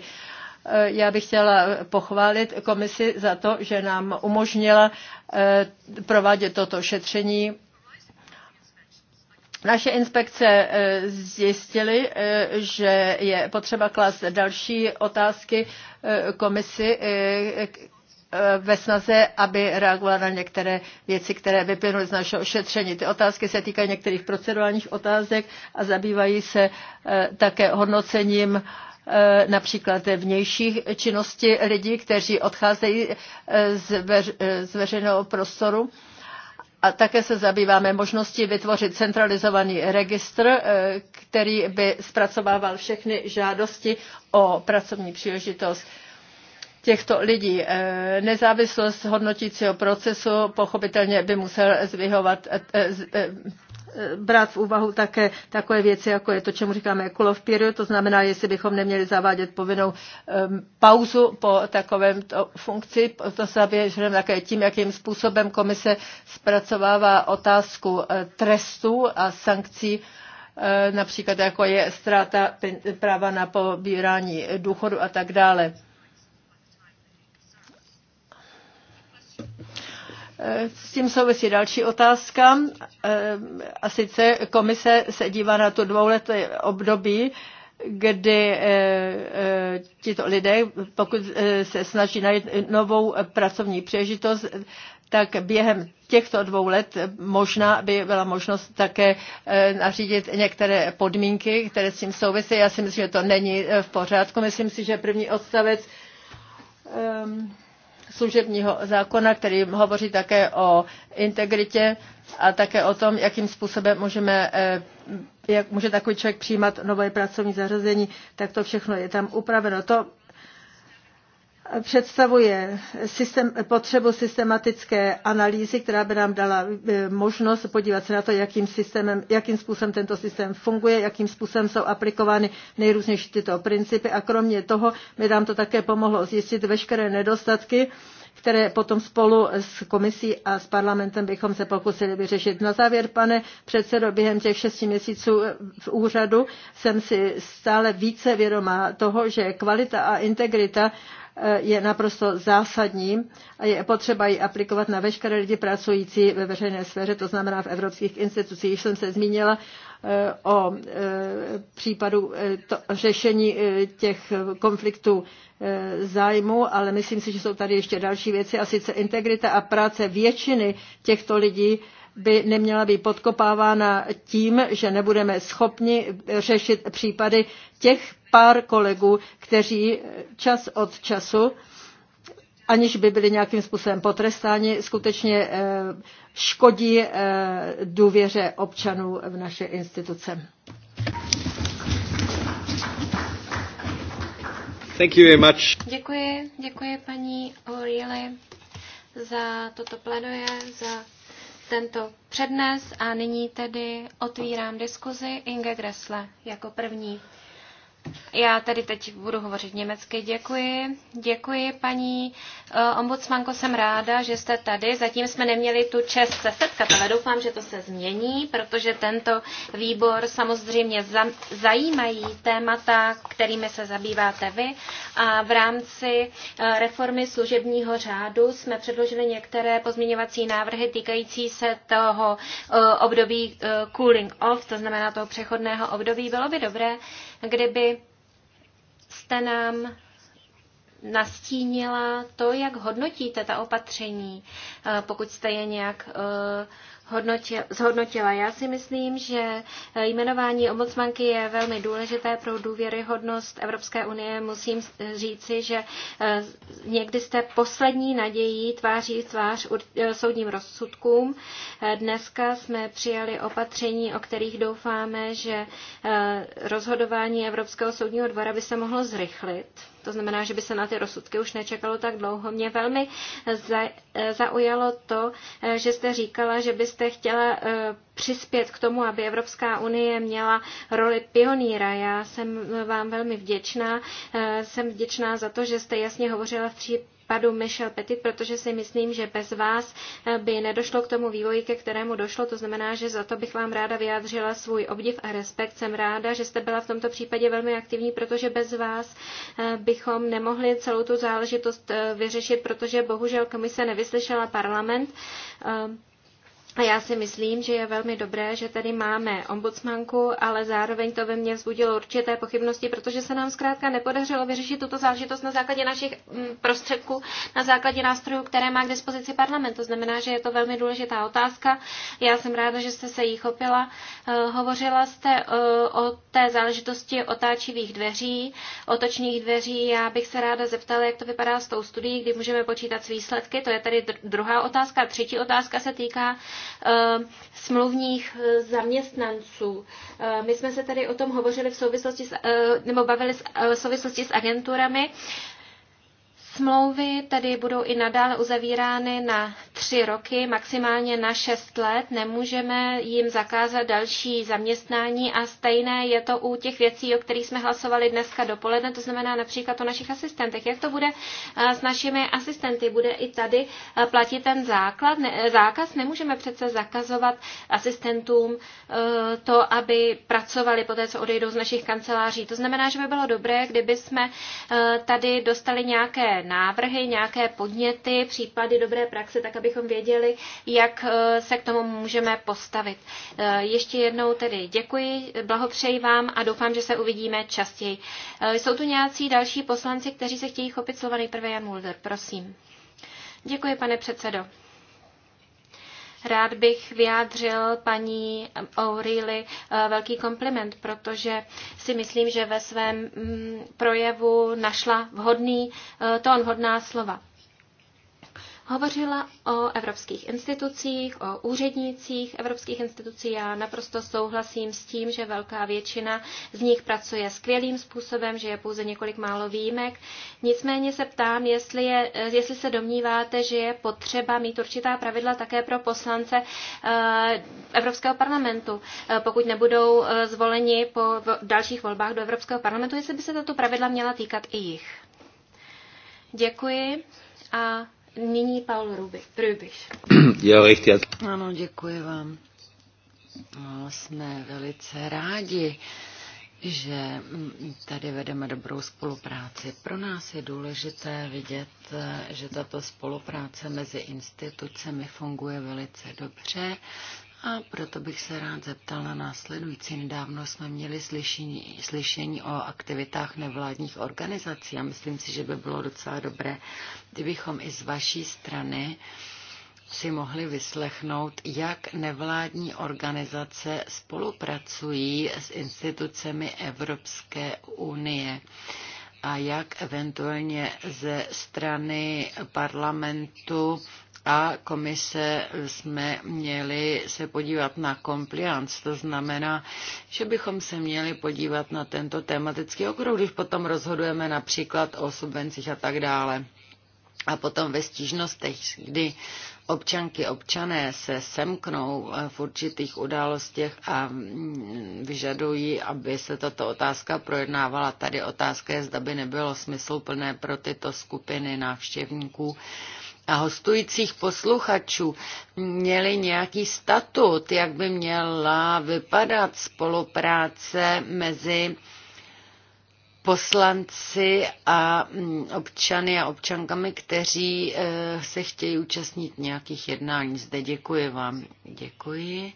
Eh, já bych chtěla eh, pochválit komisi za to, že nám umožnila eh, provádět toto šetření. Naše inspekce zjistily, že je potřeba klást další otázky komisi ve snaze, aby reagovala na některé věci, které vyplynuly z našeho šetření. Ty otázky se týkají některých procedurálních otázek a zabývají se také hodnocením Eh, například vnější činnosti lidí, kteří odcházejí eh, z, veř, eh, z veřejného prostoru. A také se zabýváme možností vytvořit centralizovaný registr, který by zpracovával všechny žádosti o pracovní příležitost těchto lidí. Nezávislost hodnotícího procesu pochopitelně by musel zvyhovat, Eh, brát v úvahu také takové věci, jako je to, čemu říkáme cool off period, to znamená, jestli bychom neměli zavádět povinnou um, pauzu po takovém to funkci. To se zaběžujeme také tím, jakým způsobem komise zpracovává otázku uh, trestů a sankcí eh, například jako je ztráta práva na pobírání důchodu a tak dále. Eh, s tím souvisí další otázka, eh, a sice komise se dívá na to dvouleté období, kdy eh, tito lidé, pokud se snaží najít novou pracovní příležitost, tak během těchto dvou let možná by byla možnost také nařídit některé podmínky, které s tím souvisí. Já si myslím, že to není v pořádku. Myslím si, že první odstavec. Um, služebního zákona, který hovoří také o integritě a také o tom, jakým způsobem můžeme, eh, jak může takový člověk přijímat nové pracovní zařazení, tak to všechno je tam upraveno. To představuje systém, potřebu systematické analýzy, která by nám dala eh, možnost podívat se na to, jakým, systémem, jakým způsobem tento systém funguje, jakým způsobem jsou aplikovány nejrůznější tyto principy a kromě toho by nám to také pomohlo zjistit veškeré nedostatky, které potom spolu s komisí a s parlamentem bychom se pokusili vyřešit. Na závěr, pane předsedo, během těch šesti měsíců v úřadu jsem si stále více vědomá toho, že kvalita a integrita je naprosto zásadní a je potřeba ji aplikovat na veškeré lidi pracující ve veřejné sféře, to znamená v evropských institucích. Již jsem se zmínila eh, o eh, případu eh, to, řešení těch konfliktů zájmu, ale myslím si, že jsou tady ještě další věci a sice integrita a práce většiny těchto lidí by neměla být podkopávána tím, že nebudeme schopni řešit případy těch pár kolegů, kteří čas od času, aniž by byli nějakým způsobem potrestáni, skutečně eh, škodí eh, důvěře občanů v naše instituce. Thank you very much. Děkuji, děkuji paní O'Reilly za toto pledoje, za tento přednes a nyní tedy otvírám diskuzi Inge Gressle jako první. Já tady teď budu hovořit německy. Děkuji. Děkuji, paní eh, ombudsmanko, jsem ráda, že jste tady. Zatím jsme neměli tu čest se setkat, ale doufám, že to se změní, protože tento výbor samozřejmě zajímají témata, kterými se zabýváte vy. A v rámci eh, reformy služebního řádu jsme předložili některé pozměňovací návrhy týkající se toho eh, období cooling off, to znamená toho přechodného období. Bylo by dobré, kdyby jste nám nastínila to, jak hodnotíte ta opatření, eh, pokud jste je nějak eh, zhodnotila. Já si myslím, že eh, jmenování ombudsmanky je velmi důležité pro důvěryhodnost Evropské unie. Musím eh, říci, že eh, někdy jste poslední nadějí tváří tvář soudním rozsudkům. Dneska jsme přijali opatření, o kterých doufáme, že rozhodování Evropského soudního dvora by se mohlo zrychlit. To znamená, že by se na ty rozsudky už nečekalo tak dlouho. Mě velmi zaujalo to, že jste říkala, že byste chtěla eh, přispět k tomu, aby Evropská unie měla roli pioníra. Já jsem vám velmi vděčná. Eh, jsem vděčná za to, že jste jasně hovořila v případu Michel Petit, protože si myslím, že bez vás eh, by nedošlo k tomu vývoji, ke kterému došlo. To znamená, že za to bych vám ráda vyjádřila svůj obdiv a respekt. Jsem ráda, že jste byla v tomto případě velmi aktivní, protože bez vás eh, bychom nemohli celou tu záležitost eh, vyřešit, protože bohužel komise nevyslyšela parlament. A já si myslím, že je velmi dobré, že tady máme ombudsmanku, ale zároveň to ve mně vzbudilo určité pochybnosti, protože se nám zkrátka nepodařilo vyřešit tuto záležitost na základě našich mm, prostředků, na základě nástrojů, které má k dispozici parlament. To znamená, že je to velmi důležitá otázka. Já jsem ráda, že jste se jí chopila. Eh, hovořila jste eh, o té záležitosti otáčivých dveří, otočných dveří. Já bych se ráda zeptala, jak to vypadá s tou studií, kdy můžeme počítat s výsledky. To je tady druhá otázka. Třetí otázka se týká Eh, smluvních eh, zaměstnanců. Eh, my jsme se tady o tom hovořili v souvislosti s, nebo bavili v souvislosti s agenturami Smlouvy tedy budou i nadále uzavírány na tři roky, maximálně na šest let. Nemůžeme jim zakázat další zaměstnání a stejné je to u těch věcí, o kterých jsme hlasovali dneska dopoledne, to znamená například o našich asistentech. Jak to bude eh, s našimi asistenty? Bude i tady eh, platit ten základ, ne, eh, zákaz? Nemůžeme přece zakazovat asistentům to, aby pracovali po té, co odejdou z našich kanceláří. To znamená, že by bylo dobré, kdyby jsme tady dostali nějaké návrhy, nějaké podněty, případy dobré praxe, tak abychom věděli, jak eh, se k tomu můžeme postavit. Eh, ještě jednou tedy děkuji, blahopřeji vám a doufám, že se uvidíme častěji. Eh, jsou tu nějací další poslanci, kteří se chtějí chopit slova nejprve Jan Mulder, prosím. Děkuji, pane předsedo. Rád bych vyjádřil paní O'Reilly eh, velký kompliment, protože si myslím, že ve svém mm, projevu našla vhodný eh, tón, vhodná slova. Hovořila o evropských institucích, o úřednících evropských institucí. Já naprosto souhlasím s tím, že velká většina z nich pracuje skvělým způsobem, že je pouze několik málo výjimek. Nicméně se ptám, jestli, je, jestli se domníváte, že je potřeba mít určitá pravidla také pro poslance eh, Evropského parlamentu, eh, pokud nebudou eh, zvoleni po dalších volbách do Evropského parlamentu, jestli by se tato pravidla měla týkat i jich. Děkuji a Nyní Paul Ruby, Rubiš. Jo, chtěl. Ano, děkuji vám. No, jsme velice rádi, že mm, tady vedeme dobrou spolupráci. Pro nás je důležité vidět, eh, že tato spolupráce mezi institucemi funguje velice dobře a proto bych se rád zeptal na následující. Nedávno jsme měli slyšení, slyšení o aktivitách nevládních organizací a myslím si, že by bylo docela dobré, kdybychom i z vaší strany si mohli vyslechnout, jak nevládní organizace spolupracují s institucemi Evropské unie a jak eventuálně ze strany parlamentu a komise jsme měli se podívat na compliance. To znamená, že bychom se měli podívat na tento tematický okruh, když potom rozhodujeme například o subvencích a tak dále. A potom ve stížnostech, kdy občanky, občané se semknou eh, v určitých událostech a mm, vyžadují, aby se tato otázka projednávala. Tady otázka je, zda by nebylo smysluplné pro tyto skupiny návštěvníků a hostujících posluchačů měli nějaký statut, jak by měla vypadat spolupráce mezi poslanci a mm, občany a občankami, kteří eh, se chtějí účastnit nějakých jednání. Zde děkuji vám. Děkuji.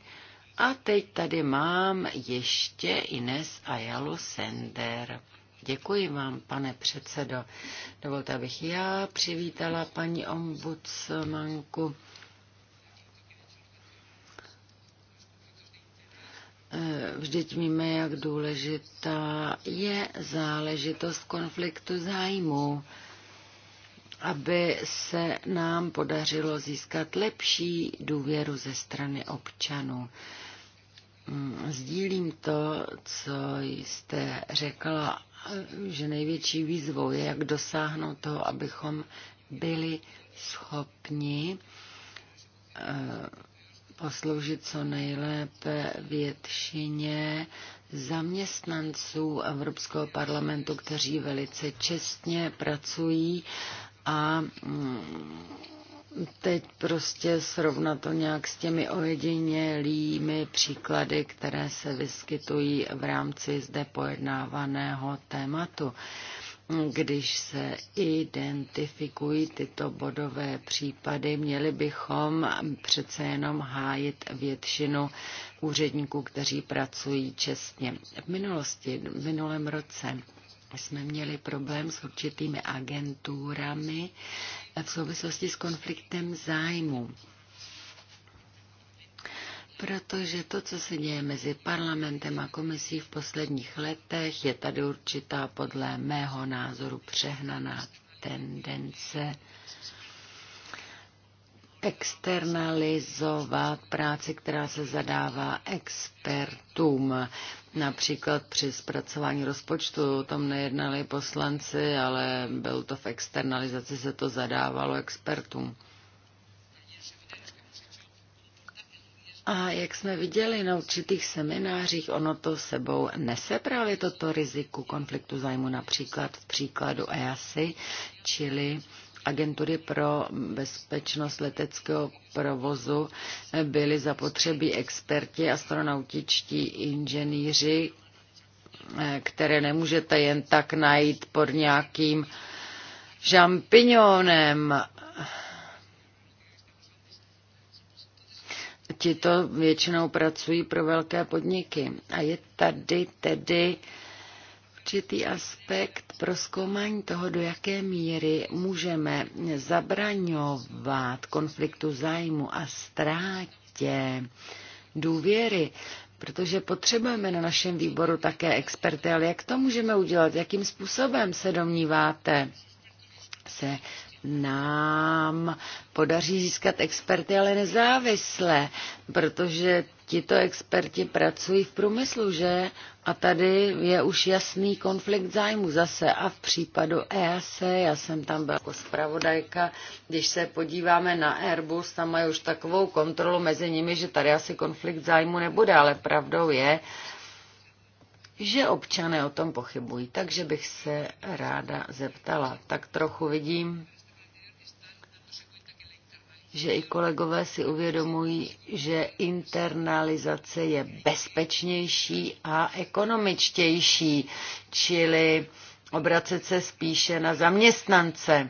A teď tady mám ještě Ines Ayalo Sender. Děkuji vám, pane předsedo. Dovolte, abych já přivítala paní ombudsmanku. Vždyť víme, jak důležitá je záležitost konfliktu zájmu, aby se nám podařilo získat lepší důvěru ze strany občanů. Sdílím to, co jste řekla že největší výzvou je, jak dosáhnout toho, abychom byli schopni eh, posloužit co nejlépe většině zaměstnanců Evropského parlamentu, kteří velice čestně pracují a mm, teď prostě srovnat to nějak s těmi ojedinělými příklady, které se vyskytují v rámci zde pojednávaného tématu. Když se identifikují tyto bodové případy, měli bychom přece jenom hájit většinu úředníků, kteří pracují čestně. V minulosti, v minulém roce, jsme měli problém s určitými agenturami, v souvislosti s konfliktem zájmu. Protože to, co se děje mezi parlamentem a komisí v posledních letech, je tady určitá podle mého názoru přehnaná tendence externalizovat práci, která se zadává expertům. Například při zpracování rozpočtu o tom nejednali poslanci, ale byl to v externalizaci, se to zadávalo expertům. A jak jsme viděli na určitých seminářích, ono to sebou nese právě toto riziku konfliktu zájmu, například v příkladu EASY, čili agentury pro bezpečnost leteckého provozu byli zapotřebí experti, astronautičtí inženýři, které nemůžete jen tak najít pod nějakým žampiňonem. Ti to většinou pracují pro velké podniky. A je tady tedy uh, určitý aspekt pro zkoumání toho, do jaké míry můžeme zabraňovat konfliktu zájmu a ztrátě důvěry, protože potřebujeme na našem výboru také experty, ale jak to můžeme udělat, jakým způsobem se domníváte, se nám podaří získat experty, ale nezávisle, protože tito experti pracují v průmyslu, že? A tady je už jasný konflikt zájmu zase. A v případu EASE, já jsem tam byla jako zpravodajka, když se podíváme na Airbus, tam mají už takovou kontrolu mezi nimi, že tady asi konflikt zájmu nebude, ale pravdou je, že občané o tom pochybují. Takže bych se ráda zeptala. Tak trochu vidím že i kolegové si uvědomují, že internalizace je bezpečnější a ekonomičtější, čili obracet se spíše na zaměstnance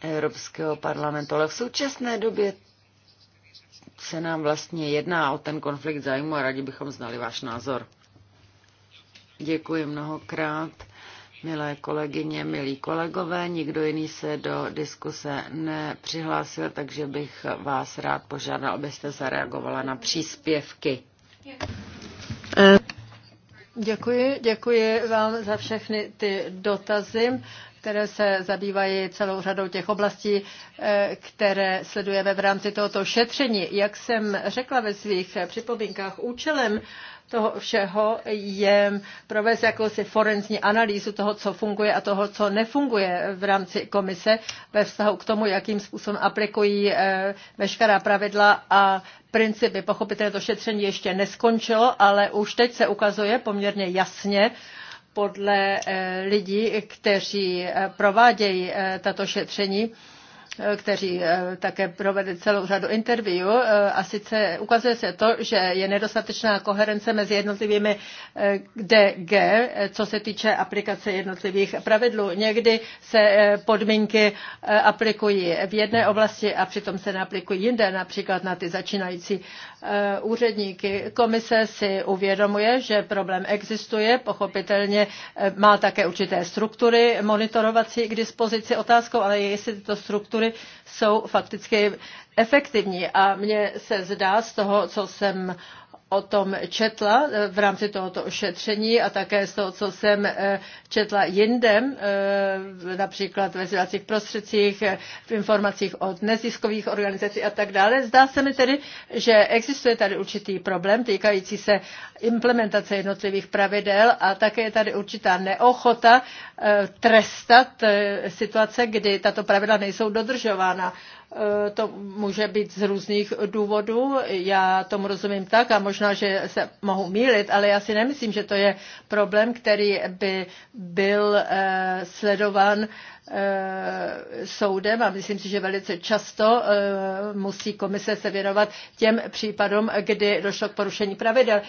Evropského parlamentu. Ale v současné době se nám vlastně jedná o ten konflikt zájmu a rádi bychom znali váš názor. Děkuji mnohokrát. Milé kolegyně, milí kolegové, nikdo jiný se do diskuse nepřihlásil, takže bych vás rád požádal, abyste zareagovala na příspěvky. Děkuji, děkuji vám za všechny ty dotazy které se zabývají celou řadou těch oblastí, eh, které sledujeme v rámci tohoto šetření. Jak jsem řekla ve svých připomínkách, účelem toho všeho je provést jakousi forenzní analýzu toho, co funguje a toho, co nefunguje v rámci komise ve vztahu k tomu, jakým způsobem aplikují eh, veškerá pravidla a principy. Pochopitelně to šetření ještě neskončilo, ale už teď se ukazuje poměrně jasně, podle eh, lidí, kteří eh, provádějí tato šetření, Eh, kteří eh, také provedli celou řadu interview, eh, a sice ukazuje se to, že je nedostatečná koherence mezi jednotlivými DG, co se týče aplikace jednotlivých pravidlů. Někdy se podmínky aplikují v jedné oblasti a přitom se neaplikují jinde, například na ty začínající Eh, úředníky. Komise si uvědomuje, že problém existuje, pochopitelně eh, má také určité struktury monitorovací k dispozici. Otázkou ale jestli tyto struktury jsou fakticky efektivní. A mně se zdá z toho, co jsem o tom četla eh, v rámci tohoto ošetření a také z toho, co jsem eh, četla jindem, eh, například ve zvědacích prostředcích, v informacích od neziskových organizací a tak dále. Zdá se mi tedy, že existuje tady určitý problém týkající se implementace jednotlivých pravidel a také je tady určitá neochota trestat situace, kdy tato pravidla nejsou dodržována. Eh, to může být z různých důvodů. Já tomu rozumím tak a možná, že se mohu mílit, ale já si nemyslím, že to je problém, který by byl eh, sledovan eh, soudem a myslím si, že velice často musí komise se věnovat těm případům, kdy došlo k porušení pravidel.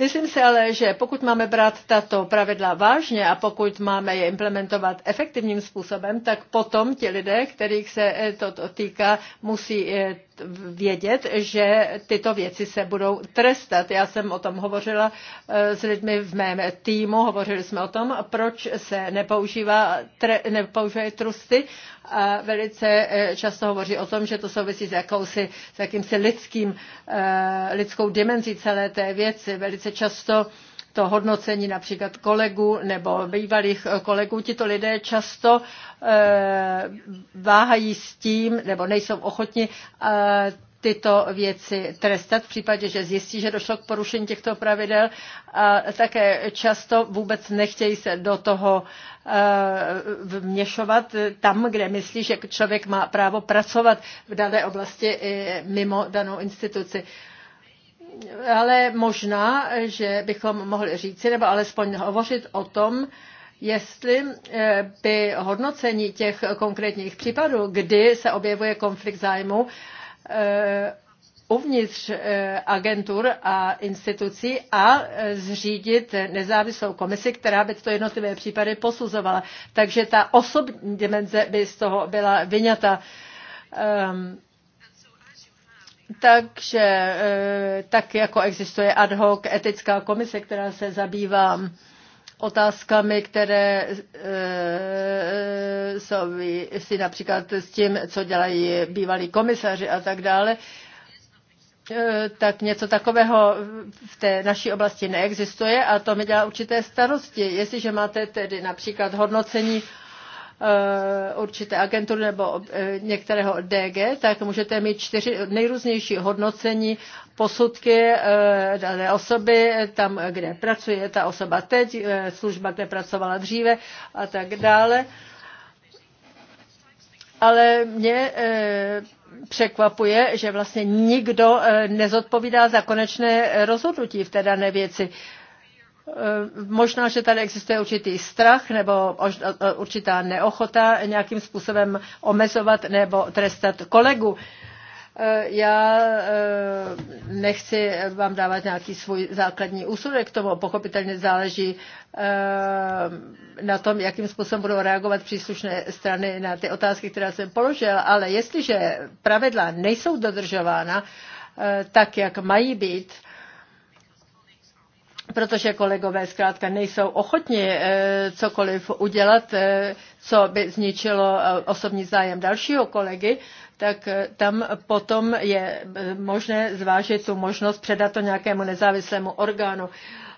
Myslím si ale, že pokud máme brát tato pravidla vážně a pokud máme je implementovat efektivním způsobem, tak potom ti lidé, kterých se toto eh, týká, musí eh, vědět, že tyto věci se budou trestat. Já jsem o tom hovořila eh, s lidmi v mém týmu, hovořili jsme o tom, proč se nepoužívá, tre, nepoužívají trusty a velice eh, často hovoří o tom, že to souvisí s jakousi, s jakýmsi lidským, eh, lidskou dimenzí celé té věci. Velice často to hodnocení například kolegů nebo bývalých kolegů. Tito lidé často eh, váhají s tím nebo nejsou ochotni eh, tyto věci trestat v případě, že zjistí, že došlo k porušení těchto pravidel a také často vůbec nechtějí se do toho eh, vměšovat tam, kde myslí, že člověk má právo pracovat v dané oblasti i mimo danou instituci ale možná, že bychom mohli říci, nebo alespoň hovořit o tom, jestli eh, by hodnocení těch konkrétních případů, kdy se objevuje konflikt zájmu eh, uvnitř eh, agentur a institucí a zřídit nezávislou komisi, která by to jednotlivé případy posuzovala. Takže ta osobní dimenze by z toho byla vyňata. Um, takže e, tak jako existuje ad hoc etická komise, která se zabývá otázkami, které e, e souvisí například s tím, co dělají bývalí komisaři a tak dále, e, tak něco takového v té naší oblasti neexistuje a to mi dělá určité starosti. Jestliže máte tedy například hodnocení Eh, určité agentury nebo eh, některého DG, tak můžete mít čtyři nejrůznější hodnocení, posudky eh, dané osoby, tam, kde pracuje ta osoba teď, služba, kde pracovala dříve a tak dále. Ale mě překvapuje, že vlastně nikdo nezodpovídá za konečné rozhodnutí v té dané věci. Eh, možná, že tady existuje určitý strach nebo eh, eh, určitá neochota nějakým způsobem omezovat nebo trestat kolegu. Já nechci vám dávat nějaký svůj základní úsudek k tomu. Pochopitelně záleží na tom, jakým způsobem budou reagovat příslušné strany na ty otázky, které jsem položil. Ale jestliže pravidla nejsou dodržována tak, jak mají být, protože kolegové zkrátka nejsou ochotni eh, cokoliv udělat, eh, co by zničilo eh, osobní zájem dalšího kolegy, tak tam potom je možné zvážit tu možnost předat to nějakému nezávislému orgánu.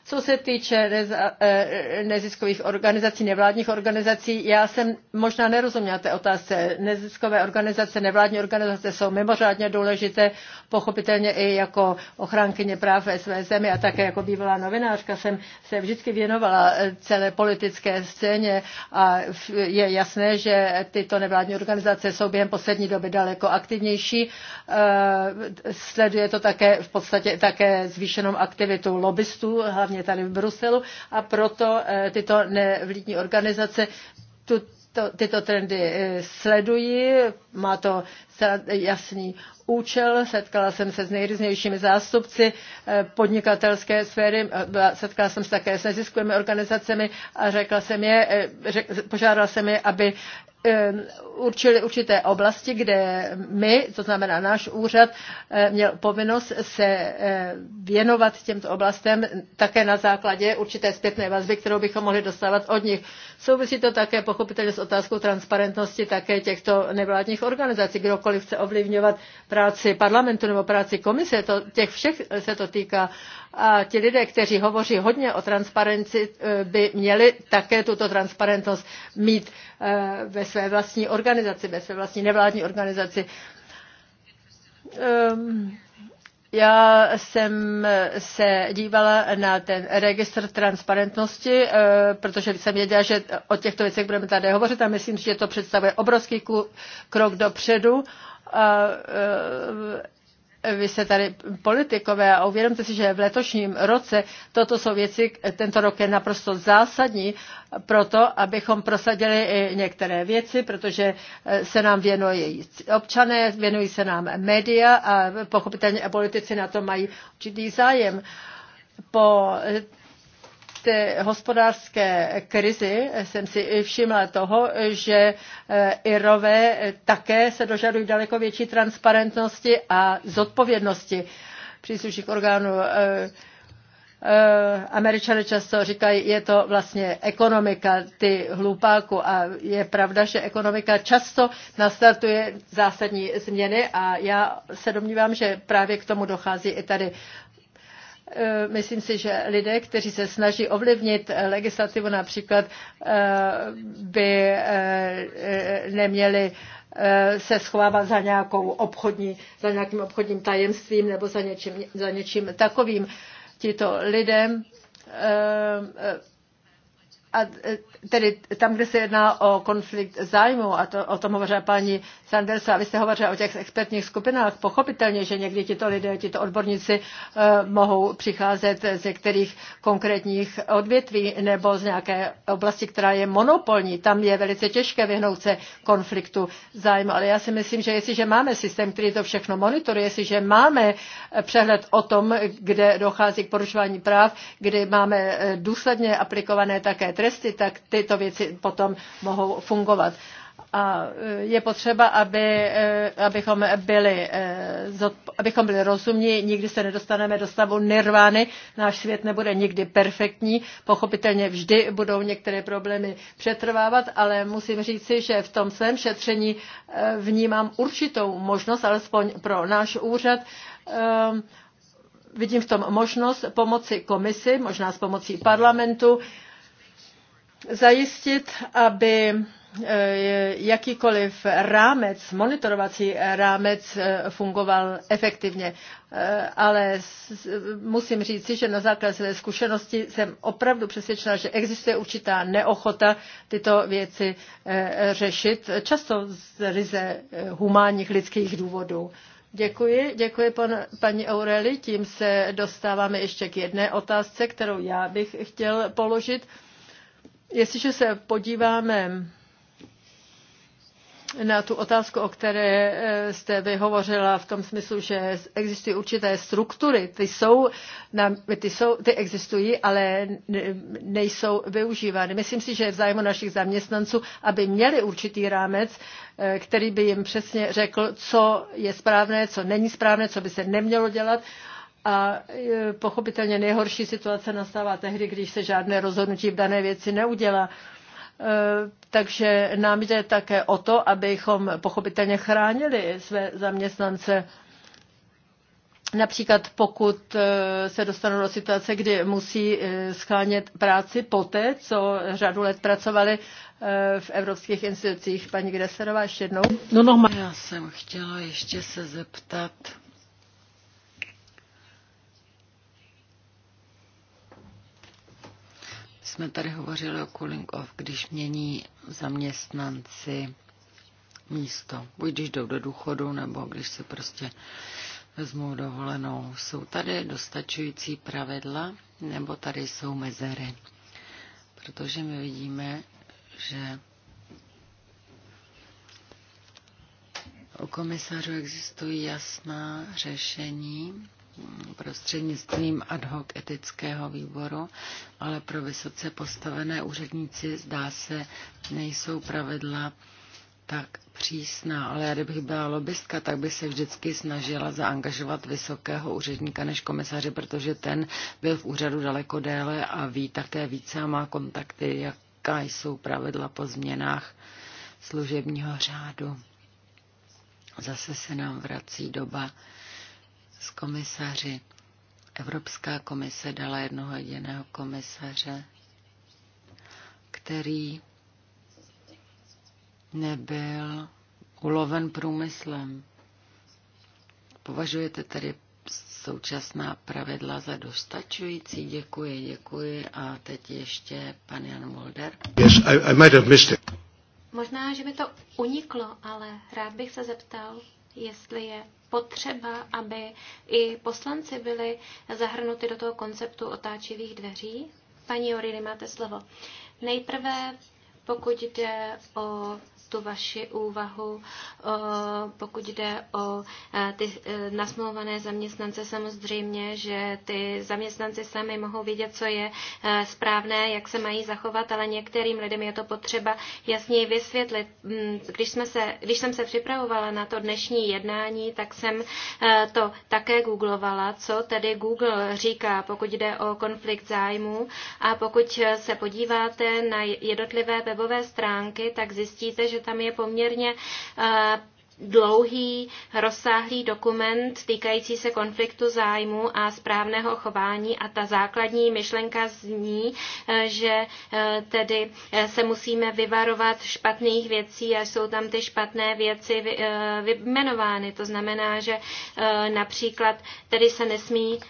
Co se týče eh, neziskových organizací, nevládních organizací, já jsem možná nerozuměla té otázce. Neziskové organizace, nevládní organizace jsou mimořádně důležité, pochopitelně i jako ochránkyně práv ve své zemi a také jako bývalá novinářka jsem se vždycky věnovala eh, celé politické scéně a je jasné, že tyto nevládní organizace jsou během poslední doby daleko aktivnější. Eh, sleduje to také v podstatě také zvýšenou aktivitu lobbystů, hlavně hlavně tady v Bruselu, a proto eh, tyto nevlídní organizace tu, to, tyto trendy eh, sledují, má to jasný účel. Setkala jsem se s nejrůznějšími zástupci eh, podnikatelské sféry, setkala jsem se také s neziskovými organizacemi a řekla jsem je, řek, požádala jsem je, aby Ehm, určili určité oblasti, kde my, to znamená náš úřad, eh, měl povinnost se eh, věnovat těmto oblastem také na základě určité zpětné vazby, kterou bychom mohli dostávat od nich. Souvisí to také pochopitelně s otázkou transparentnosti také těchto nevládních organizací. Kdokoliv chce ovlivňovat práci parlamentu nebo práci komise, to, těch všech se to týká. A ti lidé, kteří hovoří hodně o transparenci, eh, by měli také tuto transparentnost mít eh, ve své vlastní organizaci, ve své vlastní nevládní organizaci. Ehm, já jsem eh, se dívala na ten registr transparentnosti, protože jsem věděla, že o těchto věcech budeme tady hovořit a myslím, že to představuje obrovský krok dopředu vy se tady politikové a uvědomte si, že v letošním roce toto jsou věci, tento rok je naprosto zásadní pro to, abychom prosadili i některé věci, protože eh, se nám věnují občané, věnují se nám média a pochopitelně politici na to mají určitý zájem. Po eh, té hospodářské krizi jsem si všimla toho, že e, Irové také se dožadují daleko větší transparentnosti a zodpovědnosti příslušných orgánů. E, e, Američané často říkají, je to vlastně ekonomika ty hlupáku a je pravda, že ekonomika často nastartuje zásadní změny a já se domnívám, že právě k tomu dochází i tady Eh, myslím si, že lidé, kteří se snaží ovlivnit legislativu například, eh, by eh, neměli se schovávat za, nějakou obchodní, za nějakým obchodním tajemstvím nebo za něčím, za něčím takovým. Tito lidem a e, tedy tam, kde se jedná o konflikt zájmu, a to, o tom hovořila paní a vy jste hovořila o těch expertních skupinách, pochopitelně, že někdy tito lidé, tito odborníci eh, mohou přicházet z některých konkrétních odvětví nebo z nějaké oblasti, která je monopolní. Tam je velice těžké vyhnout se konfliktu zájmu, ale já si myslím, že jestliže máme systém, který to všechno monitoruje, jestliže máme přehled o tom, kde dochází k porušování práv, kdy máme e, důsledně aplikované také tresty, tak tyto věci potom mohou fungovat. A e, je potřeba, aby, e, abychom, byli, e, abychom byli rozumní, nikdy se nedostaneme do stavu nirvány, náš svět nebude nikdy perfektní, pochopitelně vždy budou některé problémy přetrvávat, ale musím říci, že v tom svém šetření vnímám určitou možnost, alespoň pro náš úřad, vidím v tom možnost pomoci komisi, možná s pomocí parlamentu, zajistit, aby e, jakýkoliv rámec, monitorovací rámec e, fungoval efektivně. E, ale musím říci, že na základě své zkušenosti jsem opravdu přesvědčena, že existuje určitá neochota tyto věci řešit, často z ryze humánních lidských důvodů. Děkuji, děkuji pan, paní Aureli. Tím se dostáváme ještě k jedné otázce, kterou já bych chtěl položit. Jestliže se podíváme na tu otázku, o které eh, jste vyhovořila v tom smyslu, že existují určité struktury, ty jsou, ty, jsou, ty existují, ale nejsou využívány. Myslím si, že je v zájmu našich zaměstnanců, aby měli určitý rámec, eh, který by jim přesně řekl, co je správné, co není správné, co by se nemělo dělat a e, pochopitelně nejhorší situace nastává tehdy, když se žádné rozhodnutí v dané věci neudělá. E, takže nám jde také o to, abychom pochopitelně chránili své zaměstnance. Například pokud e, se dostanou do situace, kdy musí schánět práci poté, co řadu let pracovali v evropských institucích. Paní Greserová, ještě jednou. No, no, já jsem chtěla ještě se zeptat jsme tady hovořili o cooling off, když mění zaměstnanci místo. Buď když jdou do důchodu, nebo když se prostě vezmou dovolenou. Jsou tady dostačující pravidla, nebo tady jsou mezery? Protože my vidíme, že u komisařů existují jasná řešení prostřednictvím ad hoc etického výboru, ale pro vysoce postavené úředníci zdá se, nejsou pravidla tak přísná, ale já kdybych byla lobbystka, tak bych se vždycky snažila zaangažovat vysokého úředníka než komisaře, protože ten byl v úřadu daleko déle a ví také více a má kontakty, jaká jsou pravidla po změnách služebního řádu. Zase se nám vrací doba, s komisaři. Evropská komise dala jednoho jediného komisaře, který nebyl uloven průmyslem. Považujete tedy současná pravidla za dostačující? Děkuji, děkuji. A teď ještě pan Jan Mulder. Yes, I, I might have missed it. Možná, že mi to uniklo, ale rád bych se zeptal, jestli je potřeba, aby i poslanci byli zahrnuti do toho konceptu otáčivých dveří? Paní Oriny, máte slovo. Nejprve, pokud jde o tu vaši úvahu, eh, pokud jde o eh, ty eh, nasmluvané zaměstnance. Samozřejmě, že ty zaměstnanci sami mohou vědět, co je správné, jak se mají zachovat, ale některým lidem je to potřeba jasněji vysvětlit. Mm, když, jsme se, když jsem se připravovala na to dnešní jednání, tak jsem to také googlovala, co tedy Google říká, pokud jde o konflikt zájmů. A pokud se podíváte na jednotlivé webové stránky, tak zjistíte, že tam je poměrně eh, dlouhý, rozsáhlý dokument týkající se konfliktu zájmu a správného chování a ta základní myšlenka zní, eh, že eh, tedy eh, se musíme vyvarovat špatných věcí a jsou tam ty špatné věci vyjmenovány. To znamená, že například tedy se nesmí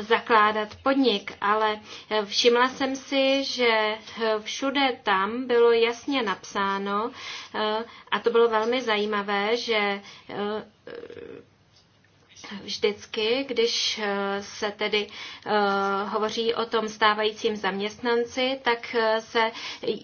zakládat podnik, ale všimla jsem si, že všude tam bylo jasně napsáno, a to bylo velmi zajímavé, že eh, vždycky, když eh, se tedy eh, hovoří o tom stávajícím zaměstnanci, tak, eh, se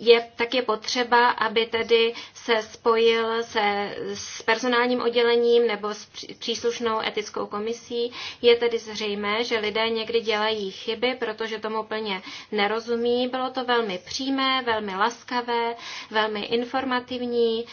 je, tak je potřeba, aby tedy se spojil se s personálním oddělením nebo s příslušnou etickou komisí. Je tedy zřejmé, že lidé někdy dělají chyby, protože tomu plně nerozumí. Bylo to velmi přímé, velmi laskavé, velmi informativní.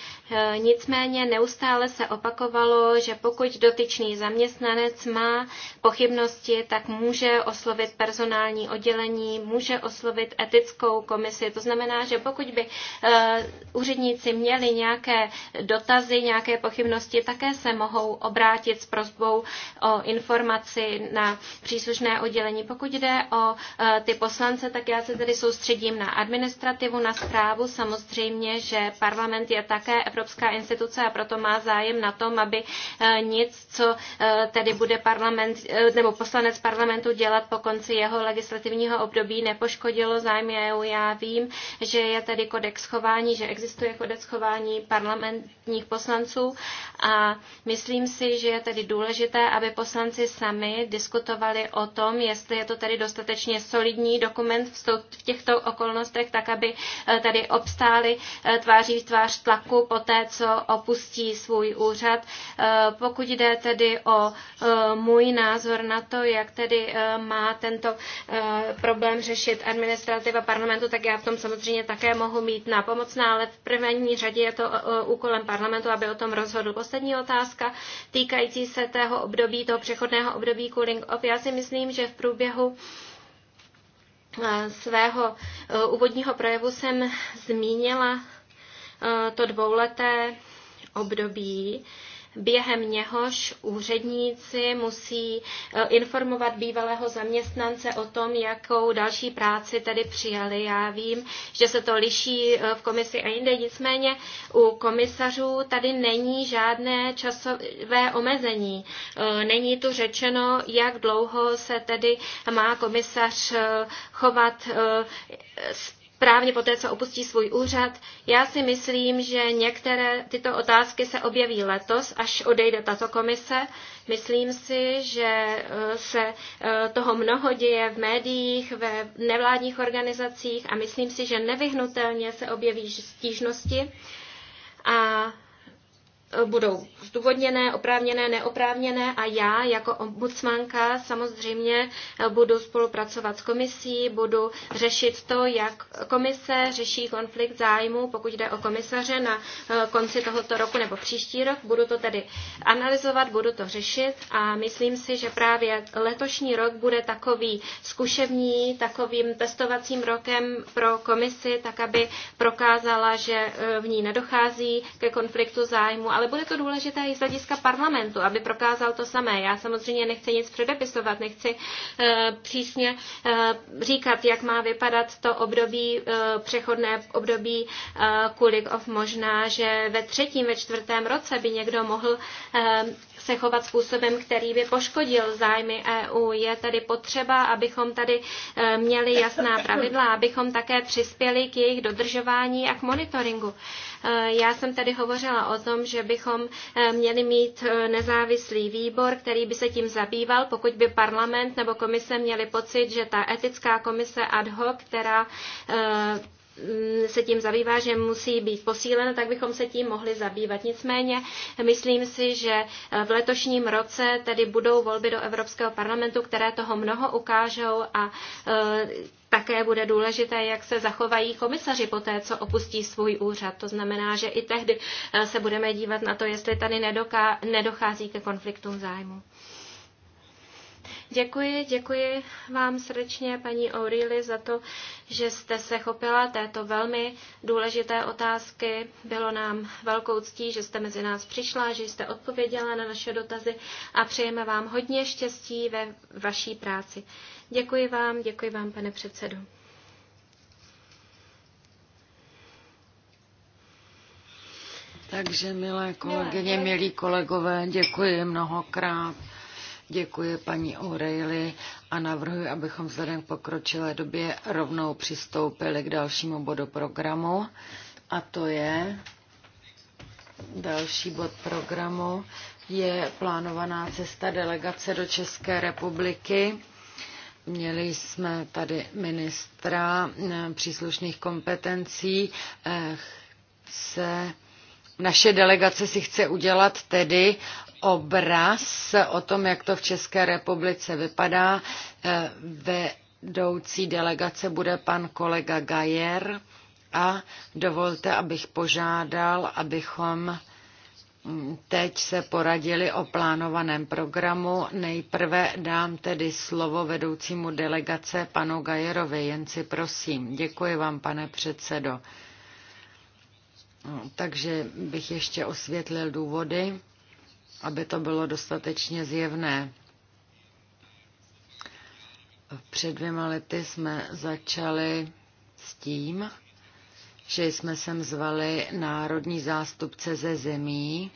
Nicméně neustále se opakovalo, že pokud dotyčný zaměstnanec zaměstnanec má pochybnosti, tak může oslovit personální oddělení, může oslovit etickou komisi. To znamená, že pokud by eh, úředníci měli nějaké dotazy, nějaké pochybnosti, také se mohou obrátit s prozbou o informaci na příslušné oddělení. Pokud jde o eh, ty poslance, tak já se tedy soustředím na administrativu, na zprávu. Samozřejmě, že parlament je také evropská instituce a proto má zájem na tom, aby eh, nic, co tedy bude parlament, eh, nebo poslanec parlamentu dělat po konci jeho legislativního období, nepoškodilo zájmy EU. Já vím, že je tady kodex chování, že existuje kodex chování parlamentních poslanců a myslím si, že je tedy důležité, aby poslanci sami diskutovali o tom, jestli je to tedy dostatečně solidní dokument v těchto okolnostech, tak aby eh, tady obstáli eh, tváří v tvář tlaku po té, co opustí svůj úřad. Pokud jde tedy o Eh, můj názor na to, jak tedy eh, má tento eh, problém řešit administrativa parlamentu, tak já v tom samozřejmě také mohu mít na pomocná, no, ale v první řadě je to úkolem parlamentu, aby o tom rozhodl. Poslední otázka týkající se tého období, toho přechodného období cooling off. Já si myslím, že v průběhu svého úvodního projevu jsem zmínila to dvouleté období během něhož úředníci musí eh, informovat bývalého zaměstnance o tom, jakou další práci tedy přijali. Já vím, že se to liší eh, v komisi a jinde, nicméně u komisařů tady není žádné časové omezení. Eh, není tu řečeno, jak dlouho se tedy má komisař chovat právně poté, co opustí svůj úřad. Já si myslím, že některé tyto otázky se objeví letos, až odejde tato komise. Myslím si, že eh, se eh, toho mnoho děje v médiích, ve nevládních organizacích a myslím si, že nevyhnutelně se objeví stížnosti. A budou zdůvodněné, oprávněné, neoprávněné a já jako ombudsmanka samozřejmě eh, budu spolupracovat s komisí, budu řešit to, jak komise řeší konflikt zájmu, pokud jde o komisaře na eh, konci tohoto roku nebo příští rok. Budu to tedy analyzovat, budu to řešit a myslím si, že právě letošní rok bude takový zkušební, takovým testovacím rokem pro komisi, tak aby prokázala, že eh, v ní nedochází ke konfliktu zájmu, ale ale bude to důležité i z hlediska parlamentu, aby prokázal to samé. Já samozřejmě nechci nic předepisovat, nechci eh, přísně eh, říkat, jak má vypadat to období, eh, přechodné období kulik of. Možná, že ve třetím, ve čtvrtém roce by někdo mohl se chovat způsobem, který by poškodil zájmy EU. Je tedy potřeba, abychom tady eh, měli jasná pravidla, abychom také přispěli k jejich dodržování a k monitoringu. Eh, já jsem tady hovořila o tom, že bychom eh, měli mít nezávislý výbor, který by se tím zabýval, pokud by parlament nebo komise měli pocit, že ta etická komise ad hoc, která Mm, se tím zabývá, že musí být posílen, tak bychom se tím mohli zabývat. Nicméně myslím si, že eh, v letošním roce tedy budou volby do Evropského parlamentu, které toho mnoho ukážou a eh, také bude důležité, jak se zachovají komisaři po té, co opustí svůj úřad. To znamená, že i tehdy eh, se budeme dívat na to, jestli tady nedochází ke konfliktům zájmu. Děkuji, děkuji vám srdečně, paní O'Reilly, za to, že jste se chopila této velmi důležité otázky. Bylo nám velkou ctí, že jste mezi nás přišla, že jste odpověděla na naše dotazy a přejeme vám hodně štěstí ve vaší práci. Děkuji vám, děkuji vám, pane předsedo. Takže, milé kolegyně, milí kolegové, děkuji mnohokrát. Děkuji paní O'Reilly a navrhuji, abychom vzhledem k pokročilé době rovnou přistoupili k dalšímu bodu programu. A to je další bod programu je plánovaná cesta delegace do České republiky. Měli jsme tady ministra eh, příslušných kompetencí. Se, eh, naše delegace si chce udělat tedy obraz o tom, jak to v České republice vypadá. Eh, vedoucí delegace bude pan kolega Gajer a dovolte, abych požádal, abychom mm, teď se poradili o plánovaném programu. Nejprve dám tedy slovo vedoucímu delegace panu Gajerovi. Jen si prosím. Děkuji vám, pane předsedo. No, takže bych ještě osvětlil důvody aby to bylo dostatečně zjevné. Před dvěma lety jsme začali s tím, že jsme sem zvali národní zástupce ze zemí,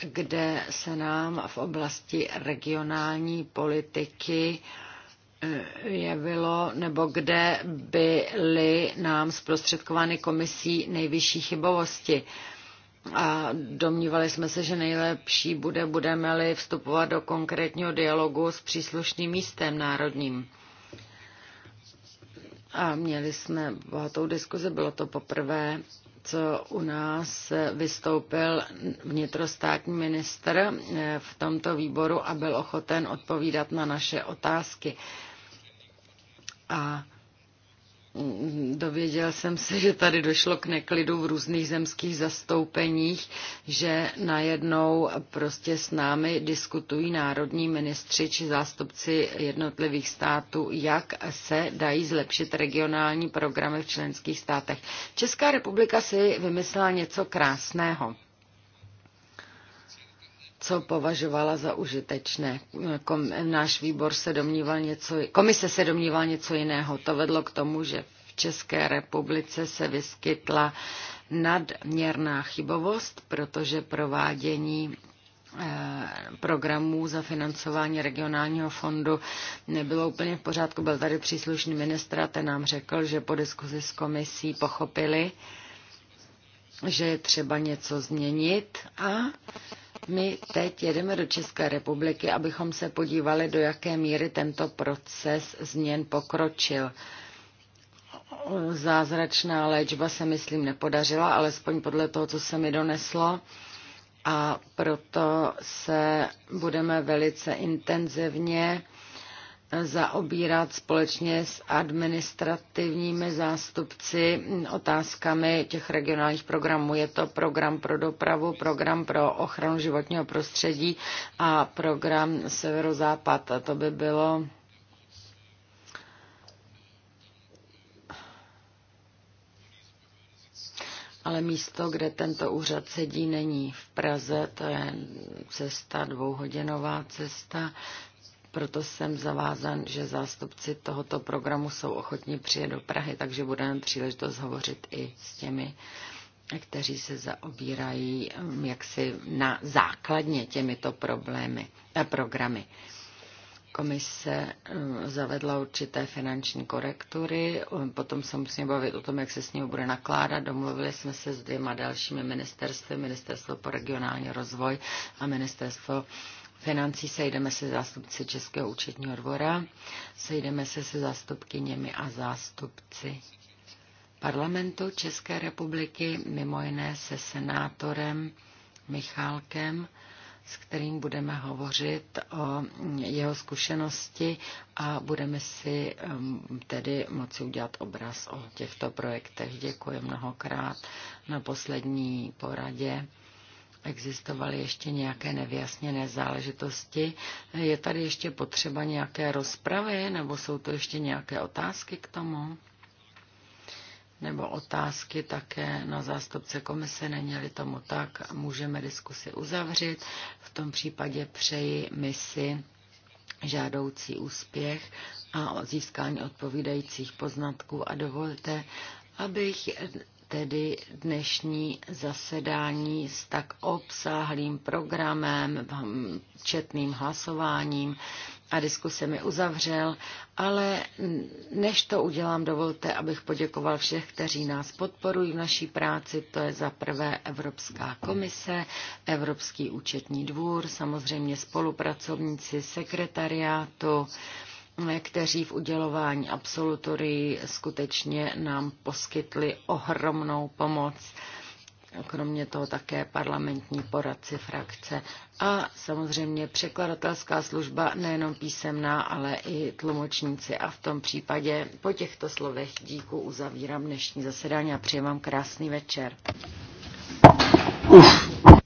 kde se nám v oblasti regionální politiky eh, jevilo, nebo kde byly nám zprostředkovány komisí nejvyšší chybovosti a domnívali jsme se, že nejlepší bude, budeme-li vstupovat do konkrétního dialogu s příslušným místem národním. A měli jsme bohatou diskuzi, bylo to poprvé, co u nás vystoupil vnitrostátní minister eh, v tomto výboru a byl ochoten odpovídat na naše otázky. A Dověděl jsem se, že tady došlo k neklidu v různých zemských zastoupeních, že najednou prostě s námi diskutují národní ministři či zástupci jednotlivých států, jak se dají zlepšit regionální programy v členských státech. Česká republika si vymyslela něco krásného co považovala za užitečné. Kom, náš výbor se domníval něco, komise se domníval něco jiného. To vedlo k tomu, že v České republice se vyskytla nadměrná chybovost, protože provádění eh, programů za financování regionálního fondu nebylo úplně v pořádku. Byl tady příslušný ministr a ten nám řekl, že po diskuzi s komisí pochopili, že je třeba něco změnit a my teď jedeme do České republiky, abychom se podívali, do jaké míry tento proces změn pokročil. Zázračná léčba se, myslím, nepodařila, alespoň podle toho, co se mi doneslo. A proto se budeme velice intenzivně zaobírat společně s administrativními zástupci otázkami těch regionálních programů. Je to program pro dopravu, program pro ochranu životního prostředí a program Severozápad. A to by bylo Ale místo, kde tento úřad sedí, není v Praze, to je cesta, dvouhodinová cesta. Proto jsem zavázan, že zástupci tohoto programu jsou ochotní přijet do Prahy, takže budeme příležitost hovořit i s těmi, kteří se zaobírají mm, jaksi na základně těmito problémy, eh, programy. Komise mm, zavedla určité finanční korektury, potom se musíme bavit o tom, jak se s ním bude nakládat. Domluvili jsme se s dvěma dalšími ministerstvy, Ministerstvo pro regionální rozvoj a Ministerstvo uh, financí, sejdeme se zástupci Českého účetního dvora, sejdeme se se zástupkyněmi a zástupci parlamentu České republiky, mimo jiné se senátorem Michálkem, s kterým budeme hovořit o jeho zkušenosti a budeme si um, tedy moci udělat obraz o těchto projektech. Děkuji mnohokrát na poslední poradě existovaly ještě nějaké nevyjasněné záležitosti. Je tady ještě potřeba nějaké rozpravy, nebo jsou to ještě nějaké otázky k tomu? Nebo otázky také na zástupce komise, není-li tomu tak, můžeme diskusi uzavřít. V tom případě přeji misi žádoucí úspěch a získání odpovídajících poznatků a dovolte, abych tedy dnešní zasedání s tak obsáhlým programem, hm, četným hlasováním a diskusemi uzavřel, ale než to udělám, dovolte, abych poděkoval všech, kteří nás podporují v naší práci. To je za prvé Evropská komise, Evropský účetní dvůr, samozřejmě spolupracovníci sekretariátu, kteří v udělování absolutorii skutečně nám poskytli ohromnou pomoc. Kromě toho také parlamentní poradci frakce a samozřejmě překladatelská služba nejenom písemná, ale i tlumočníci. A v tom případě po těchto slovech díku uzavírám dnešní zasedání a přeji vám krásný večer. Uf.